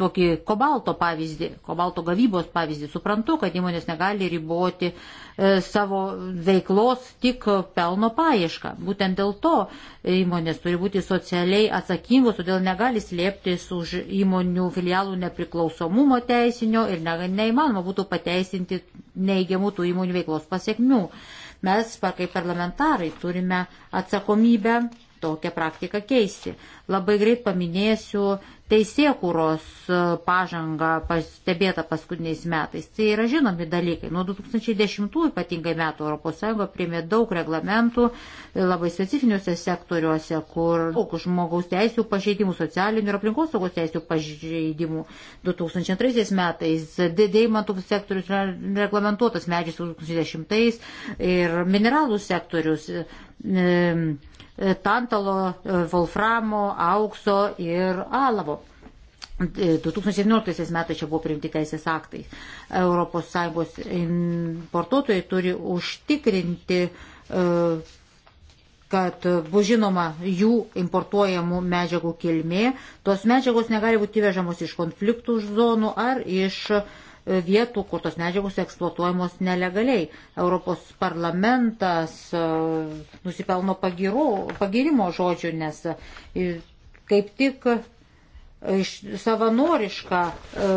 tokį kobalto pavyzdį, kobalto gavybos pavyzdį. Suprantu, kad įmonės negali riboti e, savo veiklos tik pelno paiešką. Būtent dėl to įmonės turi būti socialiai atsakingos, todėl negali slėptis už įmonių filialų nepriklausomumo teisinio ir ne, neįmanoma būtų pateisinti neigiamų tų įmonių veiklos pasiekmių. Mes, kaip parlamentarai, turime atsakomybę tokią praktiką keisti. Labai greit paminėsiu teisėkūros e, pažanga pastebėta paskutiniais metais. Tai yra žinomi dalykai. Nuo 2010 ypatingai metų ES priėmė daug reglamentų e, labai specifiniuose sektoriuose, kur daug žmogaus teisų pažeidimų, socialinių ir aplinkosaugos teisų pažeidimų. 2002 metais didėjimantų sektorius reglamentuotas medžiais 2010 ir mineralų sektorius. E, tantalo, volframo, e, aukso ir alavo. 2017 e, metais čia buvo priimti teisės aktai. ES importuotojai turi užtikrinti, e, kad bus žinoma jų importuojamų medžiagų kilmė. Tos medžiagos negali būti vežamos iš konfliktų zonų ar iš uh, vietų, kur tos medžiagos eksploatuojamos nelegaliai. Europos parlamentas e, nusipelno pagirų, pagirimo žodžių, nes e, kaip tik e, savanorišką e,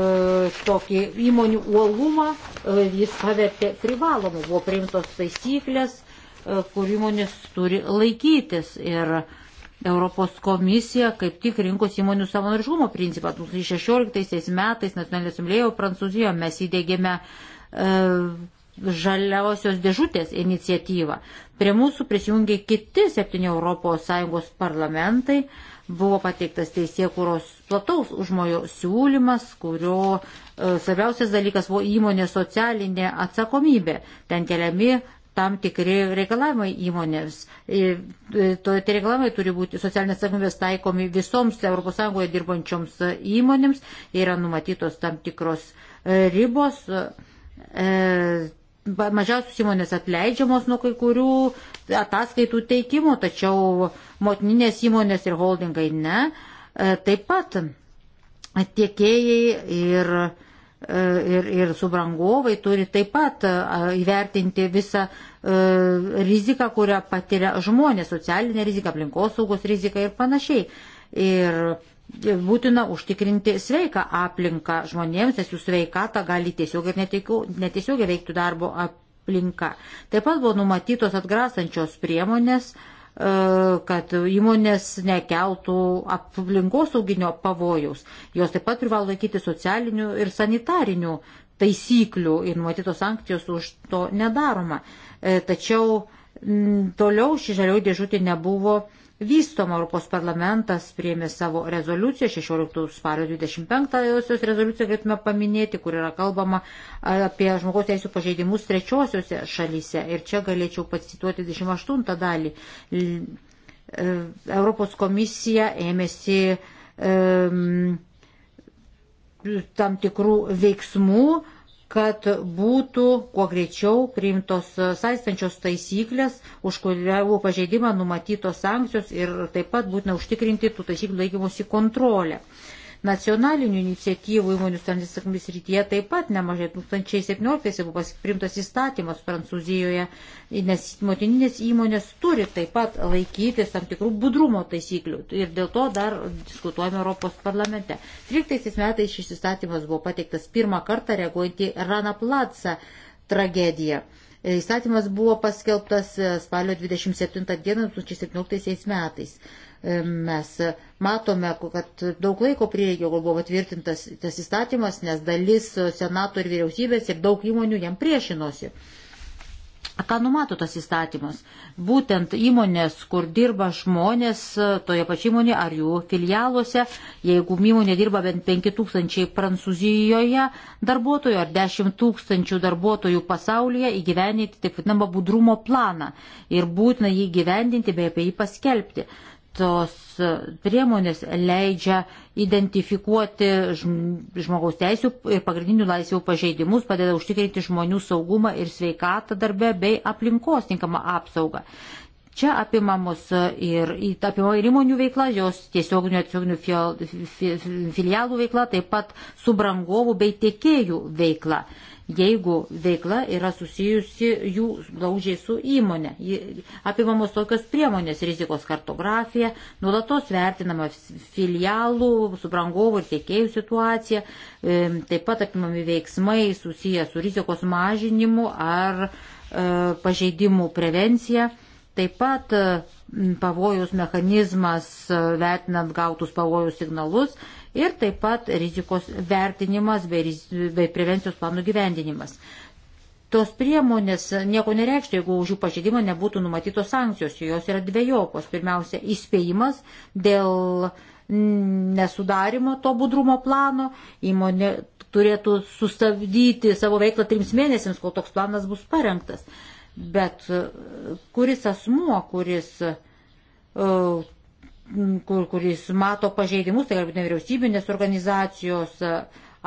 tokį įmonių uolumą e, jis pavertė privalomu. Buvo priimtos taisyklės, e, kur įmonės turi laikytis. Ir e, Europos komisija kaip tik rinkos įmonių savanoriškumo principą. 2016 metais Nacionalinė asamblėjo Prancūzijoje mes įdėgėme e, žaliosios dėžutės iniciatyvą. Prie mūsų prisijungė kiti septyni ES parlamentai. Buvo pateiktas teisėkūros plataus užmojo siūlymas, kurio e, svarbiausias dalykas buvo įmonės socialinė atsakomybė. Ten keliami tam tikri reikalavimai įmonėms. Tai reikalavimai turi būti socialinės atsakomybės taikomi visoms ES dirbančioms e, įmonėms, yra numatytos tam tikros ribos. Mažiausios įmonės atleidžiamos nuo kai kurių ataskaitų teikimų, tačiau motininės įmonės ir holdingai ne. Taip pat tiekėjai ir uh, E, ir, ir subrangovai turi taip pat e, įvertinti visą e, riziką, kurią patiria žmonės, socialinę riziką, aplinkosaugos riziką ir panašiai. Ir būtina užtikrinti sveiką aplinką žmonėms, nes jų sveikatą gali tiesiog ir netiesiogiai veikti darbo aplinka. Taip pat buvo numatytos atgrasančios priemonės, uh, E, kad įmonės nekeltų aplinkosauginio pavojaus. Jos taip pat privalo laikyti socialinių ir sanitarinių taisyklių ir numatytos sankcijos už to nedaroma. E, tačiau toliau ši žalioji dėžutė nebuvo uh, vystoma. Europos parlamentas priėmė savo rezoliuciją, 16 spario 25-osios rezoliuciją galėtume paminėti, kur yra kalbama apie žmogaus teisų pažeidimus trečiosiuose šalyse. Ir čia galėčiau pacituoti 28 dalį. E, Europos komisija ėmėsi um, tam tikrų veiksmų, kad būtų kuo greičiau priimtos e, saistančios taisyklės, už kurių pažeidimą numatytos sankcijos ir taip pat būtina užtikrinti tų taisyklių laikymosi kontrolę. Uh, Nacionalinių iniciatyvų įmonių standartizavimis rytyje taip pat nemažai 2017 buvo priimtas įstatymas Prancūzijoje, nes motininės įmonės turi taip pat laikytis tam tikrų budrumo taisyklių ir dėl to dar diskutuojame Europos parlamente. 13 metais šis įstatymas buvo pateiktas pirmą kartą reaguojant į Rana Plaza tragediją. Įstatymas buvo paskelbtas spalio 27 dieną 2017 metais. Mes matome, kad daug laiko prireikė, kol buvo patvirtintas tas įstatymas, nes dalis senato ir vyriausybės ir daug įmonių jam priešinosi. Ką numato tas įstatymas? Būtent įmonės, kur dirba žmonės toje pačioje įmonėje ar jų filialuose, jeigu įmonė dirba bent 5000 Prancūzijoje darbuotojų ar 10 tūkstančių darbuotojų pasaulyje, įgyvendinti taip vadinamą budrumo planą ir būtina jį įgyvendinti bei apie jį paskelbti tos priemonės leidžia identifikuoti žmogaus teisų ir pagrindinių laisvių pažeidimus, padeda užtikrinti žmonių saugumą ir sveikatą darbę bei aplinkos tinkamą apsaugą. Čia apimamos ir, apimo ir įmonių veikla, jos tiesioginių atsioginių filialų veikla, taip pat subrangovų bei tiekėjų veikla jeigu veikla yra susijusi jų daužiai su įmonė. Apimamos tokios priemonės - rizikos kartografija, nuolatos vertinama filialų, subrangovų ir tiekėjų situacija, taip pat apimami veiksmai susiję su rizikos mažinimu ar e, pažeidimų prevencija. Taip pat pavojus mechanizmas e, vertinant gautus pavojus signalus ir taip pat rizikos vertinimas bei, bei prevencijos planų gyvendinimas. Tos priemonės nieko nereikštų, jeigu už jų pažeidimą nebūtų numatytos sankcijos, jos yra dviejopos. Pirmiausia, įspėjimas dėl nesudarimo to budrumo plano, įmonė turėtų sustabdyti savo veiklą trims mėnesiams, kol toks planas bus parengtas. Bet kuris asmuo, kuris uh, kur, kuris mato pažeidimus, tai galbūt nevyriausybinės organizacijos,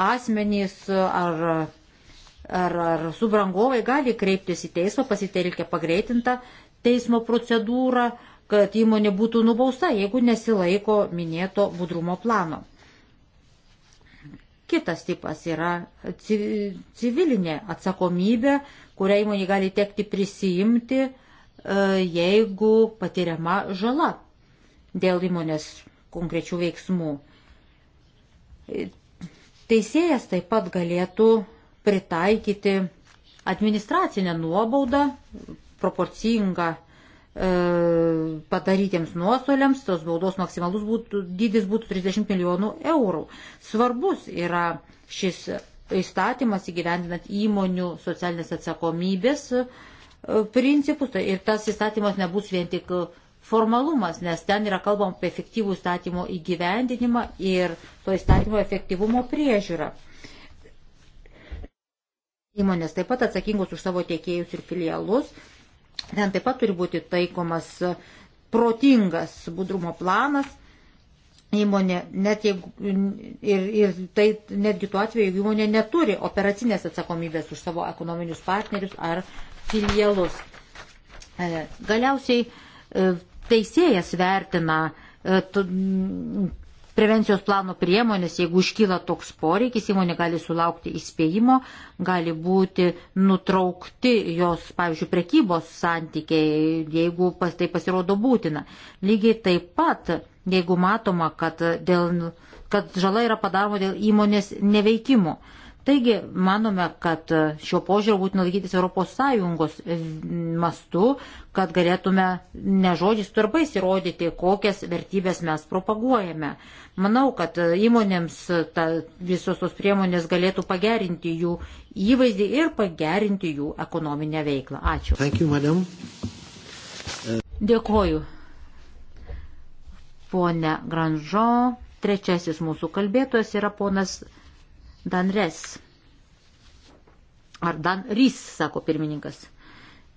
asmenys ar, ar, ar subrangovai gali kreiptis į teismą, pasitelkę pagreitintą teismo procedūrą, kad įmonė būtų nubausta, jeigu nesilaiko minėto budrumo plano. Kitas tipas yra civilinė atsakomybė, kurią įmonė gali tekti prisijimti, e, jeigu patiriama žala dėl įmonės konkrečių veiksmų. Teisėjas taip pat galėtų pritaikyti administracinę nuobaudą proporcingą e, padarytiems nuostoliams, tos baudos maksimalus būtų, dydis būtų 30 milijonų eurų. Svarbus yra šis įstatymas įgyvendinant įmonių socialinės atsakomybės e, principus tai ir tas įstatymas nebus vien tik formalumas, nes ten yra kalbam apie efektyvų statymo įgyvendinimą ir to įstatymo efektyvumo priežiūrą. Įmonės taip pat atsakingos už savo tiekėjus ir filialus. Ten taip pat turi būti taikomas protingas budrumo planas. Įmonė, net jeigu, ir, ir tai netgi tuo atveju, jeigu įmonė neturi operacinės atsakomybės už savo ekonominius partnerius ar filialus. E, galiausiai e, teisėjas vertina e, prevencijos plano priemonės, jeigu iškyla toks poreikis, įmonė gali sulaukti įspėjimo, gali būti nutraukti jos, pavyzdžiui, prekybos santykiai, jeigu pas tai pasirodo būtina. Lygiai taip pat, jeigu matoma, kad, dėl, kad žala yra padaroma dėl įmonės neveikimo. Taigi, manome, kad šio požiūrio būtina laikytis ES mastu, kad galėtume ne žodžiais turbais įrodyti, kokias vertybės mes propaguojame. Manau, kad įmonėms ta, visos tos priemonės galėtų pagerinti jų įvaizdį ir pagerinti jų ekonominę veiklą. Ačiū. Thank you, madam. Dėkoju. Pone Granžo, trečiasis mūsų kalbėtojas yra ponas. Danres. Ar Danrys, sako pirmininkas.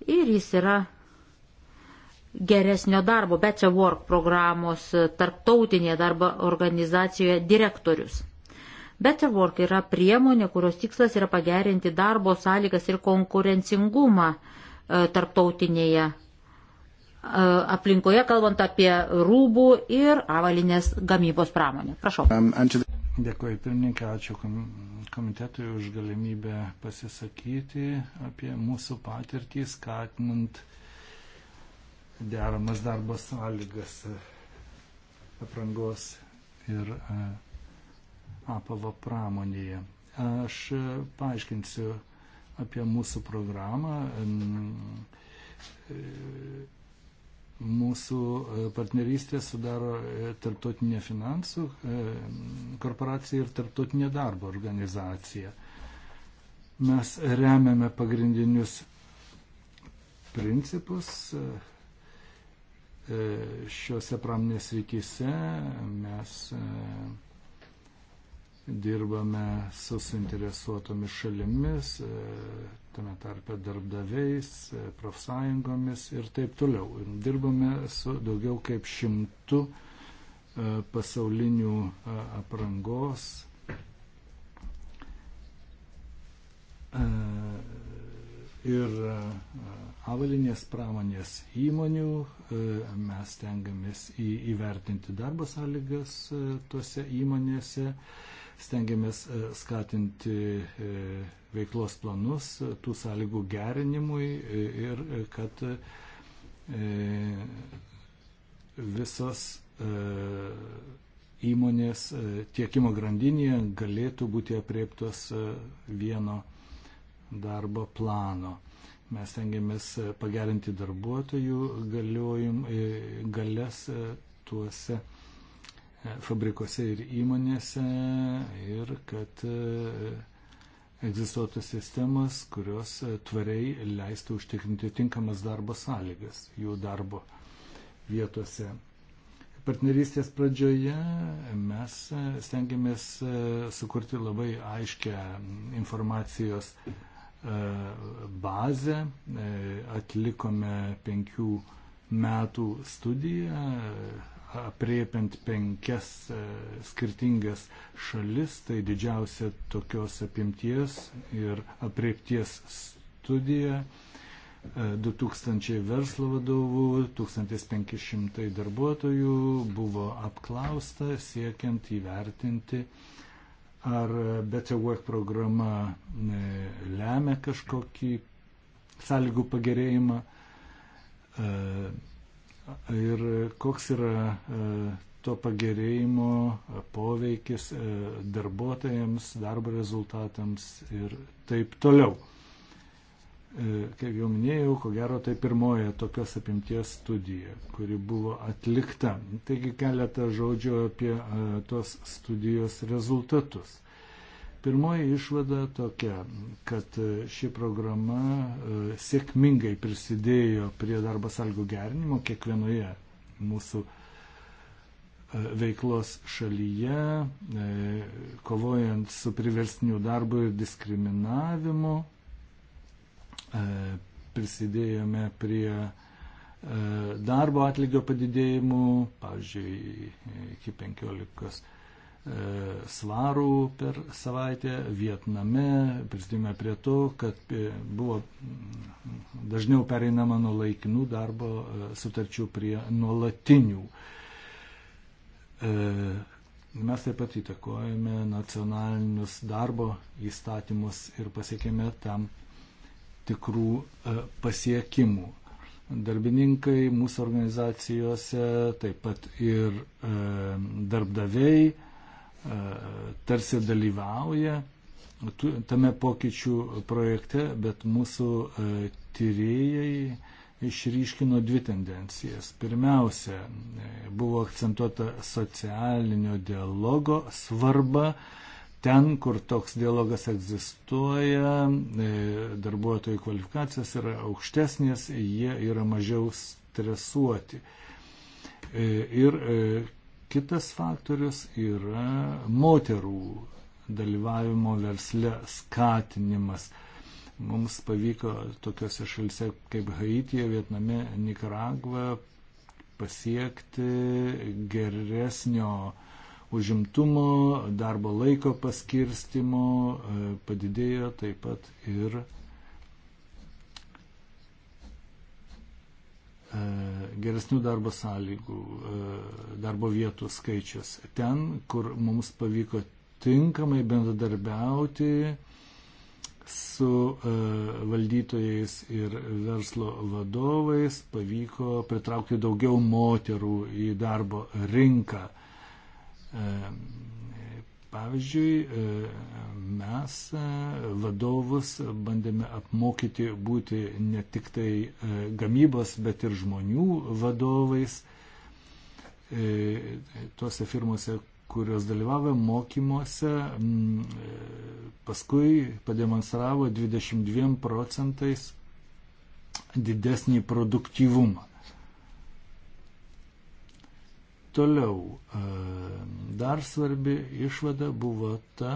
Ir jis yra geresnio darbo, Better Work programos e, tarptautinėje darbo organizacijoje direktorius. Better Work yra priemonė, kurios tikslas yra pagerinti darbo sąlygas ir konkurencingumą e, tarptautinėje e, aplinkoje, kalbant apie rūbų ir avalinės gamybos pramonę. Prašau. Um, Dėkuoju pirmininkė, ačiū komitetui už galimybę pasisakyti apie mūsų patirtį, skatinant deramas darbo sąlygas aprangos ir e, apavo pramonėje. Aš paaiškinsiu apie mūsų programą e, Mūsų e, partnerystė sudaro e, Tarptautinė finansų e, korporacija ir Tarptautinė darbo organizacija. Mes remiame pagrindinius principus šiuose pramonės rytise. Mes dirbame su suinteresuotomis šalimis, tame tarpe darbdaviais, profsąjungomis ir taip toliau. Dirbame su daugiau kaip šimtu e, pasaulinių e, aprangos e, ir avalinės pramonės įmonių. Mes tengiamės įvertinti darbo sąlygas tuose įmonėse, stengiamės skatinti veiklos planus tų sąlygų gerinimui ir kad e, visos e, įmonės e, tiekimo grandinėje galėtų būti apriektos vieno darbo plano. Mes tengiamės pagerinti darbuotojų galiojim, galės tuose fabrikuose ir įmonėse ir kad egzistuotų sistemas, kurios e, tvariai leistų užtikrinti tinkamas darbo sąlygas jų darbo vietose. Partnerystės pradžioje mes e, stengiamės e, sukurti labai aiškę informacijos bazę, atlikome penkių metų studiją, apriepiant penkias e, skirtingas šalis, tai didžiausia tokios apimties ir apriepties studija. 2000 e, verslo vadovų, 1500 darbuotojų buvo apklausta siekiant įvertinti, ar Better Work programa e, lemia kažkokį sąlygų pagerėjimą. E, ir e, koks yra e, to pagerėjimo poveikis e, darbuotojams, darbo rezultatams ir taip toliau. Kaip jau minėjau, ko gero tai pirmoji tokios apimties studija, kuri buvo atlikta. Taigi keletą žodžių apie tos studijos rezultatus. Pirmoji išvada tokia, kad e, ši programa e, sėkmingai prisidėjo prie darbo sąlygų gerinimo kiekvienoje mūsų e, veiklos šalyje, kovojant su priverstiniu darbu ir diskriminavimu, prisidėjome prie darbo atlygio padidėjimų, pavyzdžiui, iki 15 E, svarų per savaitę Vietname, prisidėjome prie to, kad e, buvo dažniau pereinama nuo laikinų darbo e, sutarčių prie nuolatinių. Mes taip pat įtakojame nacionalinius darbo įstatymus ir pasiekėme tam tikrų pasiekimų. Darbininkai mūsų organizacijose, taip pat ir darbdaviai, tarsi dalyvauja tame pokyčių projekte, bet mūsų e, tyrėjai išryškino dvi tendencijas. Pirmiausia, e, buvo akcentuota socialinio dialogo svarba. Ten, kur toks dialogas egzistuoja, e, darbuotojų kvalifikacijos yra aukštesnės, jie yra mažiau stresuoti. Ir Kitas faktorius yra moterų dalyvavimo versle skatinimas. Mums pavyko tokiuose šalise kaip Haitija, Vietname, Nikaragva pasiekti geresnio užimtumo, darbo laiko paskirstimo, e, padidėjo taip pat ir E, geresnių darbo sąlygų, e, darbo vietų skaičius. Ten, kur mums pavyko tinkamai bendradarbiauti su e, valdytojais ir verslo vadovais, pavyko pritraukti daugiau moterų į darbo rinką. Pavyzdžiui, e, mes e, vadovus bandėme apmokyti būti ne tik tai e, gamybos, bet ir žmonių vadovais. Tuose firmose, kurios dalyvavo mokymuose, paskui pademonstravo 22 procentais didesnį produktyvumą. Toliau, e, dar svarbi išvada buvo ta,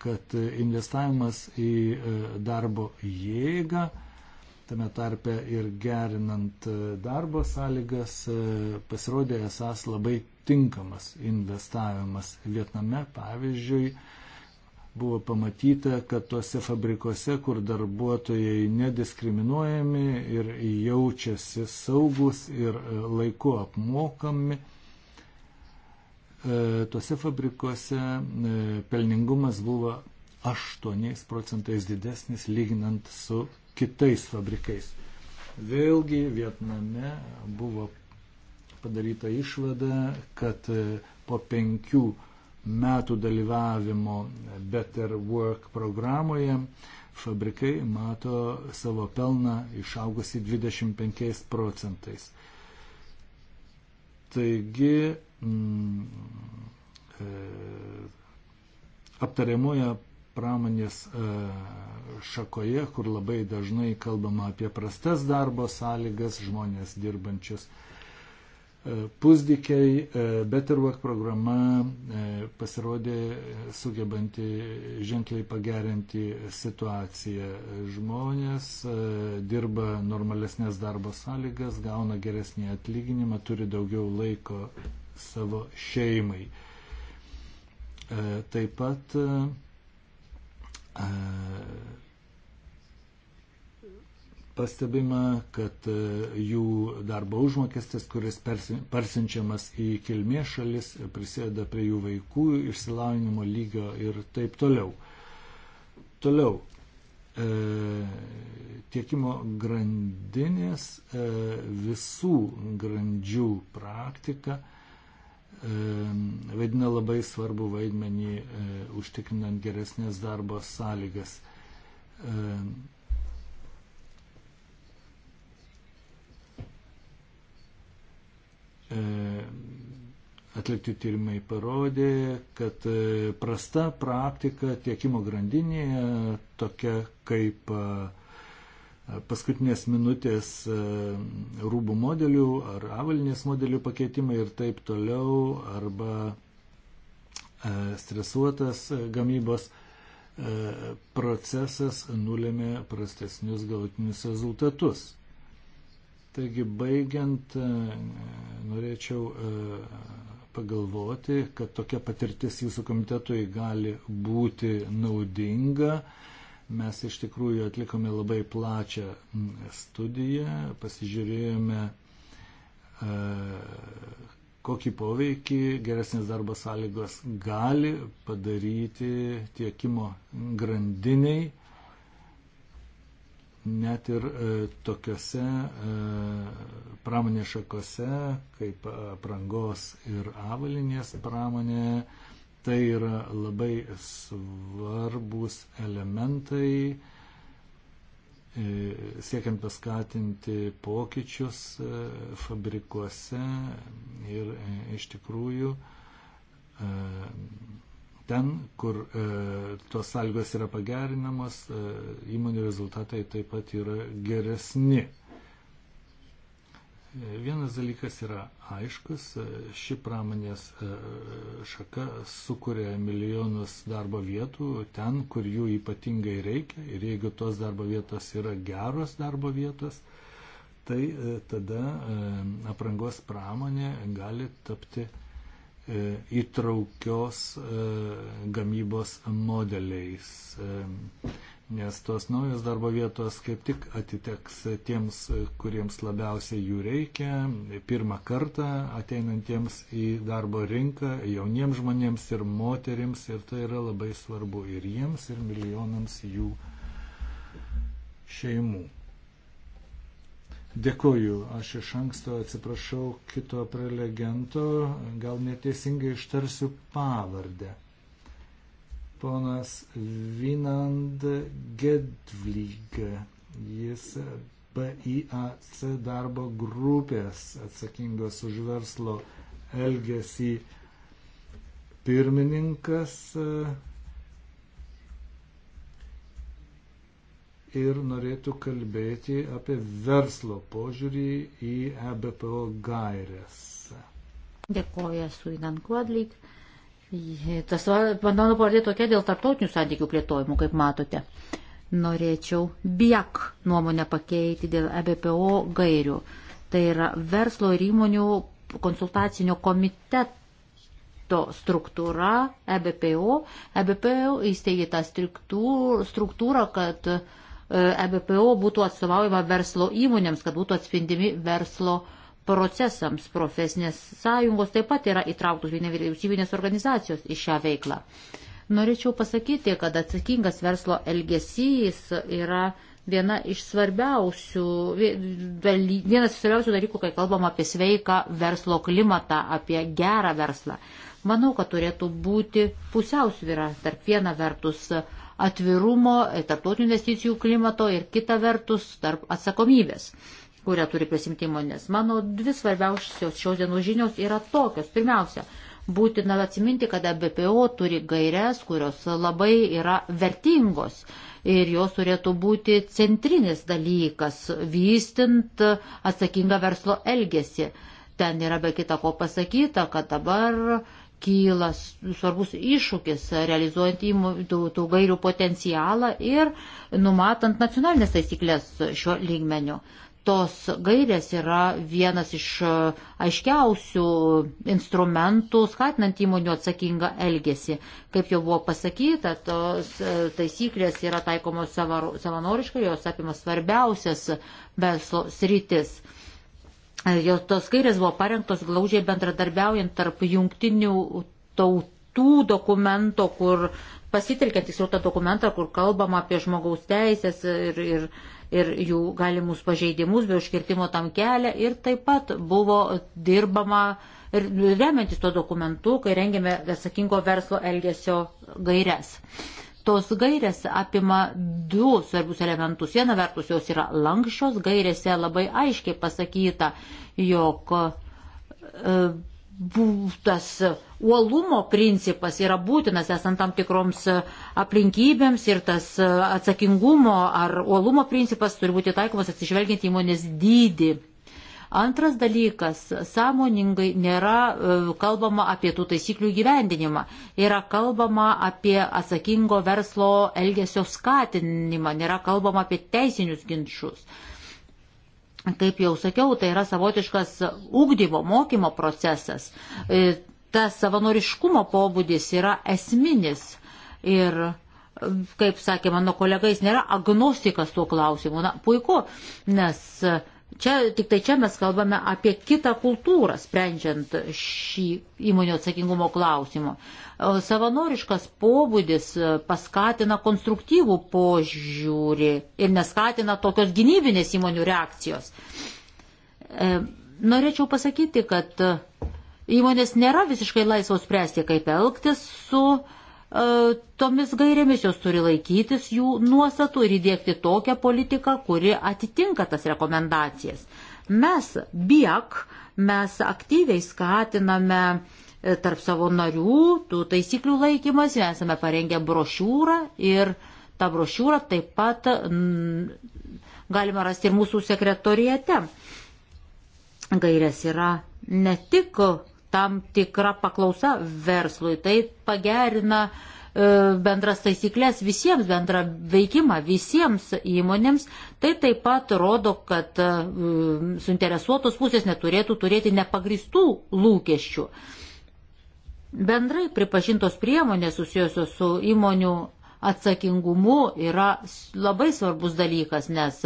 kad investavimas į e, darbo jėgą, tame tarpe ir gerinant e, darbo sąlygas, pasirodė esas labai tinkamas investavimas. Vietname, pavyzdžiui, buvo pamatyta, kad tuose fabrikuose, kur darbuotojai nediskriminuojami ir jaučiasi saugus ir laiku apmokami, E, tuose fabrikuose e, pelningumas buvo 8 procentais didesnis lyginant su kitais fabrikais. Vėlgi Vietname buvo padaryta išvada, kad e, po penkių metų dalyvavimo Better Work programoje fabrikai mato savo pelną išaugusi 25 procentais. Taigi Mm, e, aptariamoje pramonės e, šakoje, kur labai dažnai kalbama apie prastas darbo sąlygas, žmonės dirbančius e, pusdikiai, Better Work programa pasirodė sugebanti ženkliai pagerinti situaciją. Žmonės dirba normalesnės darbo sąlygas, gauna geresnį atlyginimą, turi daugiau laiko savo šeimai. E, taip pat e, e, pastebima, kad jų darbo užmokestis, kuris persinčiamas į kilmės šalis, prisėda prie jų vaikų išsilavinimo lygio ir taip toliau. Toliau. E, tiekimo grandinės e, visų grandžių praktika e, E, vaidina labai svarbu vaidmenį e, užtikrinant geresnės darbo sąlygas. E, atlikti tyrimai parodė, kad prasta praktika tiekimo grandinėje, tokia kaip uh, paskutinės minutės e, rūbų modelių ar avalynės modelių pakeitimai ir taip toliau, arba e, stresuotas e, gamybos procesas nulėmė prastesnius galutinius rezultatus. Taigi baigiant, norėčiau pagalvoti, kad tokia patirtis jūsų komitetui gali būti naudinga. Mes iš tikrųjų atlikome labai plačią studiją, pasižiūrėjome, e, kokį poveikį geresnės darbo sąlygos gali padaryti tiekimo grandiniai, net ir e, tokiuose e, pramonės šakose kaip aprangos ir avalinės pramonė Tai yra labai svarbus elementai e, siekiant paskatinti pokyčius e, fabrikuose ir e, iš tikrųjų ten, kur tos sąlygos yra pagerinamos, įmonių rezultatai taip pat yra geresni. Vienas dalykas yra aiškus, ši pramonės e, šaka sukuria milijonus darbo vietų ten, kur jų ypatingai reikia ir jeigu tos darbo vietos yra geros darbo vietos, tai e, tada e, aprangos pramonė gali tapti įtraukios gamybos modeliais nes tos naujos darbo vietos kaip tik atiteks tiems, kuriems labiausiai jų reikia, pirmą kartą ateinantiems į darbo rinką, jauniems žmonėms ir moterims, ir tai yra labai svarbu ir jiems, ir milijonams jų šeimų. Dėkoju, aš iš anksto atsiprašau kito prelegento, gal neteisingai ištarsiu pavardę ponas Vinand Gedvlyg. Jis BIAC darbo grupės atsakingos už verslo elgesį pirmininkas e, ir norėtų kalbėti apie verslo požiūrį į EBPO gairias. Dėkoju, esu Inan Kuodlyk. Tas mano pavardė tokia dėl tarptautinių santykių plėtojimų, kaip matote. Norėčiau biek nuomonę pakeiti dėl EBPO gairių. Tai yra verslo ir įmonių konsultacinio komiteto struktūra EBPO. EBPO įsteigė tą struktūrą, kad EBPO e būtų atstovaujama verslo įmonėms, kad būtų atspindimi verslo įmonėms procesams. Profesinės sąjungos taip pat yra įtrauktos bei nevyriausybinės organizacijos į šią veiklą. Norėčiau pasakyti, kad atsakingas verslo elgesys yra viena iš svarbiausių, vienas iš svarbiausių dalykų, kai kalbam apie sveiką verslo klimatą, apie gerą verslą. Manau, kad turėtų būti pusiausvyra tarp viena vertus atvirumo, tarptautinių investicijų klimato ir kita vertus tarp atsakomybės kurią turi prisimti įmonės. Mano dvi svarbiausios šios dienos žinios yra tokios. Pirmiausia, būtina atsiminti, kad BPO turi gairias, kurios labai yra vertingos ir jos turėtų būti centrinis dalykas, vystint atsakingą verslo elgesį. Ten yra be kita ko pasakyta, kad dabar kyla svarbus iššūkis realizuojant tų, tų gairių potencialą ir numatant nacionalinės taisyklės šiuo lygmeniu tos gairės yra vienas iš e, aiškiausių instrumentų skatinant įmonių atsakingą elgesį. Kaip jau buvo pasakyta, tos e, taisyklės yra taikomos savanoriškai, jos apima svarbiausias verslo sritis. E, jos tos gairės buvo parengtos glaužiai bendradarbiaujant tarp jungtinių tautų dokumento, kur pasitelkiant tiksliau tą dokumentą, kur kalbama apie žmogaus teisės ir, ir ir jų galimus pažeidimus bei užkirtimo tam kelią ir taip pat buvo dirbama ir remiantis tuo dokumentu, kai rengėme atsakingo verslo elgesio gairias. Tos gairės apima du svarbus elementus. Viena vertus jos yra lankščios, gairėse labai aiškiai pasakyta, jog e, būtas uolumo principas yra būtinas esant tam tikroms aplinkybėms ir tas atsakingumo ar uolumo principas turi būti taikomas atsižvelgiant įmonės dydį. Antras dalykas - sąmoningai nėra e, kalbama apie tų taisyklių gyvendinimą. Yra kalbama apie atsakingo verslo elgesio skatinimą, nėra kalbama apie teisinius ginčius kaip jau sakiau, tai yra savotiškas ūkdymo, mokymo procesas. E, tas savanoriškumo pobūdis yra esminis ir, kaip sakė mano kolega, jis nėra agnostikas tuo klausimu. Na, puiku, nes Čia, tik tai čia mes kalbame apie kitą kultūrą, sprendžiant šį įmonių atsakingumo klausimą. Savanoriškas pobūdis paskatina konstruktyvų požiūrį ir neskatina tokios gynybinės įmonių reakcijos. E, norėčiau pasakyti, kad įmonės nėra visiškai laisvos spręsti, kaip elgtis su uh, E, tomis gairėmis jos turi laikytis jų nuostatų ir įdėkti tokią politiką, kuri atitinka tas rekomendacijas. Mes, biek, mes aktyviai skatiname e, tarp savo narių tų taisyklių laikymas, mes esame parengę brošiūrą ir tą brošiūrą taip pat galima rasti ir mūsų sekretorijate. Gairės yra ne tik uh, tam tikra paklausa verslui, tai pagerina e, bendras taisyklės visiems, bendrą veikimą visiems įmonėms, tai taip pat rodo, kad e, suinteresuotos pusės neturėtų turėti nepagristų lūkesčių. Bendrai pripažintos priemonės susijusios su įmonių atsakingumu yra labai svarbus dalykas, nes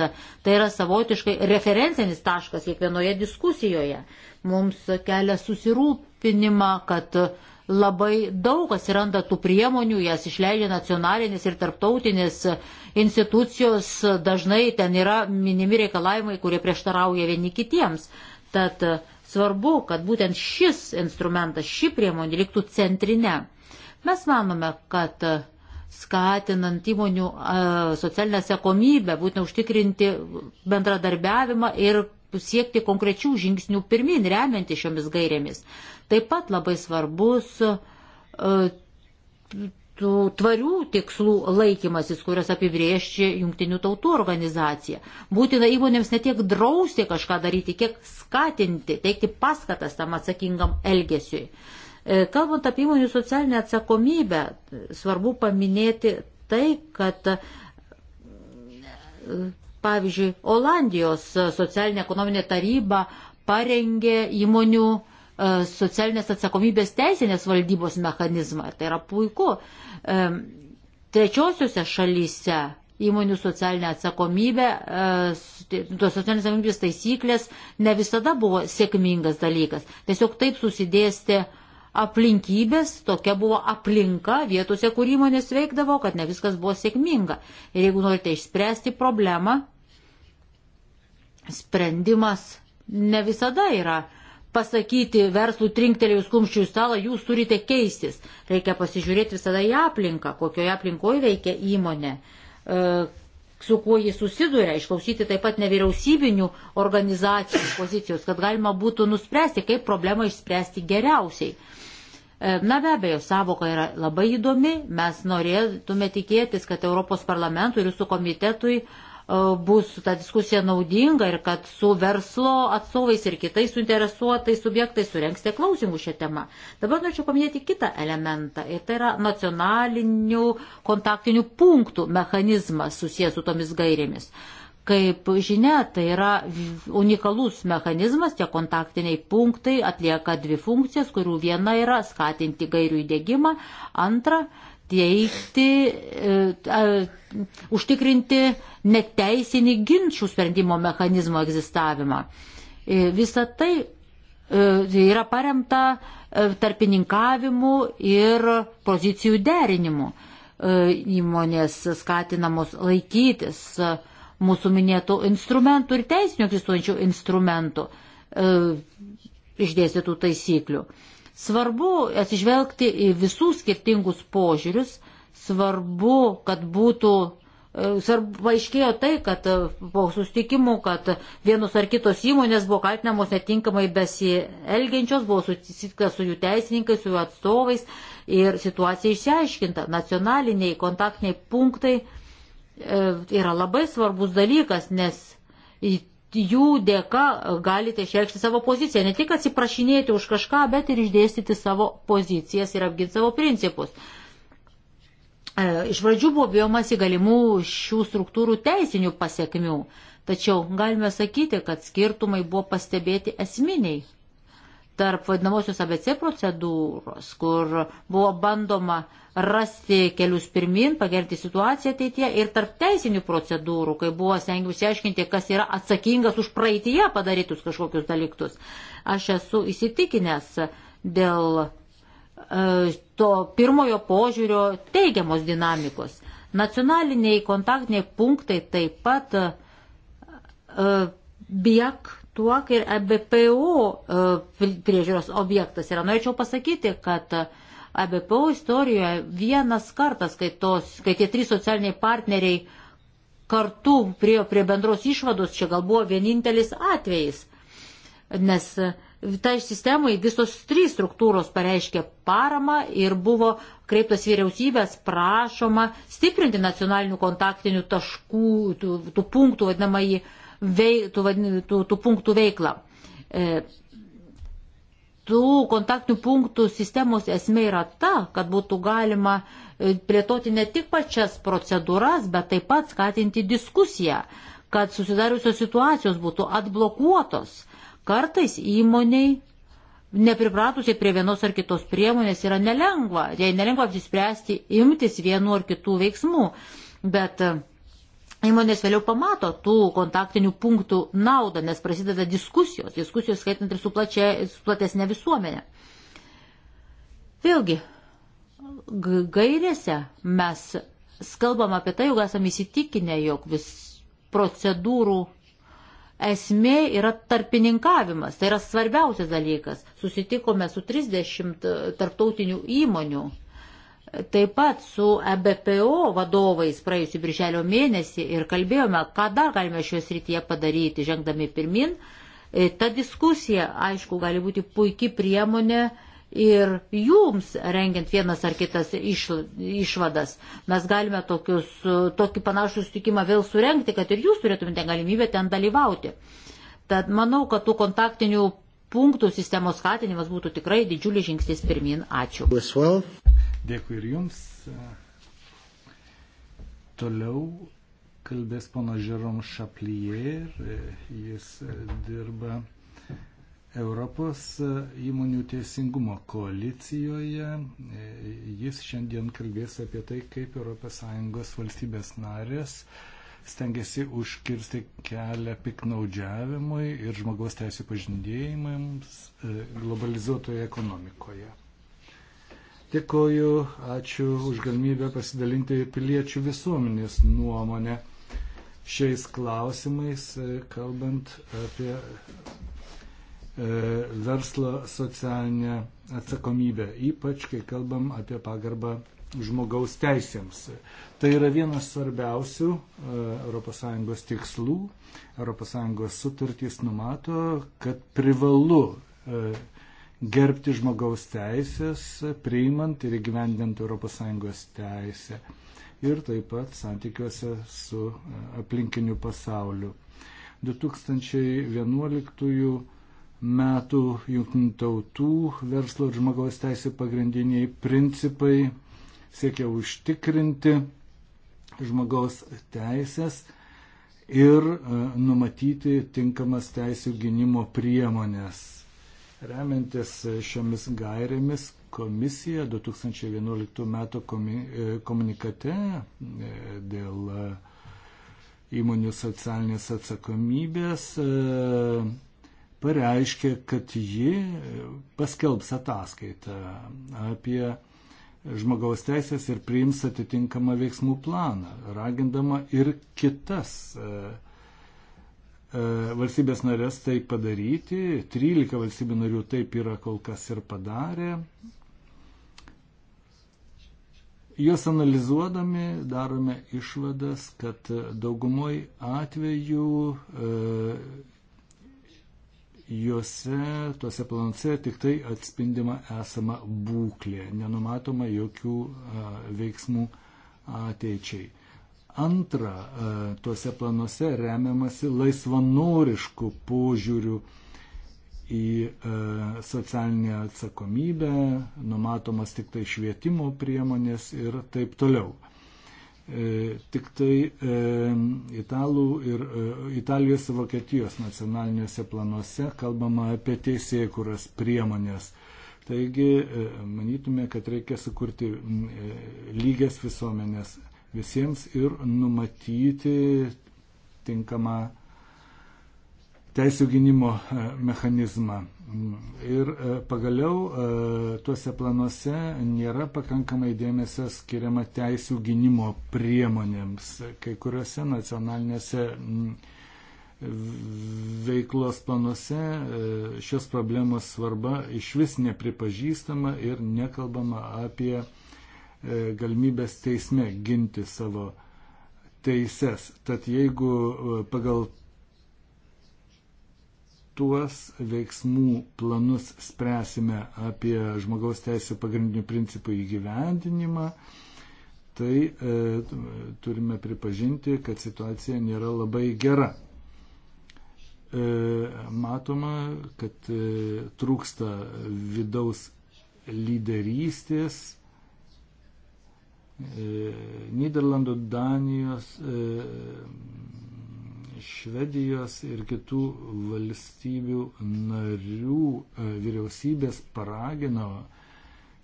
tai yra savotiškai referencinis taškas kiekvienoje diskusijoje. Mums kelia susirūpinimą, kad labai daug atsiranda tų priemonių, jas išleidžia nacionalinės ir tarptautinės institucijos, dažnai ten yra minimi reikalavimai, kurie prieštarauja vieni kitiems. Tad svarbu, kad būtent šis instrumentas, ši priemonė liktų centrinė. Mes manome, kad skatinant įmonių socialinę atsakomybę, būtent užtikrinti bendradarbiavimą ir siekti konkrečių žingsnių pirmin, remianti šiomis gairėmis. Taip pat labai svarbus tų tvarių tikslų laikymasis, kurias apibrėžčia Junktinių tautų organizacija. Būtina įmonėms ne tiek drausti kažką daryti, kiek skatinti, teikti paskatas tam atsakingam elgesiui. Uh, E, kalbant apie įmonių socialinę atsakomybę, svarbu paminėti tai, kad e, pavyzdžiui, Olandijos socialinė ekonominė taryba parengė įmonių e, socialinės atsakomybės teisinės valdybos mechanizmą. Tai yra puiku. Trečiosiuose šalyse įmonių socialinė atsakomybė, tos socialinės atsakomybės taisyklės ne visada buvo sėkmingas dalykas. Tiesiog taip susidėstė uh, aplinkybės, tokia buvo aplinka vietose, kur įmonės veikdavo, kad ne viskas buvo sėkminga. Ir jeigu norite išspręsti problemą, sprendimas ne visada yra pasakyti verslų trinktelėjus kumščių į stalą, jūs turite keistis. Reikia pasižiūrėti visada į aplinką, kokioje aplinkoje veikia įmonė, e, su kuo jis susiduria, išklausyti taip pat nevyriausybinių organizacijų pozicijos, kad galima būtų nuspręsti, kaip problemą išspręsti geriausiai. E, na be abejo, savoka yra labai įdomi, mes norėtume tikėtis, kad Europos parlamentui ir jūsų komitetui e, bus ta diskusija naudinga ir kad su verslo atstovais ir kitais suinteresuotais subjektais surenksite klausimų šią temą. Dabar norėčiau paminėti kitą elementą ir tai yra nacionalinių kontaktinių punktų mechanizmas susijęs su tomis gairėmis. Kaip žinia, tai yra unikalus mechanizmas, tie kontaktiniai punktai atlieka dvi funkcijas, kurių viena yra skatinti gairių įdėgymą, antra teikti, e, e, užtikrinti neteisinį ginčių sprendimo mechanizmo egzistavimą. E, visa tai e, tai yra paremta e, tarpininkavimu ir pozicijų derinimu. E, įmonės skatinamos laikytis. E, mūsų minėtų instrumentų ir teisinių egzistuojančių instrumentų e, išdėstytų taisyklių. Svarbu atsižvelgti į visų skirtingus požiūrius, svarbu, kad būtų e, Svarbu paaiškėjo tai, kad e, po sustikimų, kad vienos ar kitos įmonės buvo kaltinamos netinkamai besielgiančios, buvo susitikta su jų teisininkais, su jų atstovais ir situacija išsiaiškinta. Nacionaliniai kontaktiniai punktai E, yra labai svarbus dalykas, nes jų dėka galite išreikšti savo poziciją, ne tik atsiprašinėti už kažką, bet ir išdėstyti savo pozicijas ir apginti savo principus. E, iš pradžių buvo bijomasi galimų šių struktūrų teisinių pasiekmių, tačiau galime sakyti, kad skirtumai buvo pastebėti esminiai tarp vadinamosios ABC procedūros, kur buvo bandoma rasti kelius pirmin, pagerinti situaciją ateityje ir tarp teisinių procedūrų, kai buvo stengiusi aiškinti, kas yra atsakingas už praeitįje padarytus kažkokius dalykus. Aš esu įsitikinęs dėl e, to pirmojo požiūrio teigiamos dinamikos. Nacionaliniai kontaktiniai punktai taip pat e, BIEK tuo, kai ABPO e, priežiūros objektas yra. Norėčiau pasakyti, kad ABPO istorijoje vienas kartas, kai, tos, kai tie trys socialiniai partneriai kartu prie, prie bendros išvados, čia gal buvo vienintelis atvejis, nes tai sistemai visos trys struktūros pareiškė paramą ir buvo kreiptas vyriausybės prašoma stiprinti nacionalinių kontaktinių taškų, tų, tų punktų vadinamąjį uh, vei, tų, tų, tų punktų veiklą. E, tų kontaktinių punktų sistemos esmė yra ta, kad būtų galima e, plėtoti ne tik pačias procedūras, bet taip pat skatinti diskusiją, kad susidariusios situacijos būtų atblokuotos. Kartais įmoniai nepripratusiai prie vienos ar kitos priemonės yra nelengva, jai nelengva apsispręsti imtis vienu ar kitų veiksmų, bet Įmonės vėliau pamato tų kontaktinių punktų naudą, nes prasideda diskusijos, diskusijos skaitant ir su, plačia, su platesnė visuomenė. Vėlgi, gairėse mes skalbam apie tai, jog esame įsitikinę, jog vis procedūrų esmė yra tarpininkavimas, tai yra svarbiausias dalykas. Susitikome su 30 e, tarptautinių įmonių taip pat su EBPO vadovais praėjusiu birželio mėnesį ir kalbėjome, ką dar galime šios rytyje padaryti, žengdami pirmin. E, ta diskusija, aišku, gali būti puikia priemonė ir jums, rengiant vienas ar kitas iš, išvadas, mes galime tokius, tokį panašų sutikimą vėl surenkti, kad ir jūs turėtumėte galimybę ten dalyvauti. Tad manau, kad tų kontaktinių punktų sistemos skatinimas būtų tikrai didžiulis žingsnis pirmin. Ačiū. Well. Dėkui ir jums. Toliau kalbės pono Žerom Šaplier. Jis dirba Europos įmonių teisingumo koalicijoje. Jis šiandien kalbės apie tai, kaip ES valstybės narės stengiasi užkirsti kelią piknaudžiavimui ir žmogaus teisų pažindėjimams e, globalizuotoje ekonomikoje. Dėkoju, ačiū už galimybę pasidalinti piliečių visuomenės nuomonę šiais klausimais, e, kalbant apie e, verslo socialinę atsakomybę, ypač kai kalbam apie pagarbą žmogaus teisėms. Tai yra vienas svarbiausių e, ES tikslų. ES sutartys numato, kad privalu gerbti žmogaus teisės, priimant ir įgyvendint ES teisę ir taip pat santykiuose su e, aplinkiniu pasauliu. 2011 metų jungtinių tautų verslo ir žmogaus teisė pagrindiniai principai siekia užtikrinti žmogaus teisės ir e, numatyti tinkamas teisų gynimo priemonės. Remiantis šiomis gairėmis, komisija 2011 m. E, komunikate e, dėl e, įmonių socialinės atsakomybės pareiškė, kad ji paskelbs ataskaitą apie žmogaus teisės ir priims atitinkamą veiksmų planą, ragindama ir kitas uh, E, valstybės narės tai padaryti. 13 valstybių narių taip yra kol kas ir padarė. Juos analizuodami darome išvadas, kad daugumoj atvejų e, juose, tuose planuose tik tai atspindima esama būklė, nenumatoma jokių e, veiksmų ateičiai. Antra, e, tuose planuose remiamasi laisvanoriškų požiūrių į e, socialinę atsakomybę, numatomas tik tai švietimo priemonės ir taip toliau. E, tik tai italų ir Italijos ir Vokietijos nacionaliniuose planuose kalbama apie teisėkuras priemonės. Taigi, manytume, kad reikia sukurti lygias visuomenės visiems ir numatyti tinkamą teisų gynimo e, mechanizmą. Ir e, pagaliau e, tuose planuose nėra pakankamai dėmesio skiriama teisų gynimo priemonėms. Kai kuriuose nacionalinėse veiklos planuose šios problemos svarba iš vis nepripažįstama ir nekalbama apie E, galimybės teisme ginti savo teises. Tad jeigu e, pagal tuos veiksmų planus spręsime apie žmogaus teisų pagrindinių principų įgyvendinimą, tai e, turime pripažinti, kad situacija nėra labai gera. E, matoma, kad e, trūksta vidaus lyderystės E, Niderlandų, Danijos, e, Švedijos ir kitų valstybių narių e, vyriausybės paragino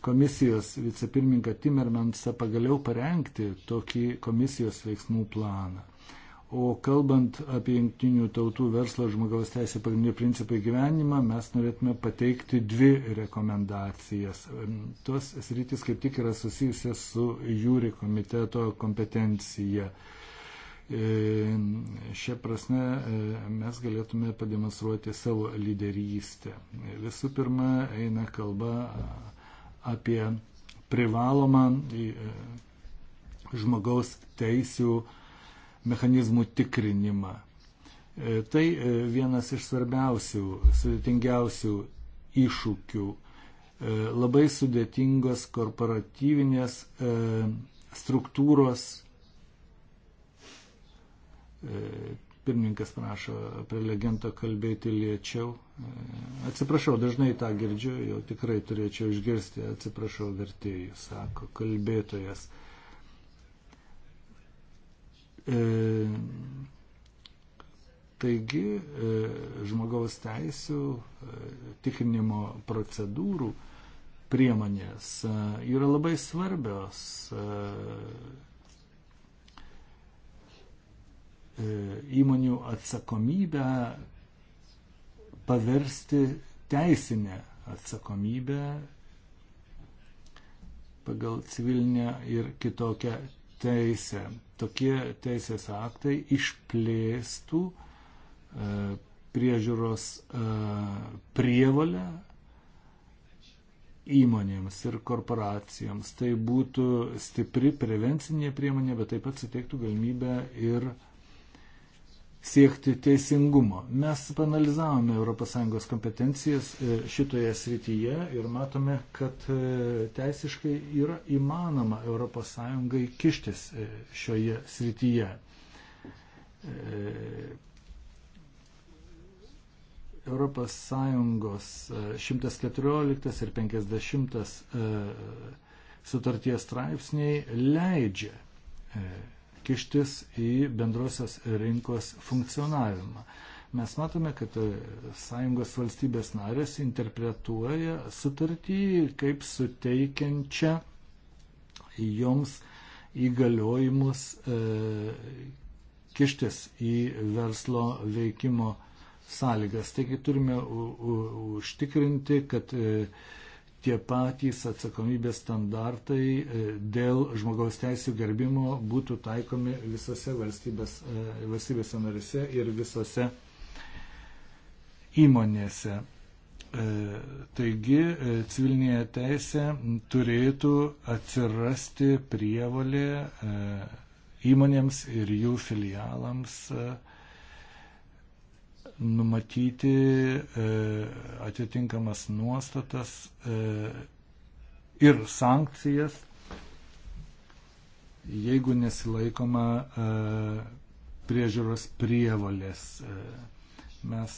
komisijos vicepirmininką Timmermansą pagaliau parengti tokį komisijos veiksmų planą. O kalbant apie jungtinių tautų verslo žmogaus teisė pagrindinių principų įgyvenimą, mes norėtume pateikti dvi rekomendacijas. Tos sritis kaip tik yra susijusios su jūri komiteto kompetencija. E, šia prasme e, mes galėtume pademonstruoti savo lyderystę. Visų pirma, eina kalba apie privalomą e, žmogaus teisų mechanizmų tikrinimą. E, tai e, vienas iš svarbiausių, sudėtingiausių iššūkių. E, labai sudėtingos korporatyvinės struktūros. Pirmininkas prašo prelegento kalbėti lėčiau. Atsiprašau, dažnai tą girdžiu, jau tikrai turėčiau išgirsti. Atsiprašau, vertėjų, sako kalbėtojas. E, E, taigi e, žmogaus teisų e, tikrinimo procedūrų priemonės yra labai svarbios įmonių atsakomybę paversti teisinę atsakomybę pagal civilinę ir kitokią teisę tokie teisės aktai išplėstų e, priežiūros e, prievalę įmonėms ir korporacijoms. Tai būtų stipri prevencinė priemonė, bet taip pat suteiktų galimybę ir uh, siekti teisingumo. Mes panalizavome ES kompetencijas e, šitoje srityje ir matome, kad e, teisiškai yra įmanoma ES kištis e, šioje srityje. ES 114 ir 50 sutarties straipsniai leidžia kištis į bendrosios rinkos funkcionavimą. Mes matome, kad e, sąjungos valstybės narės interpretuoja sutartį kaip suteikiančią joms įgaliojimus e, kištis į verslo veikimo sąlygas. Taigi turime užtikrinti, kad e, tie patys atsakomybės standartai e, dėl žmogaus teisų gerbimo būtų taikomi visose valstybės, e, valstybėse narise ir visose įmonėse. E, taigi civilinėje teisė turėtų atsirasti prievalė įmonėms ir jų filialams numatyti e, atitinkamas nuostatas e, ir sankcijas, jeigu nesilaikoma e, priežiūros prievalės. Mes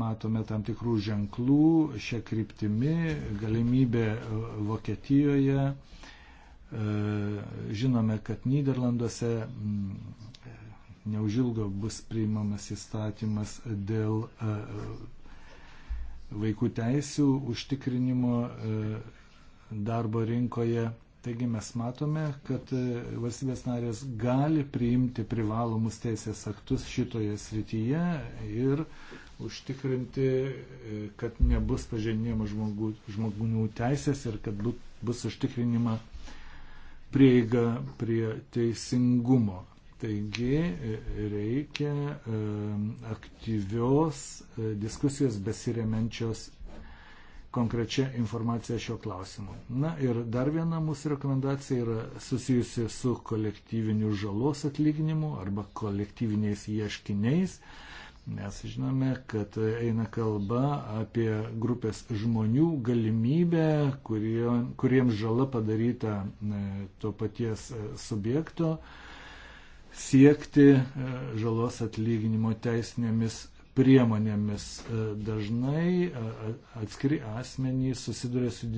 matome tam tikrų ženklų šią kryptimį, galimybę Vokietijoje. Žinome, kad Niderlanduose neužilgo bus priimamas įstatymas dėl e, e, vaikų teisių užtikrinimo e, darbo rinkoje. Taigi mes matome, kad valstybės narės gali priimti privalomus teisės aktus šitoje srityje ir užtikrinti, kad nebus pažeidinėjama žmogų teisės ir kad bus užtikrinima prieiga prie teisingumo. Taigi e, reikia e, aktyvios e, diskusijos besiremenčios konkrečia informacija šio klausimu. Na ir dar viena mūsų rekomendacija yra susijusi su kolektyviniu žalos atlyginimu arba kolektyviniais ieškiniais. Mes žinome, kad eina kalba apie grupės žmonių galimybę, kurie, kuriems žala padaryta to paties subjekto, siekti e, žalos atlyginimo teisinėmis priemonėmis. E, dažnai e, atskiri asmenys susiduria su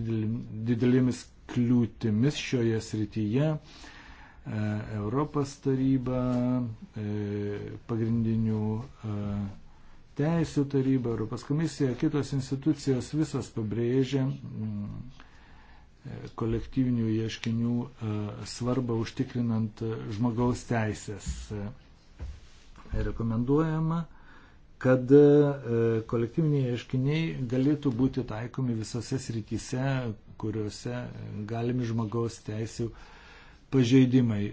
didelėmis kliūtimis šioje srityje. Europos taryba, pagrindinių teisų taryba, Europos komisija, kitos institucijos visos pabrėžia kolektyvinių ieškinių e, svarbą užtikrinant e, žmogaus teisės. E, rekomenduojama, kad kolektyviniai ieškiniai galėtų būti taikomi visose srityse, kuriuose galimi žmogaus teisų pažeidimai.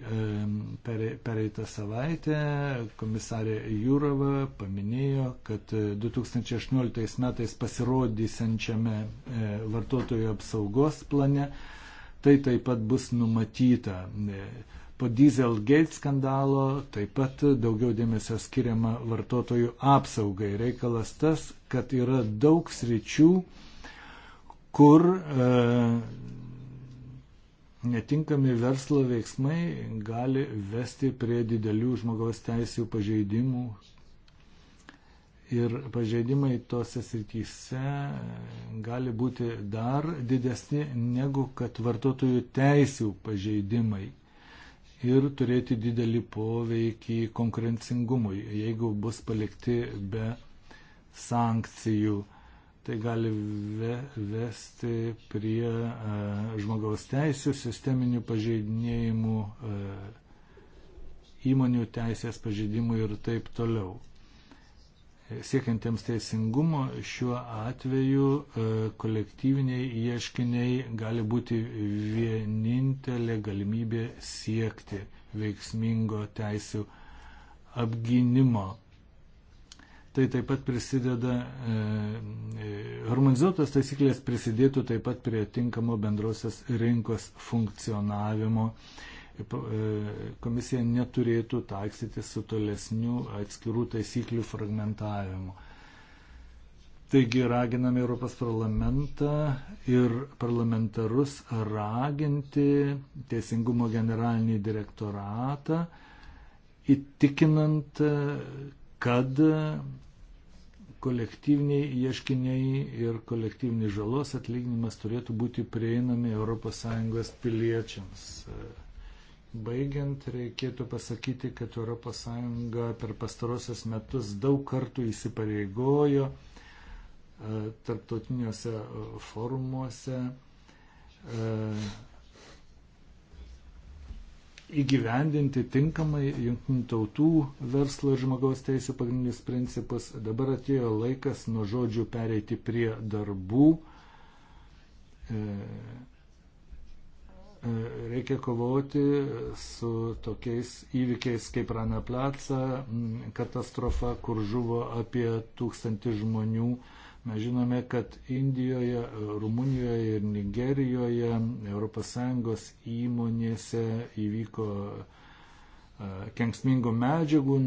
Pereitą savaitę komisarė Jūrova paminėjo, kad 2018 e, metais pasirodysiančiame e, vartotojų apsaugos plane tai taip pat bus numatyta. E, po Dieselgate skandalo taip pat daugiau dėmesio skiriama vartotojų apsaugai. Reikalas tas, kad yra daug sričių, kur e, netinkami verslo veiksmai gali vesti prie didelių žmogaus teisų pažeidimų. Ir pažeidimai tose srityse gali būti dar didesni negu kad vartotojų teisų pažeidimai ir turėti didelį poveikį konkurencingumui, jeigu bus palikti be sankcijų tai gali ve, vesti prie e, žmogaus teisų sisteminių pažeidinėjimų, e, įmonių teisės pažeidimų ir taip toliau. E, siekiantiems teisingumo šiuo atveju e, kolektyviniai ieškiniai gali būti vienintelė galimybė siekti veiksmingo teisų apgynimo Tai taip pat prisideda, e, e, harmonizuotos taisyklės prisidėtų taip pat prie tinkamo bendrosios rinkos funkcionavimo. E, komisija neturėtų taksyti su tolesniu atskirų taisyklių fragmentavimu. Taigi raginame Europos parlamentą ir parlamentarus raginti Teisingumo generalinį direktoratą įtikinant kad kolektyviniai ieškiniai ir kolektyvinis žalos atlyginimas turėtų būti prieinami ES piliečiams. Baigiant, reikėtų pasakyti, kad ES per pastarosius metus daug kartų įsipareigojo e, tarptautiniuose forumuose e, įgyvendinti tinkamai jungtinių tautų verslo ir žmogaus teisų pagrindinius principus. Dabar atėjo laikas nuo žodžių pereiti prie darbų. E, e, reikia kovoti su tokiais įvykiais kaip Rana Placa, katastrofa, kur žuvo apie tūkstantį žmonių Mes žinome, kad Indijoje, Rumunijoje ir Nigerijoje ES įmonėse įvyko e, kenksmingų medžiagų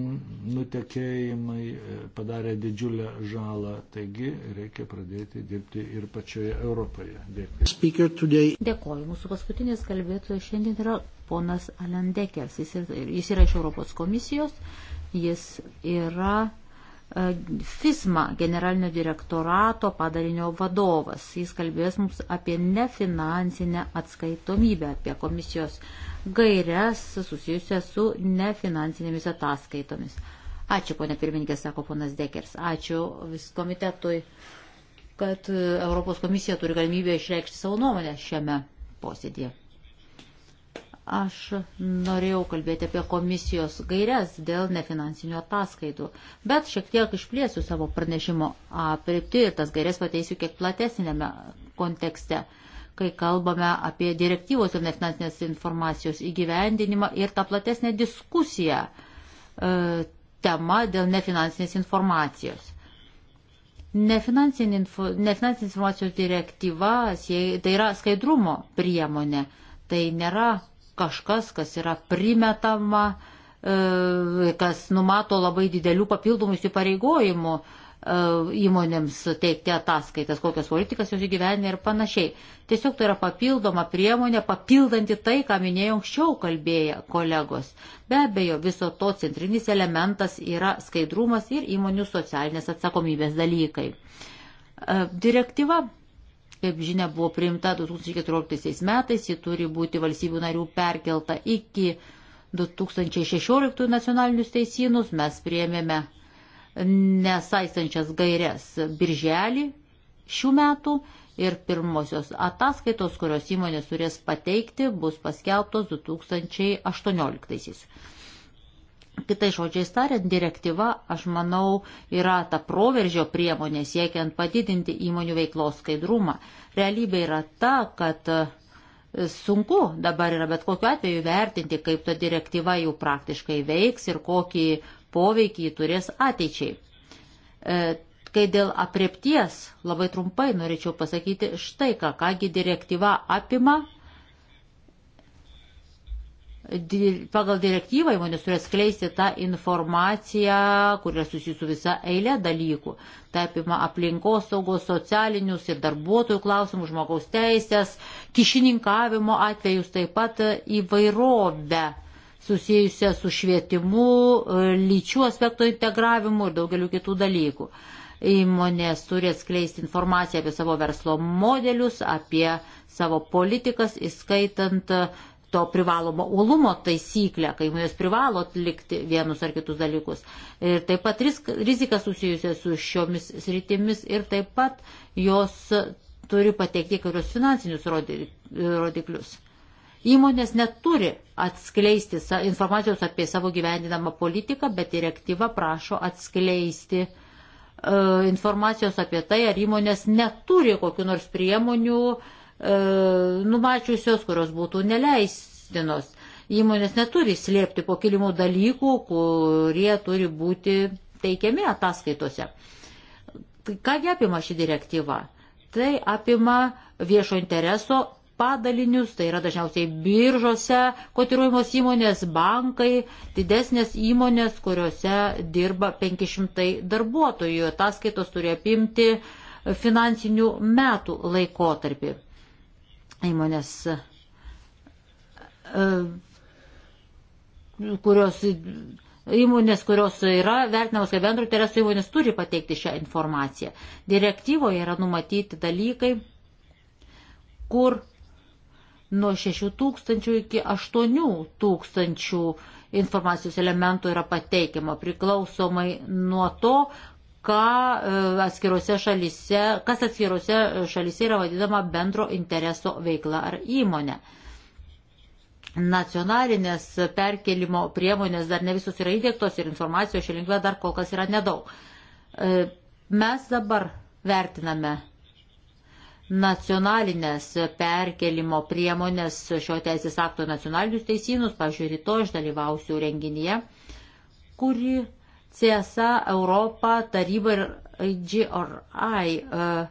nutekėjimai, e, padarė didžiulę žalą. Taigi reikia pradėti dirbti ir pačioje Europoje. Dėkui. Dėkoju. Mūsų paskutinis kalbėtojas šiandien yra ponas Alendekers. Jis, jis yra iš Europos komisijos. Jis yra FISMA generalinio direktorato padalinio vadovas. Jis kalbės mums apie nefinansinę atskaitomybę, apie komisijos gairias susijusią su nefinansinėmis ataskaitomis. Ačiū, ponė pirmininkė, sako ponas Dekers. Ačiū vis komitetui, kad Europos komisija turi galimybę išreikšti savo nuomonę šiame posėdėje. Aš norėjau kalbėti apie komisijos gairias dėl nefinansinių ataskaitų, bet šiek tiek išplėsiu savo pranešimo apripti ir tas gairias pateisiu kiek platesnėme kontekste, kai kalbame apie direktyvos ir nefinansinės informacijos įgyvendinimą ir tą platesnę diskusiją e, tema dėl nefinansinės informacijos. Nefinansinė, info, nefinansinės informacijos direktyva, tai yra skaidrumo priemonė, tai nėra kažkas, kas yra primetama, e, kas numato labai didelių papildomų įsipareigojimų e, įmonėms teikti ataskaitas, kokias politikas jos įgyvenė ir panašiai. Tiesiog tai yra papildoma priemonė, papildanti tai, ką minėjau anksčiau kalbėję kolegos. Be abejo, viso to centrinis elementas yra skaidrumas ir įmonių socialinės atsakomybės dalykai. E, direktyva kaip žinia, buvo priimta 2014 metais, ji turi būti valstybių narių perkelta iki 2016 nacionalinius teisynus. Mes priėmėme nesaistančias gairias birželį šių metų ir pirmosios ataskaitos, kurios įmonės turės pateikti, bus paskelbtos 2018. -aisiais. Kitai žodžiai tariant, direktyva, aš manau, yra ta proveržio priemonė siekiant padidinti įmonių veiklos skaidrumą. Realybė yra ta, kad e, sunku dabar yra bet kokiu atveju vertinti, kaip ta direktyva jau praktiškai veiks ir kokį poveikį turės ateičiai. E, kai dėl apriepties, labai trumpai norėčiau pasakyti štai ką, kągi direktyva apima pagal direktyvą įmonės turi skleisti tą informaciją, kur yra susijusi visa eilė dalykų. Tai apima aplinkos saugos, socialinius ir darbuotojų klausimus, žmogaus teisės, kišininkavimo atvejus, taip pat įvairovę susijusią su švietimu, lyčių aspekto integravimu ir daugeliu kitų dalykų. Įmonės turi atskleisti informaciją apie savo verslo modelius, apie savo politikas, įskaitant uh, to privalomo uolumo taisyklę, kai jūs privalo atlikti vienus ar kitus dalykus. Ir taip pat rizika susijusia su šiomis sritimis ir taip pat jos turi pateikti kurios finansinius rodiklius. Įmonės neturi atskleisti informacijos apie savo gyvendinamą politiką, bet direktyva prašo atskleisti e, informacijos apie tai, ar įmonės neturi kokiu nors priemonių, uh, E, numačiusios, kurios būtų neleistinos. Įmonės neturi slėpti po kilimų dalykų, kurie turi būti teikiami ataskaitose. Tai Ką apima ši direktyva? Tai apima viešo intereso padalinius, tai yra dažniausiai biržose kotiruojamos įmonės, bankai, didesnės įmonės, kuriuose dirba 500 darbuotojų. Ataskaitos turi apimti finansinių metų laikotarpį įmonės, e, kurios, įmonės, kurios yra vertinamos kaip bendro interesų įmonės, turi pateikti šią informaciją. Direktyvoje yra numatyti dalykai, kur nuo 6 tūkstančių iki 8 tūkstančių informacijos elementų yra pateikiama priklausomai nuo to, ką e, atskirose šalise, kas atskirose šalise yra vadinama bendro intereso veikla ar įmonė. Nacionalinės perkelimo priemonės dar ne visos yra įdėktos ir informacijos šia linkme dar kol kas yra nedaug. E, mes dabar vertiname nacionalinės perkelimo priemonės šio teisės akto nacionalinius teisynus. Pavyzdžiui, rytoj aš dalyvausiu renginyje, kuri CSA Europą taryba ir GRI e,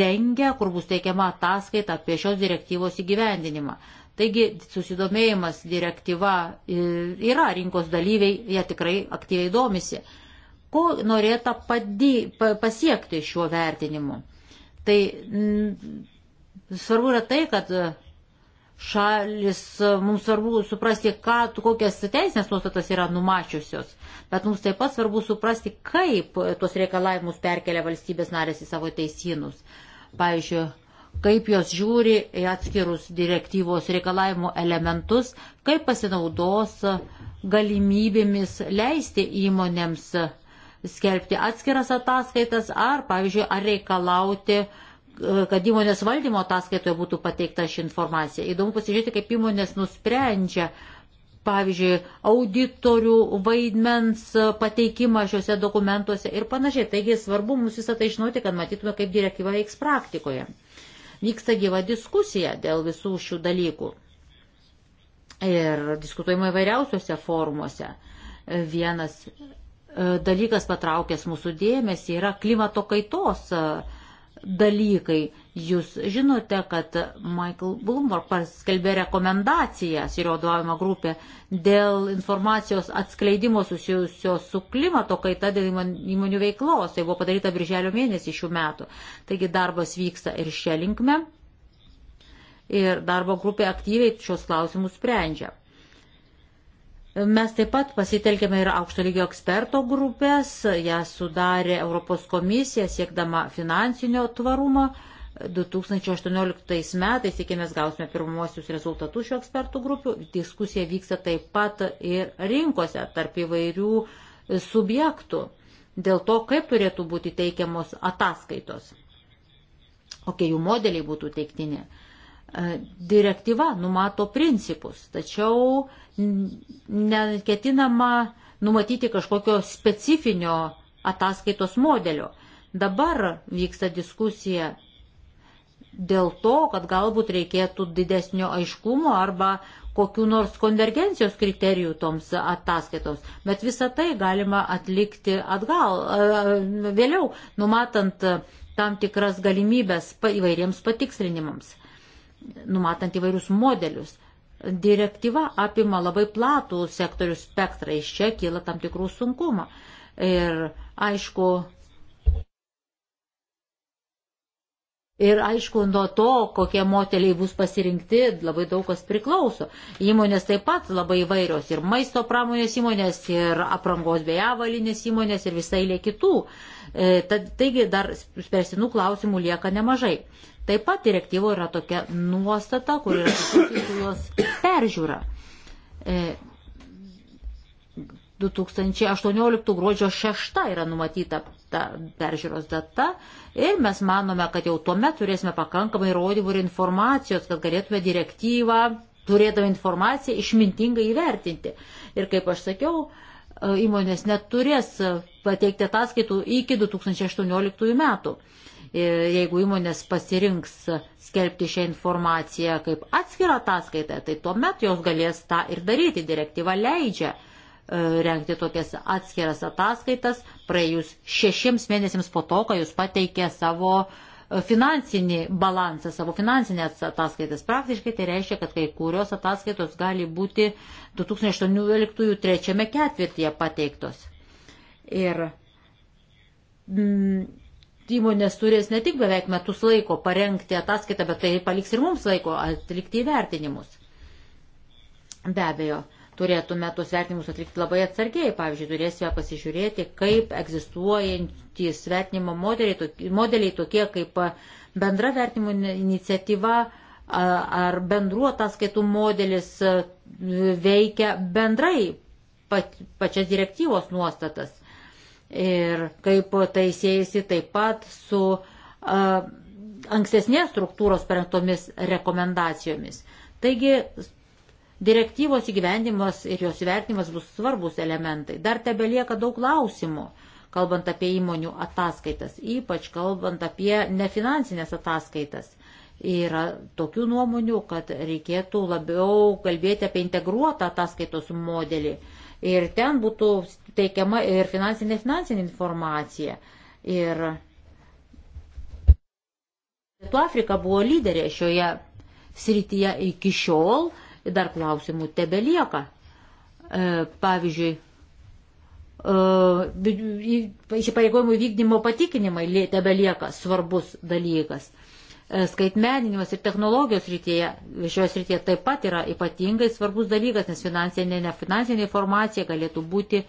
rengia, kur bus teikiama ataskaita apie šios direktyvos įgyvendinimą. Taigi susidomėjimas direktyva yra rinkos dalyviai, jie tikrai aktyviai domisi. Ko norėta padė, pasiekti šiuo vertinimu? Tai m, svarbu yra tai, kad šalis, e, mums svarbu suprasti, ką, kokias teisinės nuostatas yra numačiusios, bet mums taip pat svarbu suprasti, kaip tuos reikalavimus perkelia valstybės narės į savo teisynus. Pavyzdžiui, kaip jos žiūri į atskirus direktyvos reikalavimo elementus, kaip pasinaudos galimybėmis leisti įmonėms skelbti atskiras ataskaitas ar, pavyzdžiui, ar reikalauti uh, kad įmonės valdymo ataskaitoje būtų pateikta ši informacija. Įdomu pasižiūrėti, kaip įmonės nusprendžia, pavyzdžiui, auditorių vaidmens pateikimą šiuose dokumentuose ir panašiai. Taigi svarbu mums visą tai žinoti, kad matytume, kaip direktyva veiks praktikoje. Vyksta gyva diskusija dėl visų šių dalykų. Ir diskutuojama įvairiausiuose formuose. Vienas e, dalykas patraukęs mūsų dėmesį yra klimato kaitos uh, dalykai. Jūs žinote, kad Michael Bloomberg paskelbė rekomendacijas ir jo vadovavimo grupė dėl informacijos atskleidimo susijusios su klimato kaita dėl įmonių veiklos. Tai buvo padaryta birželio mėnesį šių metų. Taigi darbas vyksta ir šią linkmę. Ir darbo grupė aktyviai šios klausimus sprendžia. Mes taip pat pasitelkėme ir aukšto lygio eksperto grupės, ją sudarė Europos komisija siekdama finansinio tvarumo. 2018 metais, tikimės, gausime pirmosius rezultatus šio ekspertų grupių. Diskusija vyksta taip pat ir rinkose tarp įvairių subjektų dėl to, kaip turėtų būti teikiamos ataskaitos. Kokie jų modeliai būtų teiktini. Direktyva numato principus, tačiau neketinama numatyti kažkokio specifinio ataskaitos modelio. Dabar vyksta diskusija dėl to, kad galbūt reikėtų didesnio aiškumo arba kokiu nors konvergencijos kriterijų toms ataskaitoms, bet visą tai galima atlikti atgal, vėliau, numatant tam tikras galimybės įvairiems patikslinimams, numatant įvairius modelius direktyva apima labai platų sektorių spektrą, iš čia kyla tam tikrų sunkumų. Ir aišku, Ir aišku, nuo to, kokie modeliai bus pasirinkti, labai daug kas priklauso. Įmonės taip pat labai įvairios ir maisto pramonės įmonės, ir aprangos bei avalinės įmonės, ir visai lė kitų. E, tad, taigi dar spersinų klausimų lieka nemažai. Taip pat direktyvo yra tokia nuostata, kur yra susijusios peržiūra. E, 2018 gruodžio 6 yra numatyta ta peržiūros data ir mes manome, kad jau tuomet turėsime pakankamai įrodymų ir informacijos, kad galėtume direktyvą, turėdami informaciją, išmintingai įvertinti. Ir kaip aš sakiau, e, įmonės neturės pateikti ataskaitų iki 2018 metų jeigu įmonės pasirinks skelbti šią informaciją kaip atskirą ataskaitą, tai tuomet jos galės tą ir daryti. Direktyva leidžia e, renkti tokias atskiras ataskaitas praėjus šešiems mėnesiams po to, kai jūs pateikė savo e, finansinį balansą, savo finansinės ataskaitas. Praktiškai tai reiškia, kad kai kurios ataskaitos gali būti 2018 trečiame ketvirtyje pateiktos. Ir mm, įmonės turės ne tik beveik metus laiko parengti ataskaitą, bet tai paliks ir mums laiko atlikti įvertinimus. Be abejo, turėtume tuos vertinimus atlikti labai atsargiai. Pavyzdžiui, turėsime pasižiūrėti, kaip egzistuojantys vertinimo modeliai, tokie, modeliai tokie kaip bendra vertinimo iniciatyva ar bendruo ataskaitų modelis veikia bendrai pačias direktyvos nuostatas ir kaip tai siejasi taip pat su uh, ankstesnės struktūros parengtomis rekomendacijomis. Taigi direktyvos įgyvendimas ir jos įvertinimas bus svarbus elementai. Dar tebelieka daug klausimų, kalbant apie įmonių ataskaitas, ypač kalbant apie nefinansinės ataskaitas. Yra tokių nuomonių, kad reikėtų labiau kalbėti apie integruotą ataskaitos modelį. Ir ten būtų teikiama ir finansinė finansinė informacija. Ir Pietų Afrika buvo lyderė šioje srityje iki šiol, dar klausimų tebe lieka. E, pavyzdžiui, e, įsipareigojimų vykdymo patikinimai tebe lieka svarbus dalykas. E, skaitmeninimas ir technologijos rytyje, šioje srityje taip pat yra ypatingai svarbus dalykas, nes finansinė, nefinansinė informacija galėtų būti uh,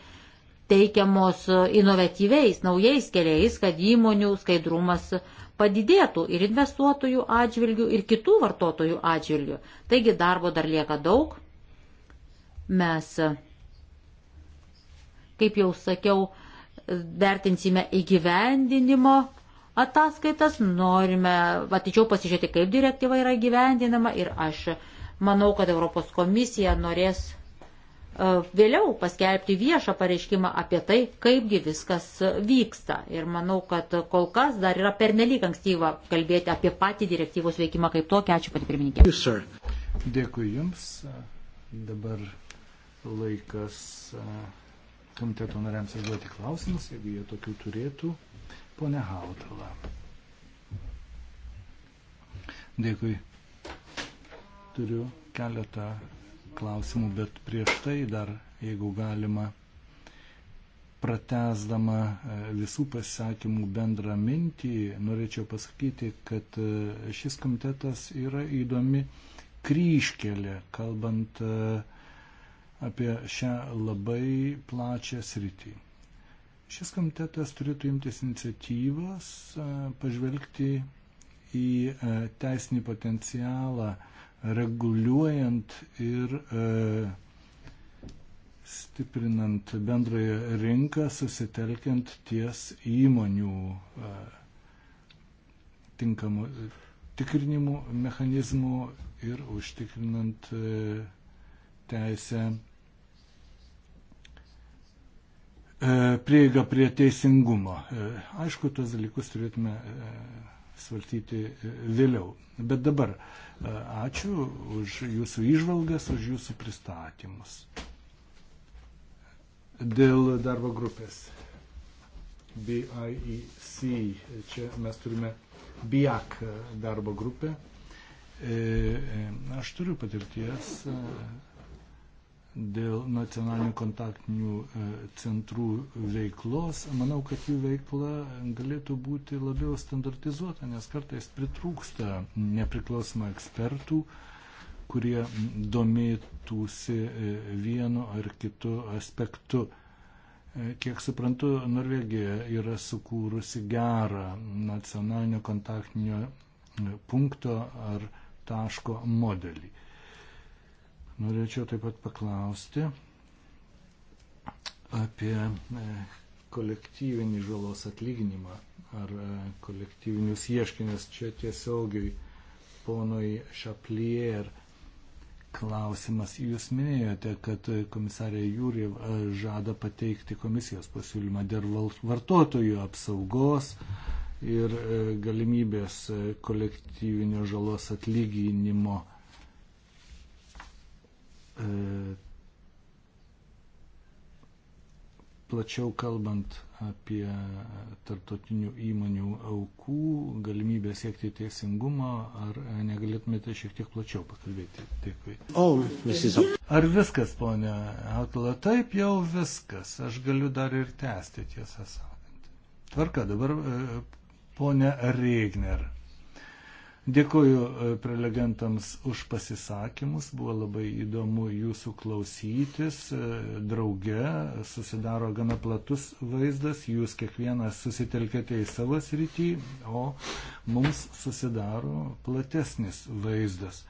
teikiamos e, inovatyviais, naujais keliais, kad įmonių skaidrumas padidėtų ir investuotojų atžvilgių, ir kitų vartotojų atžvilgių. Taigi darbo dar lieka daug. Mes, e, kaip jau sakiau, vertinsime įgyvendinimo ataskaitas, norime atičiau pasižiūrėti, kaip direktyva yra įgyvendinama ir aš manau, kad Europos komisija norės E, vėliau paskelbti viešą pareiškimą apie tai, kaipgi viskas vyksta. Ir manau, kad kol kas dar yra pernelyg ankstyva kalbėti apie patį direktyvos veikimą kaip tokį. Ačiū, pati pirmininkė. Dėkui Jums. Dabar laikas e, komiteto nariams užduoti klausimus, jeigu jie tokių turėtų. Pone Hautala. Dėkui. Turiu keletą klausimų, bet prieš tai dar, jeigu galima, pratesdama e, visų pasisakymų bendrą mintį, norėčiau pasakyti, kad e, šis komitetas yra įdomi kryškelė, kalbant e, apie šią labai plačią sritį. Šis komitetas turėtų imtis iniciatyvos pažvelgti į teisinį potencialą reguliuojant ir e, stiprinant bendrąją rinką, susitelkiant ties įmonių e, tinkamų tikrinimų mechanizmų ir užtikrinant e, teisę e, prieiga prie teisingumo. E, aišku, tuos dalykus turėtume e, svartyti e, vėliau. Bet dabar e, ačiū už jūsų išvalgas, už jūsų pristatymus. Dėl darbo grupės BIEC, čia mes turime BIAC darbo grupę. E, aš turiu patirties. E, dėl nacionalinių kontaktinių e, centrų veiklos. Manau, kad jų veikla galėtų būti labiau standartizuota, nes kartais pritrūksta nepriklausomų ekspertų, kurie domėtųsi e, vienu ar kitu aspektu. E, kiek suprantu, Norvegija yra sukūrusi gerą nacionalinio kontaktinio punkto ar taško modelį. Norėčiau taip pat paklausti apie e, kolektyvinį žalos atlyginimą ar e, kolektyvinius ieškinius. Čia tiesiogiai ponui Šaplier klausimas. Jūs minėjote, kad komisarė Jūri e, žada pateikti komisijos pasiūlymą dėl vartotojų apsaugos ir galimybės kolektyvinio žalos atlyginimo E, plačiau kalbant apie tartotinių įmonių aukų, galimybę siekti teisingumo, ar negalėtumėte šiek tiek plačiau pakalbėti? Dėkui. Ar viskas, ponia Atla? Taip, jau viskas. Aš galiu dar ir tęsti, tiesą sakant. Tvarka, dabar e, ponia Regner. Dėkuoju e, prelegentams už pasisakymus, buvo labai įdomu jūsų klausytis, e, drauge susidaro gana platus vaizdas, jūs kiekvienas susitelkėte į savo sritį, o mums susidaro platesnis vaizdas.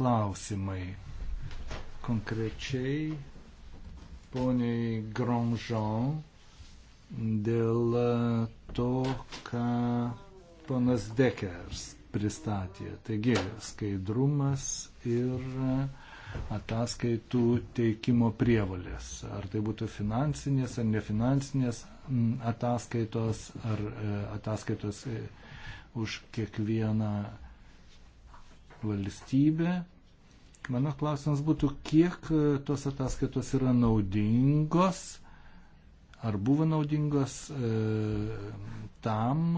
Klausimai konkrečiai poniai Grandjean dėl to, ką ponas Dekers pristatė. Taigi, skaidrumas ir ataskaitų teikimo prievalės. Ar tai būtų finansinės ar nefinansinės ataskaitos, ar e, ataskaitos e, už kiekvieną valstybę. Mano klausimas būtų, kiek e, tos ataskaitos yra naudingos ar buvo naudingos e, tam,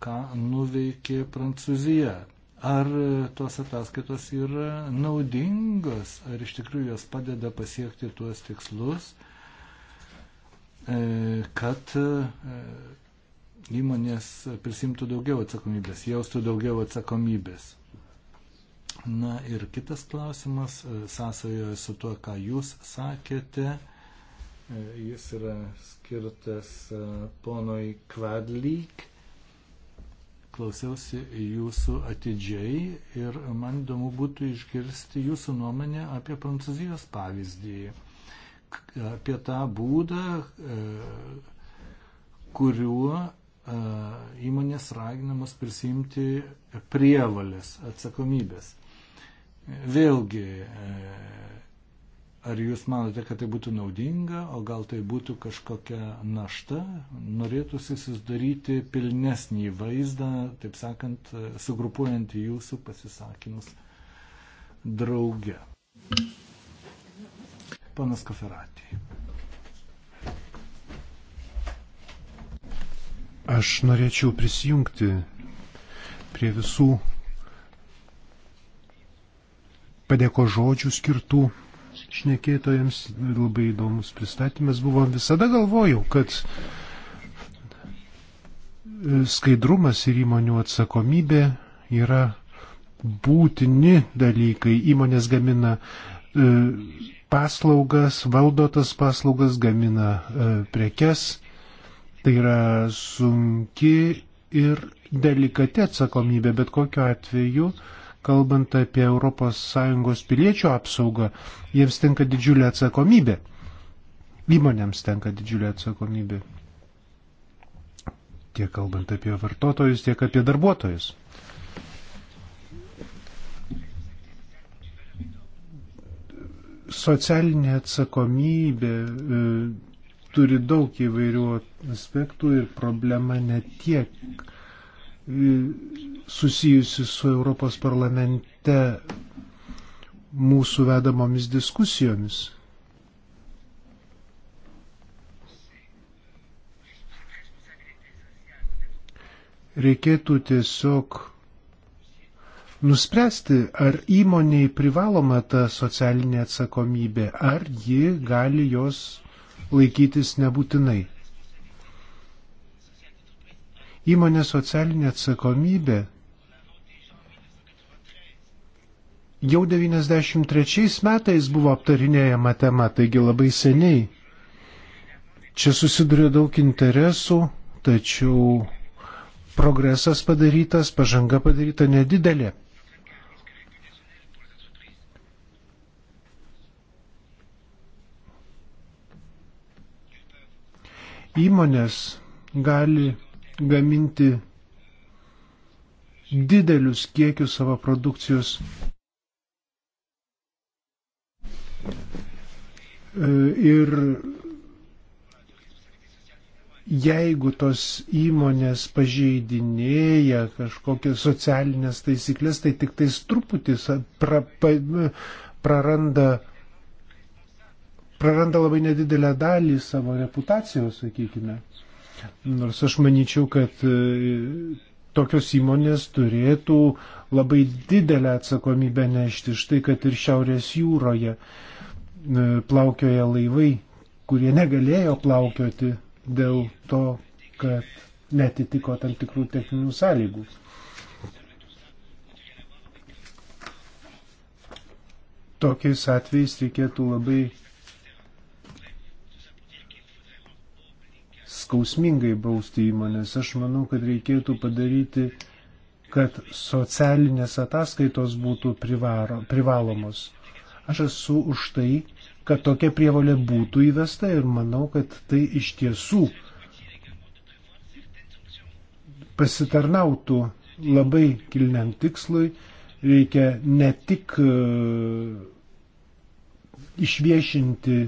ką nuveikė Prancūzija. Ar e, tos ataskaitos yra naudingos, ar iš tikrųjų jos padeda pasiekti tuos tikslus, e, kad įmonės prisimtų daugiau atsakomybės, jaustų daugiau atsakomybės. Na ir kitas klausimas, sąsajoje su tuo, ką jūs sakėte, E, jis yra skirtas e, ponoj Kvadlyk. Klausiausi jūsų atidžiai ir man įdomu būtų išgirsti jūsų nuomonę apie Prancūzijos pavyzdį, apie tą būdą, e, kuriuo įmonės raginamos prisimti prievalės, atsakomybės. Vėlgi Ar jūs manote, kad tai būtų naudinga, o gal tai būtų kažkokia našta? Norėtųsi susidaryti pilnesnį vaizdą, taip sakant, sugrupuojant jūsų pasisakymus drauge. Panas Koferatijai. Aš norėčiau prisijungti prie visų padėko žodžių skirtų šnekėtojams. Labai įdomus pristatymas buvo. Visada galvojau, kad skaidrumas ir įmonių atsakomybė yra būtini dalykai. Įmonės gamina e, paslaugas, valdo tas paslaugas, gamina e, prekes. Tai yra sunki ir delikati atsakomybė, bet kokiu atveju uh, kalbant apie ES piliečių apsaugą, jiems tenka didžiulė atsakomybė. Įmonėms tenka didžiulė atsakomybė. Tiek kalbant apie vartotojus, tiek apie darbuotojus. Socialinė atsakomybė e, turi daug įvairių aspektų ir problema ne tiek e, susijusi su Europos parlamente mūsų vedamomis diskusijomis. Reikėtų tiesiog nuspręsti, ar įmoniai privaloma ta socialinė atsakomybė, ar ji gali jos laikytis nebūtinai. Įmonės socialinė atsakomybė jau 93 metais buvo aptarinėjama tema, taigi labai seniai. Čia susiduria daug interesų, tačiau progresas padarytas, pažanga padaryta nedidelė. Įmonės gali gaminti didelius kiekius savo produkcijos E, ir jeigu tos įmonės pažeidinėja kažkokias socialinės taisyklės, tai tik tais truputis pra, pa, praranda, praranda labai nedidelę dalį savo reputacijos, sakykime. Nors aš manyčiau, kad e, tokios įmonės turėtų labai didelę atsakomybę nešti štai, kad ir Šiaurės jūroje. Uh, E, plaukioja laivai, kurie negalėjo plaukioti dėl to, kad netitiko tam tikrų techninių sąlygų. Tokiais atvejais reikėtų labai skausmingai bausti įmonės. Aš manau, kad reikėtų padaryti, kad socialinės ataskaitos būtų privaro, privalomos. Aš esu už tai, kad tokia prievalė būtų įvesta ir manau, kad tai iš tiesų pasitarnautų labai kilniam tikslui. Reikia ne tik e, išviešinti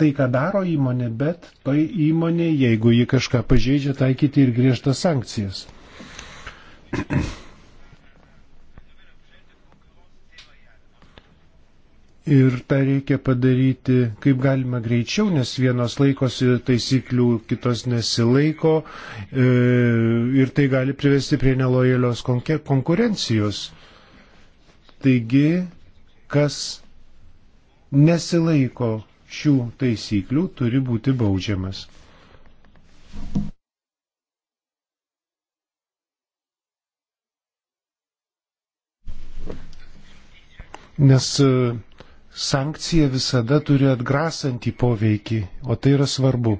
tai, ką daro įmonė, bet toj tai įmonė, jeigu ji kažką pažeidžia, taikyti ir griežtas sankcijas. Ir tą reikia padaryti kaip galima greičiau, nes vienos laikosi taisyklių, kitos nesilaiko e, ir tai gali privesti prie nelojalios konkurencijos. Taigi, kas nesilaiko šių taisyklių, turi būti baudžiamas. Nes e, sankcija visada turi atgrasantį poveikį, o tai yra svarbu.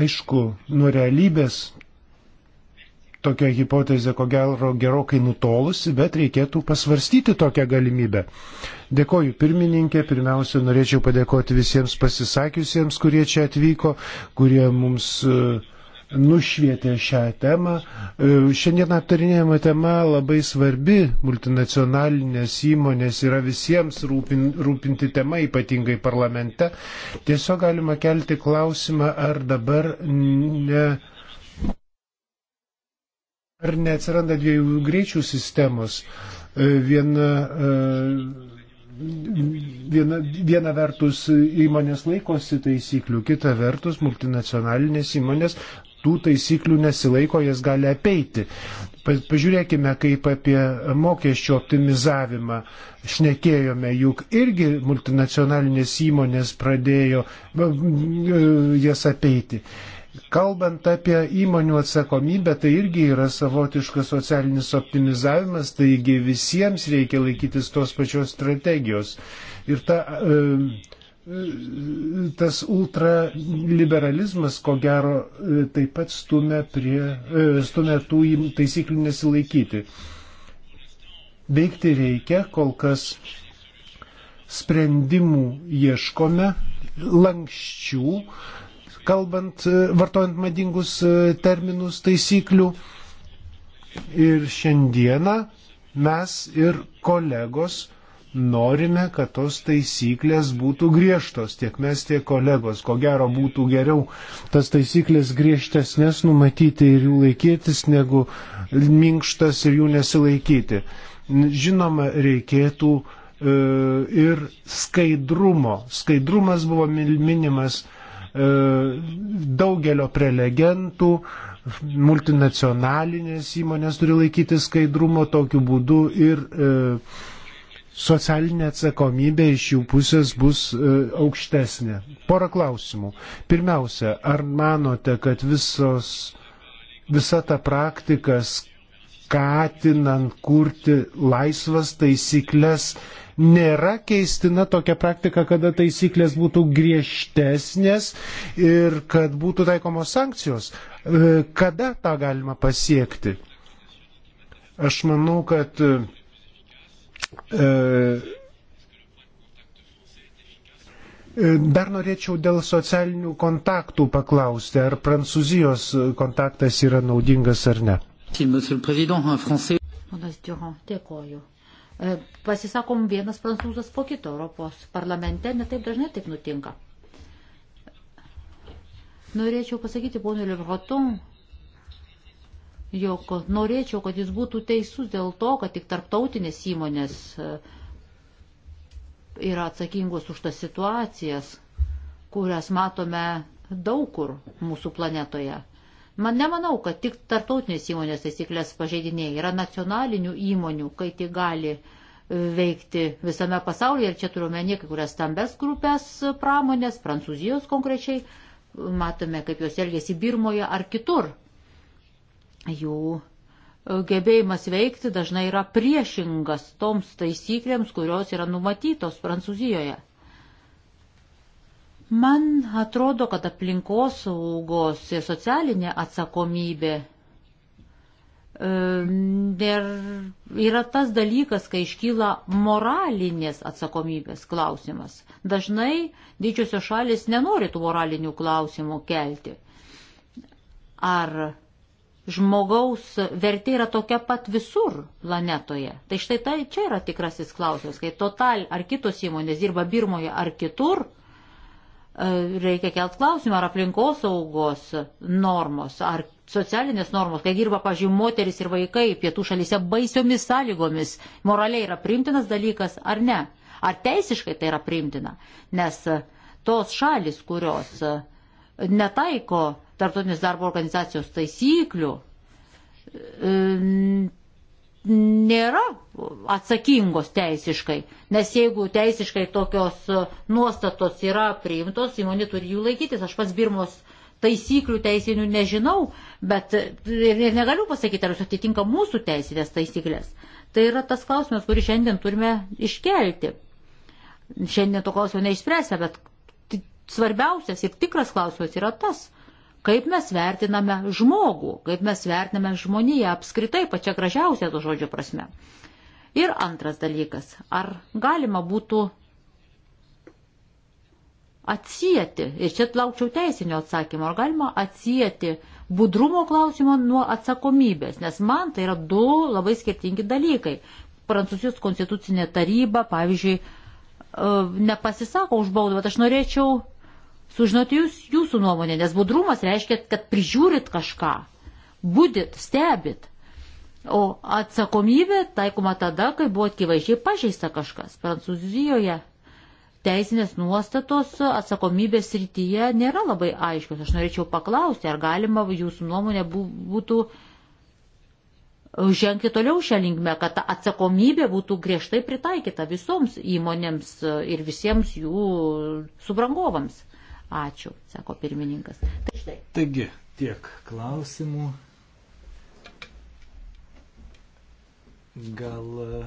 Aišku, nuo realybės tokia hipotezė ko gero gerokai nutolusi, bet reikėtų pasvarstyti tokią galimybę. Dėkoju pirmininkė, pirmiausia, norėčiau padėkoti visiems pasisakiusiems, kurie čia atvyko, kurie mums uh, nušvietė šią temą. E, šiandien aptarinėjama tema labai svarbi, multinacionalinės įmonės yra visiems rūpin, rūpinti tema, ypatingai parlamente. Tiesiog galima kelti klausimą, ar dabar ne. Ar neatsiranda dviejų greičių sistemos? E, viena, e, viena, viena vertus įmonės laikosi taisyklių, kita vertus multinacionalinės įmonės tų taisyklių nesilaiko, jas gali apeiti. Pažiūrėkime, kaip apie mokesčio optimizavimą šnekėjome, juk irgi multinacionalinės įmonės pradėjo e, jas apeiti. Kalbant apie įmonių atsakomybę, tai irgi yra savotiškas socialinis optimizavimas, taigi visiems reikia laikytis tos pačios strategijos. Ir ta e, tas ultraliberalizmas, ko gero, taip pat stumia, prie, e, stumia tų taisyklių nesilaikyti. Veikti reikia, kol kas sprendimų ieškome, lankščių, kalbant, e, vartojant madingus e, terminus taisyklių. Ir šiandieną mes ir kolegos norime, kad tos taisyklės būtų griežtos, tiek mes, tiek kolegos. Ko gero būtų geriau tas taisyklės griežtesnės numatyti ir jų laikytis, negu minkštas ir jų nesilaikyti. Žinoma, reikėtų e, ir skaidrumo. Skaidrumas buvo minimas e, daugelio prelegentų, multinacionalinės įmonės turi laikyti skaidrumo tokiu būdu ir e, socialinė atsakomybė iš jų pusės bus e, aukštesnė. Porą klausimų. Pirmiausia, ar manote, kad visos, visa ta praktika skatinant kurti laisvas taisyklės nėra keistina tokia praktika, kada taisyklės būtų griežtesnės ir kad būtų taikomos sankcijos. E, kada tą galima pasiekti? Aš manau, kad E, e, dar norėčiau dėl socialinių kontaktų paklausti, ar Prancūzijos kontaktas yra naudingas ar ne. Ponas Durand, dėkoju. E, pasisakom vienas prancūzas po kito Europos parlamente, netaip dažnai taip nutinka. Norėčiau pasakyti ponui Lebroton, jog norėčiau, kad jis būtų teisus dėl to, kad tik tarptautinės įmonės e, yra atsakingos už tas situacijas, kurias matome daug kur mūsų planetoje. Man nemanau, kad tik tarptautinės įmonės taisyklės pažeidinėjai yra nacionalinių įmonių, kai tai gali e, veikti visame pasaulyje ir čia turiuomenį kai kurias stambes grupės e, pramonės, Prancūzijos konkrečiai, matome, kaip jos elgėsi Birmoje ar kitur jų e, gebėjimas veikti dažnai yra priešingas toms taisyklėms, kurios yra numatytos Prancūzijoje. Man atrodo, kad aplinkos saugos ir socialinė atsakomybė ir e, yra tas dalykas, kai iškyla moralinės atsakomybės klausimas. Dažnai didžiosios šalis nenori tų moralinių klausimų kelti. Ar žmogaus vertė yra tokia pat visur planetoje. Tai štai tai čia yra tikrasis klausimas, kai Total ar kitos įmonės dirba Birmoje ar kitur, e, reikia kelt klausimą, ar aplinkos saugos normos, ar socialinės normos, kai dirba, pažiūrėjau, moteris ir vaikai pietų šalyse baisiomis sąlygomis, moraliai yra primtinas dalykas ar ne, ar teisiškai tai yra primtina, nes tos šalis, kurios netaiko tarptautinės darbo organizacijos taisyklių e, nėra atsakingos teisiškai, nes jeigu teisiškai tokios nuostatos yra priimtos, įmonė turi jų laikytis. Aš pats Birmos taisyklių teisinių nežinau, bet ir negaliu pasakyti, ar jos atitinka mūsų teisinės taisyklės. Tai yra tas klausimas, kurį šiandien turime iškelti. Šiandien to klausimo neišspręsime, bet svarbiausias ir tikras klausimas yra tas, kaip mes vertiname žmogų, kaip mes vertiname žmoniją apskritai, pačia gražiausia to žodžio prasme. Ir antras dalykas, ar galima būtų atsijėti, ir čia laukčiau teisinio atsakymo, ar galima atsijėti budrumo klausimo nuo atsakomybės, nes man tai yra du labai skirtingi dalykai. Prancūzijos konstitucinė taryba, pavyzdžiui, e, nepasisako už baudą, bet aš norėčiau sužinoti jūs, jūsų nuomonę, nes budrumas reiškia, kad prižiūrit kažką, būdit, stebit. O atsakomybė taikoma tada, kai buvo akivaizdžiai pažeista kažkas. Prancūzijoje teisinės nuostatos atsakomybės srityje nėra labai aiškios. Aš norėčiau paklausti, ar galima jūsų nuomonė būtų žengti toliau šią linkmę, kad ta atsakomybė būtų griežtai pritaikyta visoms įmonėms ir visiems jų subrangovams. Ačiū, sako pirmininkas. Tai štai. Taigi, tiek klausimų. Gal e,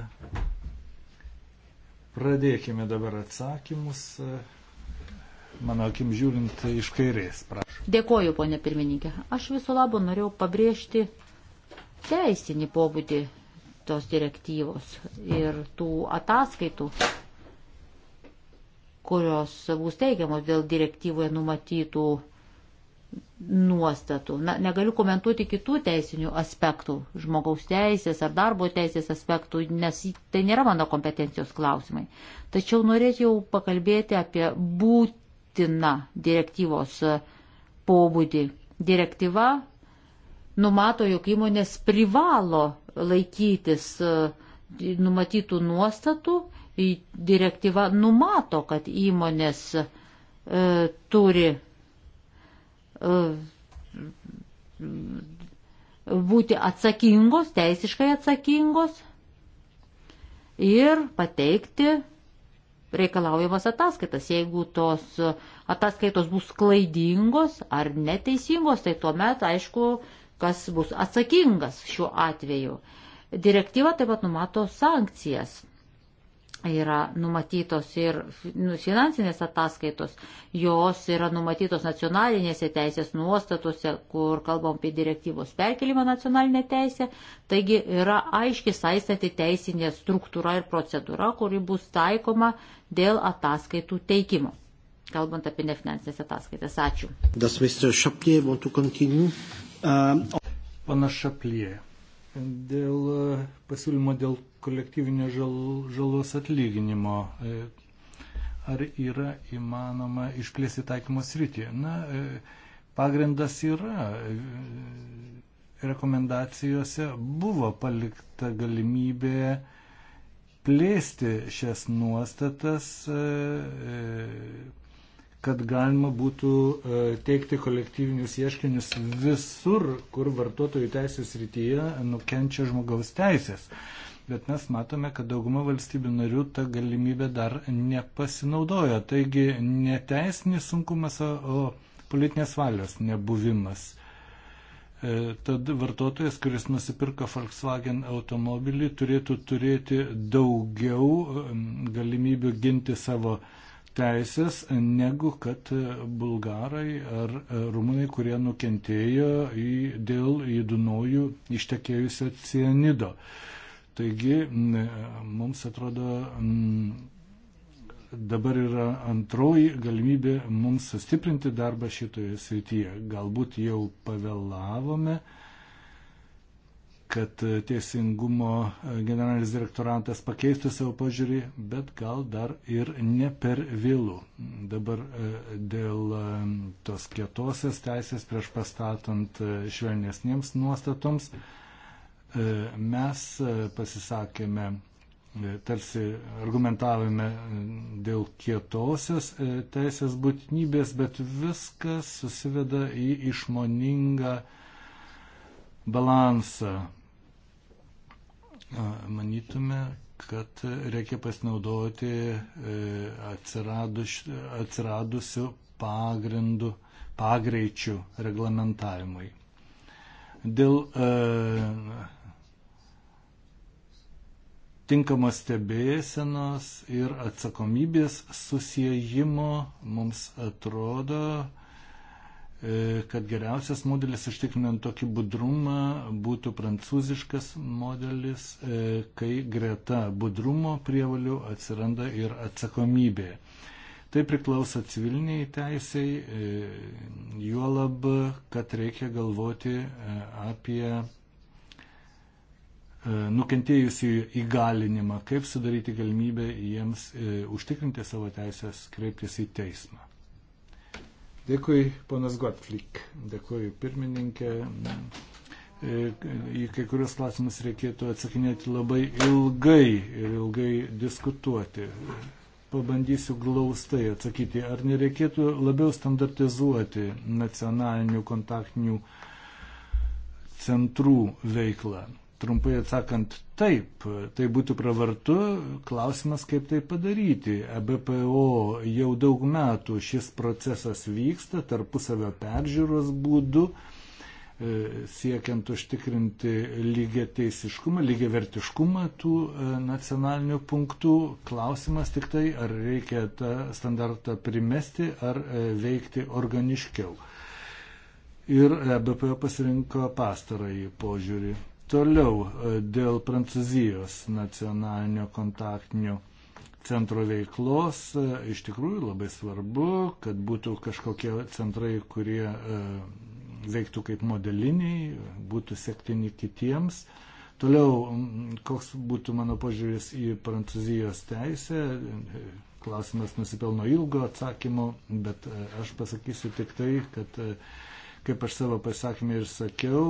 pradėkime dabar atsakymus. E, mano akim žiūrint iš kairės, prašau. Dėkoju, ponė pirmininkė. Aš viso labo norėjau pabrėžti teisinį pobūdį tos direktyvos ir tų ataskaitų, kurios bus teigiamos dėl direktyvoje numatytų nuostatų. Na, negaliu komentuoti kitų teisinių aspektų, žmogaus teisės ar darbo teisės aspektų, nes tai nėra mano kompetencijos klausimai. Tačiau norėčiau pakalbėti apie būtiną direktyvos pobūdį. Direktyva numato, jog įmonės privalo laikytis e, numatytų nuostatų direktyva numato, kad įmonės e, turi e, būti atsakingos, teisiškai atsakingos ir pateikti reikalaujamas ataskaitas. Jeigu tos ataskaitos bus klaidingos ar neteisingos, tai tuomet aišku, kas bus atsakingas šiuo atveju. Direktyva taip pat numato sankcijas yra numatytos ir nu, finansinės ataskaitos, jos yra numatytos nacionalinėse teisės nuostatose, kur kalbam apie direktyvos perkelimą nacionalinę teisę, taigi yra aiški saistanti teisinė struktūra ir procedūra, kuri bus taikoma dėl ataskaitų teikimo. Kalbant apie nefinansinės ataskaitas. Ačiū. Panas Šaplie dėl e, pasiūlymo dėl kolektyvinio žal, žalos atlyginimo. E, ar yra įmanoma išplėsti taikymo sritį? Na, e, pagrindas yra. Rekomendacijose buvo palikta galimybė plėsti šias nuostatas, kad galima būtų e, teikti kolektyvinius ieškinius visur, kur vartotojų teisės rytyje nukenčia žmogaus teisės. Bet mes matome, kad dauguma valstybių narių tą galimybę dar nepasinaudojo. Taigi ne teisinis sunkumas, o politinės valios nebuvimas. E, tad vartotojas, kuris nusipirka Volkswagen automobilį, turėtų turėti daugiau galimybių ginti savo uh, teisės negu kad bulgarai ar rumunai, kurie nukentėjo į, dėl į Dunojų ištekėjusio cianido. Taigi mums atrodo mm, dabar yra antroji galimybė mums sustiprinti darbą šitoje srityje. Galbūt jau pavėlavome kad e, Teisingumo e, generalinis direktoratas pakeistų savo požiūrį, bet gal dar ir ne per vėlų. Dabar e, dėl tos kietosios teisės prieš pastatant švelnesniems nuostatoms mes pasisakėme, tarsi argumentavome dėl kietosios teisės būtinybės, bet viskas susiveda į išmoningą balansą. Manytume, kad reikia pasinaudoti e, atsiradus, atsiradusių pagrindų, pagreičių reglamentavimui. Dėl e, tinkamos stebėsenos ir atsakomybės susijimo mums atrodo, e, E, kad geriausias modelis užtikrinant tokį budrumą būtų prancūziškas modelis, e, kai greta budrumo prievalių atsiranda ir atsakomybė. Tai priklauso civiliniai teisiai, e, juolab, kad reikia galvoti apie nukentėjusiųjų įgalinimą, kaip sudaryti galimybę jiems užtikrinti savo teisės, kreiptis į teismą. Dėkui, ponas Gotflik. Dėkui, pirmininkė. E, į kai kurios klausimus reikėtų atsakinėti labai ilgai ir ilgai diskutuoti. Pabandysiu glaustai atsakyti, ar nereikėtų labiau standartizuoti nacionalinių kontaktinių centrų veiklą. Trumpai atsakant, taip, tai būtų pravartu, klausimas kaip tai padaryti. EBPO jau daug metų šis procesas vyksta tarpusavio peržiūros būdu, e, siekiant užtikrinti lygia teisiškumą, lygia vertiškumą tų e, nacionalinių punktų. Klausimas tik tai, ar reikia tą standartą primesti, ar e, veikti organiškiau. Ir BPO pasirinko pastarąjį požiūrį. Toliau e, dėl Prancūzijos nacionalinio kontaktinio centro veiklos e, iš tikrųjų labai svarbu, kad būtų kažkokie centrai, kurie e, veiktų kaip modeliniai, būtų sektini kitiems. Toliau, koks būtų mano požiūris į Prancūzijos teisę, klausimas nusipelno ilgo atsakymo, bet aš pasakysiu tik tai, kad Kaip aš savo pasakymį ir sakiau,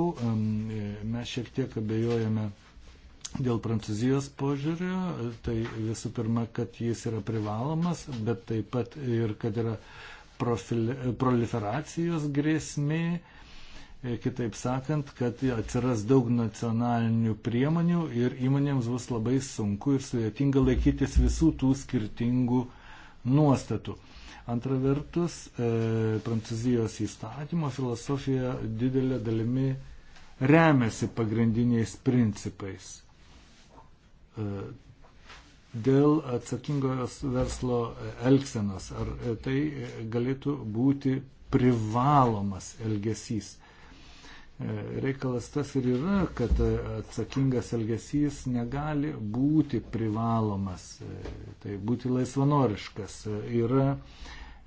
mes šiek tiek abejojame dėl Prancūzijos požiūrio. Tai visų pirma, kad jis yra privalomas, bet taip pat ir kad yra profili, proliferacijos grėsmė. E, kitaip sakant, kad atsiras daug nacionalinių priemonių ir įmonėms bus labai sunku ir sudėtinga laikytis visų tų skirtingų nuostatų. Antra vertus, e, Prancūzijos įstatymo filosofija didelė dalimi remiasi pagrindiniais principais. E, dėl atsakingos verslo elgsenos, ar tai galėtų būti privalomas elgesys. E, reikalas tas ir yra, kad atsakingas elgesys negali būti privalomas, tai būti laisvanoriškas. Yra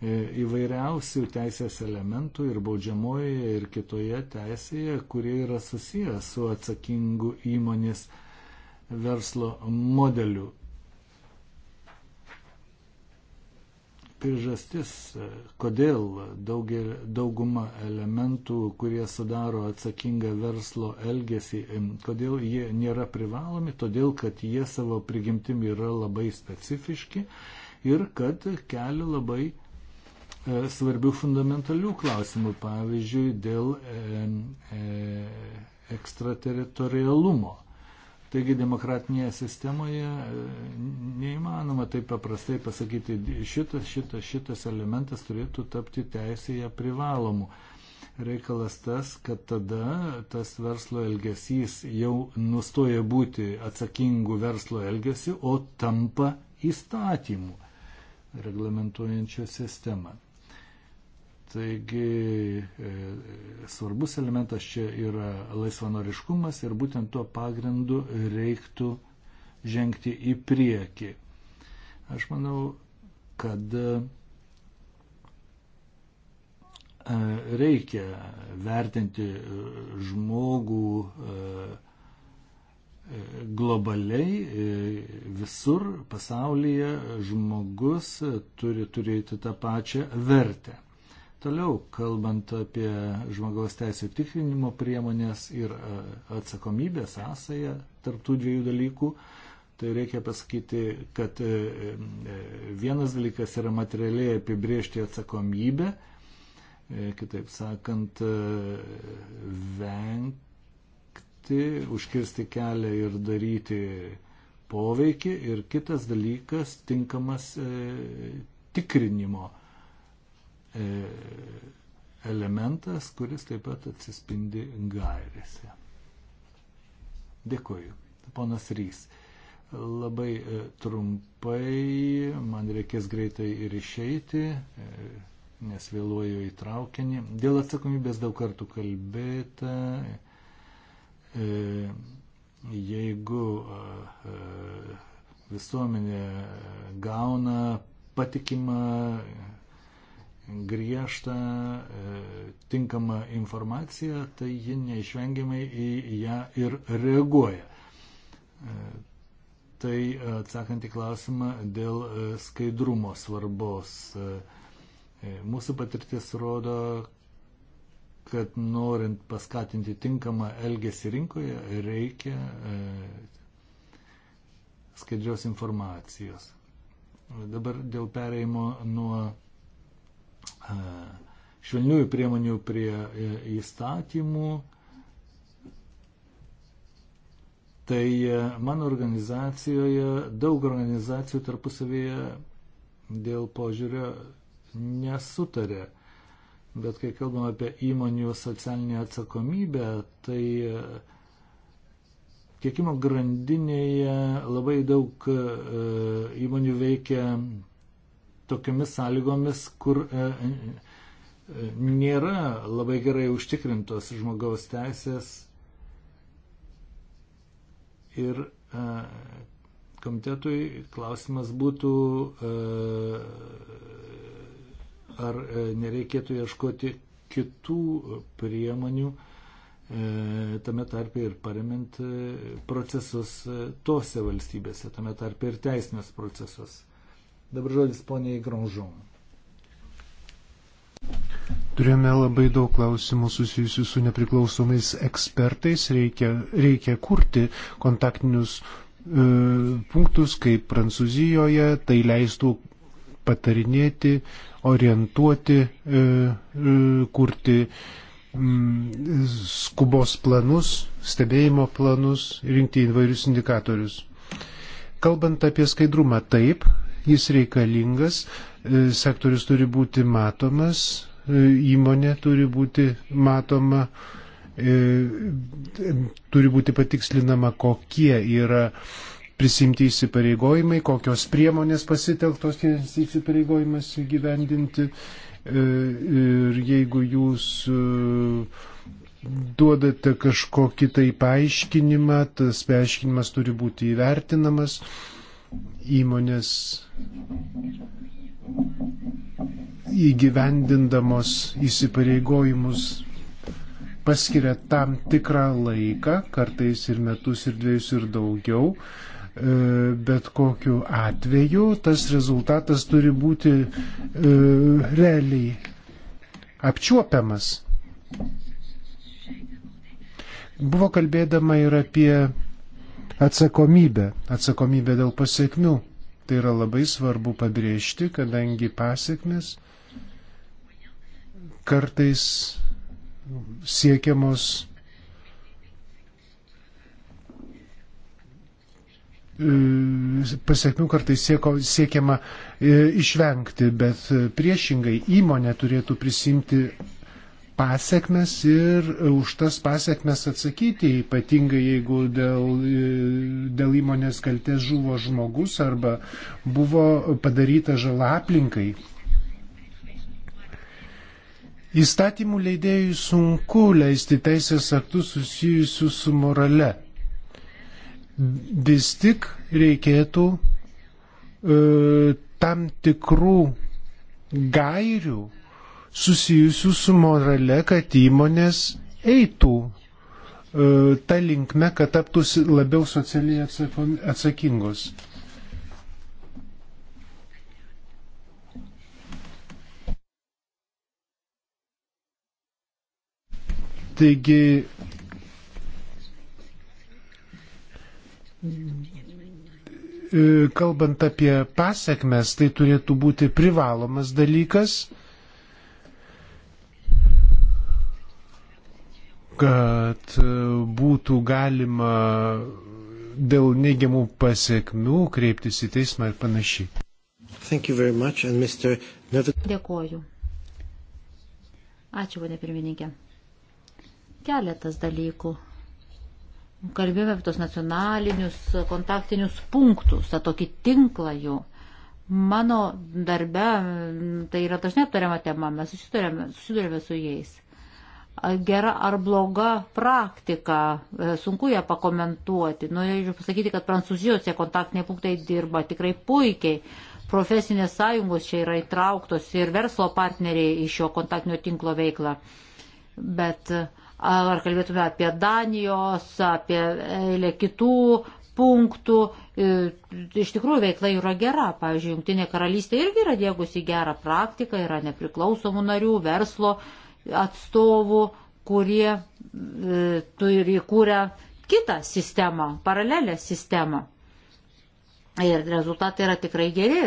E, įvairiausių teisės elementų ir baudžiamojoje ir kitoje teisėje, kurie yra susiję su atsakingu įmonės verslo modeliu. Priežastis, e, kodėl daugel, dauguma elementų, kurie sudaro atsakingą verslo elgesį, e, kodėl jie nėra privalomi, todėl kad jie savo prigimtim yra labai specifiški ir kad kelia labai E, svarbių fundamentalių klausimų, pavyzdžiui, dėl e, e, ekstrateritorialumo. Taigi demokratinėje sistemoje e, neįmanoma taip paprastai pasakyti, šitas, šitas, šitas elementas turėtų tapti teisėje privalomu. Reikalas tas, kad tada tas verslo elgesys jau nustoja būti atsakingų verslo elgesių, o tampa įstatymų reglamentuojančią sistemą. Taigi e, svarbus elementas čia yra laisvanoriškumas ir būtent tuo pagrindu reiktų žengti į priekį. Aš manau, kad e, reikia vertinti e, žmogų globaliai visur pasaulyje žmogus turi turėti tą pačią vertę. Toliau, kalbant apie žmogaus teisų tikrinimo priemonės ir e, atsakomybę sąsąją tarptų dviejų dalykų, tai reikia pasakyti, kad e, e, vienas dalykas yra materialiai apibriežti atsakomybę, kitaip sakant, vengti, užkirsti kelią ir daryti poveikį ir kitas dalykas tinkamas tikrinimo E, elementas, kuris taip pat atsispindi gairėse. Dėkuoju. Ponas Rys. Labai e, trumpai, man reikės greitai ir išeiti, e, nes vėluoju į traukinį. Dėl atsakomybės daug kartų kalbėta. Jeigu visuomenė gauna patikimą griežtą, e, tinkamą informaciją, tai ji neišvengiamai į ją ir reaguoja. E, tai atsakant į klausimą dėl e, skaidrumo svarbos. Mūsų patirtis rodo, kad norint paskatinti tinkamą elgesį rinkoje, reikia skaidrios informacijos. Dabar dėl pereimo nuo E, švelniųjų priemonių prie e, įstatymų, tai e, mano organizacijoje daug organizacijų tarpusavėje dėl požiūrio nesutarė. Bet kai kalbam apie įmonių socialinę atsakomybę, tai tiekimo grandinėje labai daug įmonių veikia tokiamis sąlygomis, kur e, e, nėra labai gerai užtikrintos žmogaus teisės ir e, komitetui klausimas būtų, ar nereikėtų ieškoti kitų priemonių, tame tarpe ir paremint procesus tose valstybėse, tame tarpe ir teisinės procesus. Dabar žodis poniai Graužom. Turėjome labai daug klausimų susijusių su nepriklausomais ekspertais. Reikia, reikia kurti kontaktinius e, punktus, kaip Prancūzijoje, tai leistų patarinėti, orientuoti, e, e, kurti m, mm, skubos planus, stebėjimo planus, rinkti įvairius indikatorius. Kalbant apie skaidrumą, taip, jis reikalingas, e, sektorius turi būti matomas, e, įmonė turi būti matoma, e, turi būti patikslinama, kokie yra prisimti įsipareigojimai, kokios priemonės pasitelktos įsipareigojimas įgyvendinti. Ir jeigu jūs duodate kažkokį tai paaiškinimą, tas paaiškinimas turi būti įvertinamas. Įmonės įgyvendindamos įsipareigojimus paskiria tam tikrą laiką, kartais ir metus, ir dviejus, ir daugiau, e, bet kokiu atveju tas rezultatas turi būti e, realiai apčiuopiamas. Buvo kalbėdama ir apie Atsakomybė, atsakomybė dėl pasiekmių. Tai yra labai svarbu pabrėžti, kadangi pasiekmes kartais siekiamos pasiekmių kartais sieko, siekiama e, išvengti, bet e, priešingai įmonė turėtų prisimti pasiekmes ir e, už tas pasiekmes atsakyti, ypatingai jeigu dėl, e, dėl įmonės kaltės žuvo žmogus arba buvo padaryta žala aplinkai. Įstatymų leidėjui sunku leisti teisės aktus susijusius su morale. Vis tik reikėtų e, tam tikrų gairių susijusių su morale, kad įmonės eitų e, tą linkmę, kad taptų labiau socialiai atsakingos. Taigi e, kalbant apie pasiekmes, tai turėtų būti privalomas dalykas, kad e, būtų galima dėl neigiamų pasiekmių kreiptis į teismą ir panašiai. Mr... Dėkoju. Ačiū, ponė pirmininkė. Keletas dalykų. Kalbėjome apie tos nacionalinius kontaktinius punktus, tą tokį tinklą jų. Mano darbe tai yra dažnai aptariama tema, mes susidurėme, susidurėme su jais gera ar bloga praktika, e, sunku ją pakomentuoti. Norėčiau nu, pasakyti, kad Prancūzijos tie kontaktiniai punktai dirba tikrai puikiai. Profesinės sąjungos čia yra įtrauktos ir verslo partneriai iš šio kontaktinio tinklo veiklą. Bet e, ar kalbėtume apie Danijos, apie eilę kitų punktų, e, iš tikrųjų veikla yra gera. Pavyzdžiui, Junktinė karalystė irgi yra dėgusi gerą praktiką, yra nepriklausomų narių, verslo atstovų, kurie e, turi įkūrę kitą sistemą, paralelę sistemą. Ir rezultatai yra tikrai geri.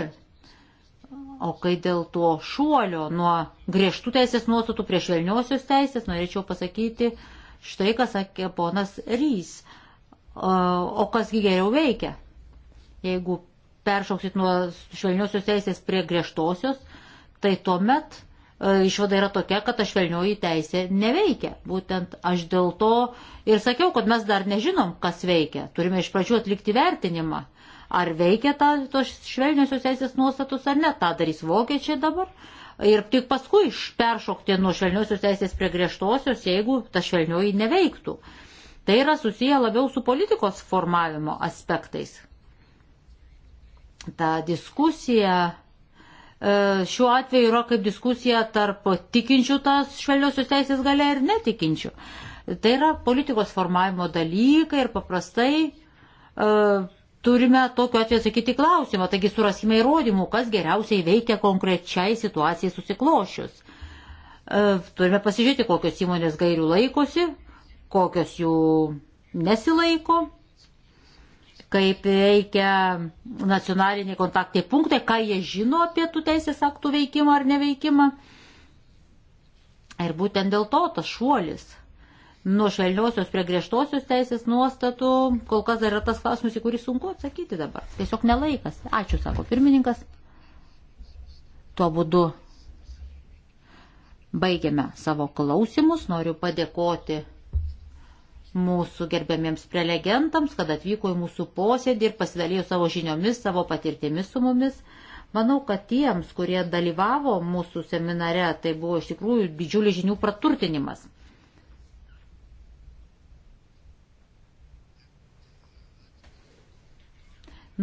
O kai dėl to šuolio nuo griežtų teisės nuostatų prie švelniosios teisės, norėčiau pasakyti štai, ką sakė ponas Rys. O kasgi geriau veikia? Jeigu peršauksit nuo švelniosios teisės prie griežtosios, tai tuomet E, išvada yra tokia, kad ta švelnioji teisė neveikia. Būtent aš dėl to ir sakiau, kad mes dar nežinom, kas veikia. Turime iš pradžių atlikti vertinimą, ar veikia ta, tos švelniosios teisės nuostatus ar ne. Ta darys vokiečiai dabar. Ir tik paskui peršokti nuo švelniosios teisės prie griežtosios, jeigu ta švelnioji neveiktų. Tai yra susiję labiau su politikos formavimo aspektais. Ta diskusija E, šiuo atveju yra kaip diskusija tarp tikinčių tas švelniosios teisės galia ir netikinčių. Tai yra politikos formavimo dalykai ir paprastai uh, turime tokiu atveju sakyti klausimą, taigi suraskime įrodymų, kas geriausiai veikia konkrečiai situacijai susiklošius. Uh, turime pasižiūrėti, kokios įmonės gairių laikosi, kokios jų nesilaiko kaip veikia nacionaliniai kontaktiniai punktai, ką jie žino apie tų teisės aktų veikimą ar neveikimą. Ir būtent dėl to tas šuolis nuo švelniosios prie griežtosios teisės nuostatų, kol kas dar yra tas klausimas, į kurį sunku atsakyti dabar. Tiesiog nelaikas. Ačiū, sako pirmininkas. Tuo būdu baigiame savo klausimus. Noriu padėkoti mūsų gerbiamiems prelegentams, kad atvyko į mūsų posėdį ir pasidalijo savo žiniomis, savo patirtimis su mumis. Manau, kad tiems, kurie dalyvavo mūsų seminare, tai buvo iš tikrųjų didžiulis žinių praturtinimas.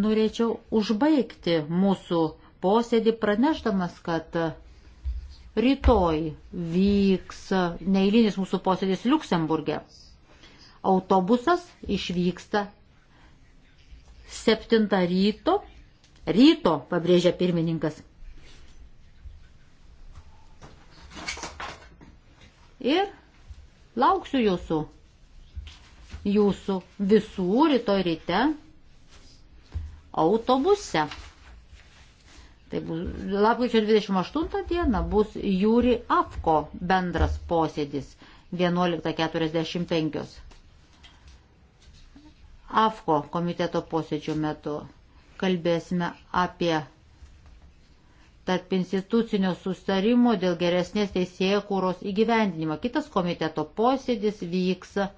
Norėčiau užbaigti mūsų posėdį pranešdamas, kad rytoj vyks neįlinis mūsų posėdis Luksemburgė. Autobusas išvyksta 7 ryto, ryto, pabrėžia pirmininkas. Ir lauksiu jūsų, jūsų visų rytoj ryte autobuse. Tai bus lapkričio 28 diena bus Jūri Afko bendras posėdis 11.45. AFKO komiteto posėdžio metu. Kalbėsime apie tarp institucinio sustarimo dėl geresnės teisėjų kūros įgyvendinimą. Kitas komiteto posėdis vyks uh,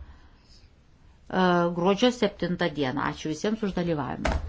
gruodžio 7 dieną. Ačiū visiems už dalyvavimą.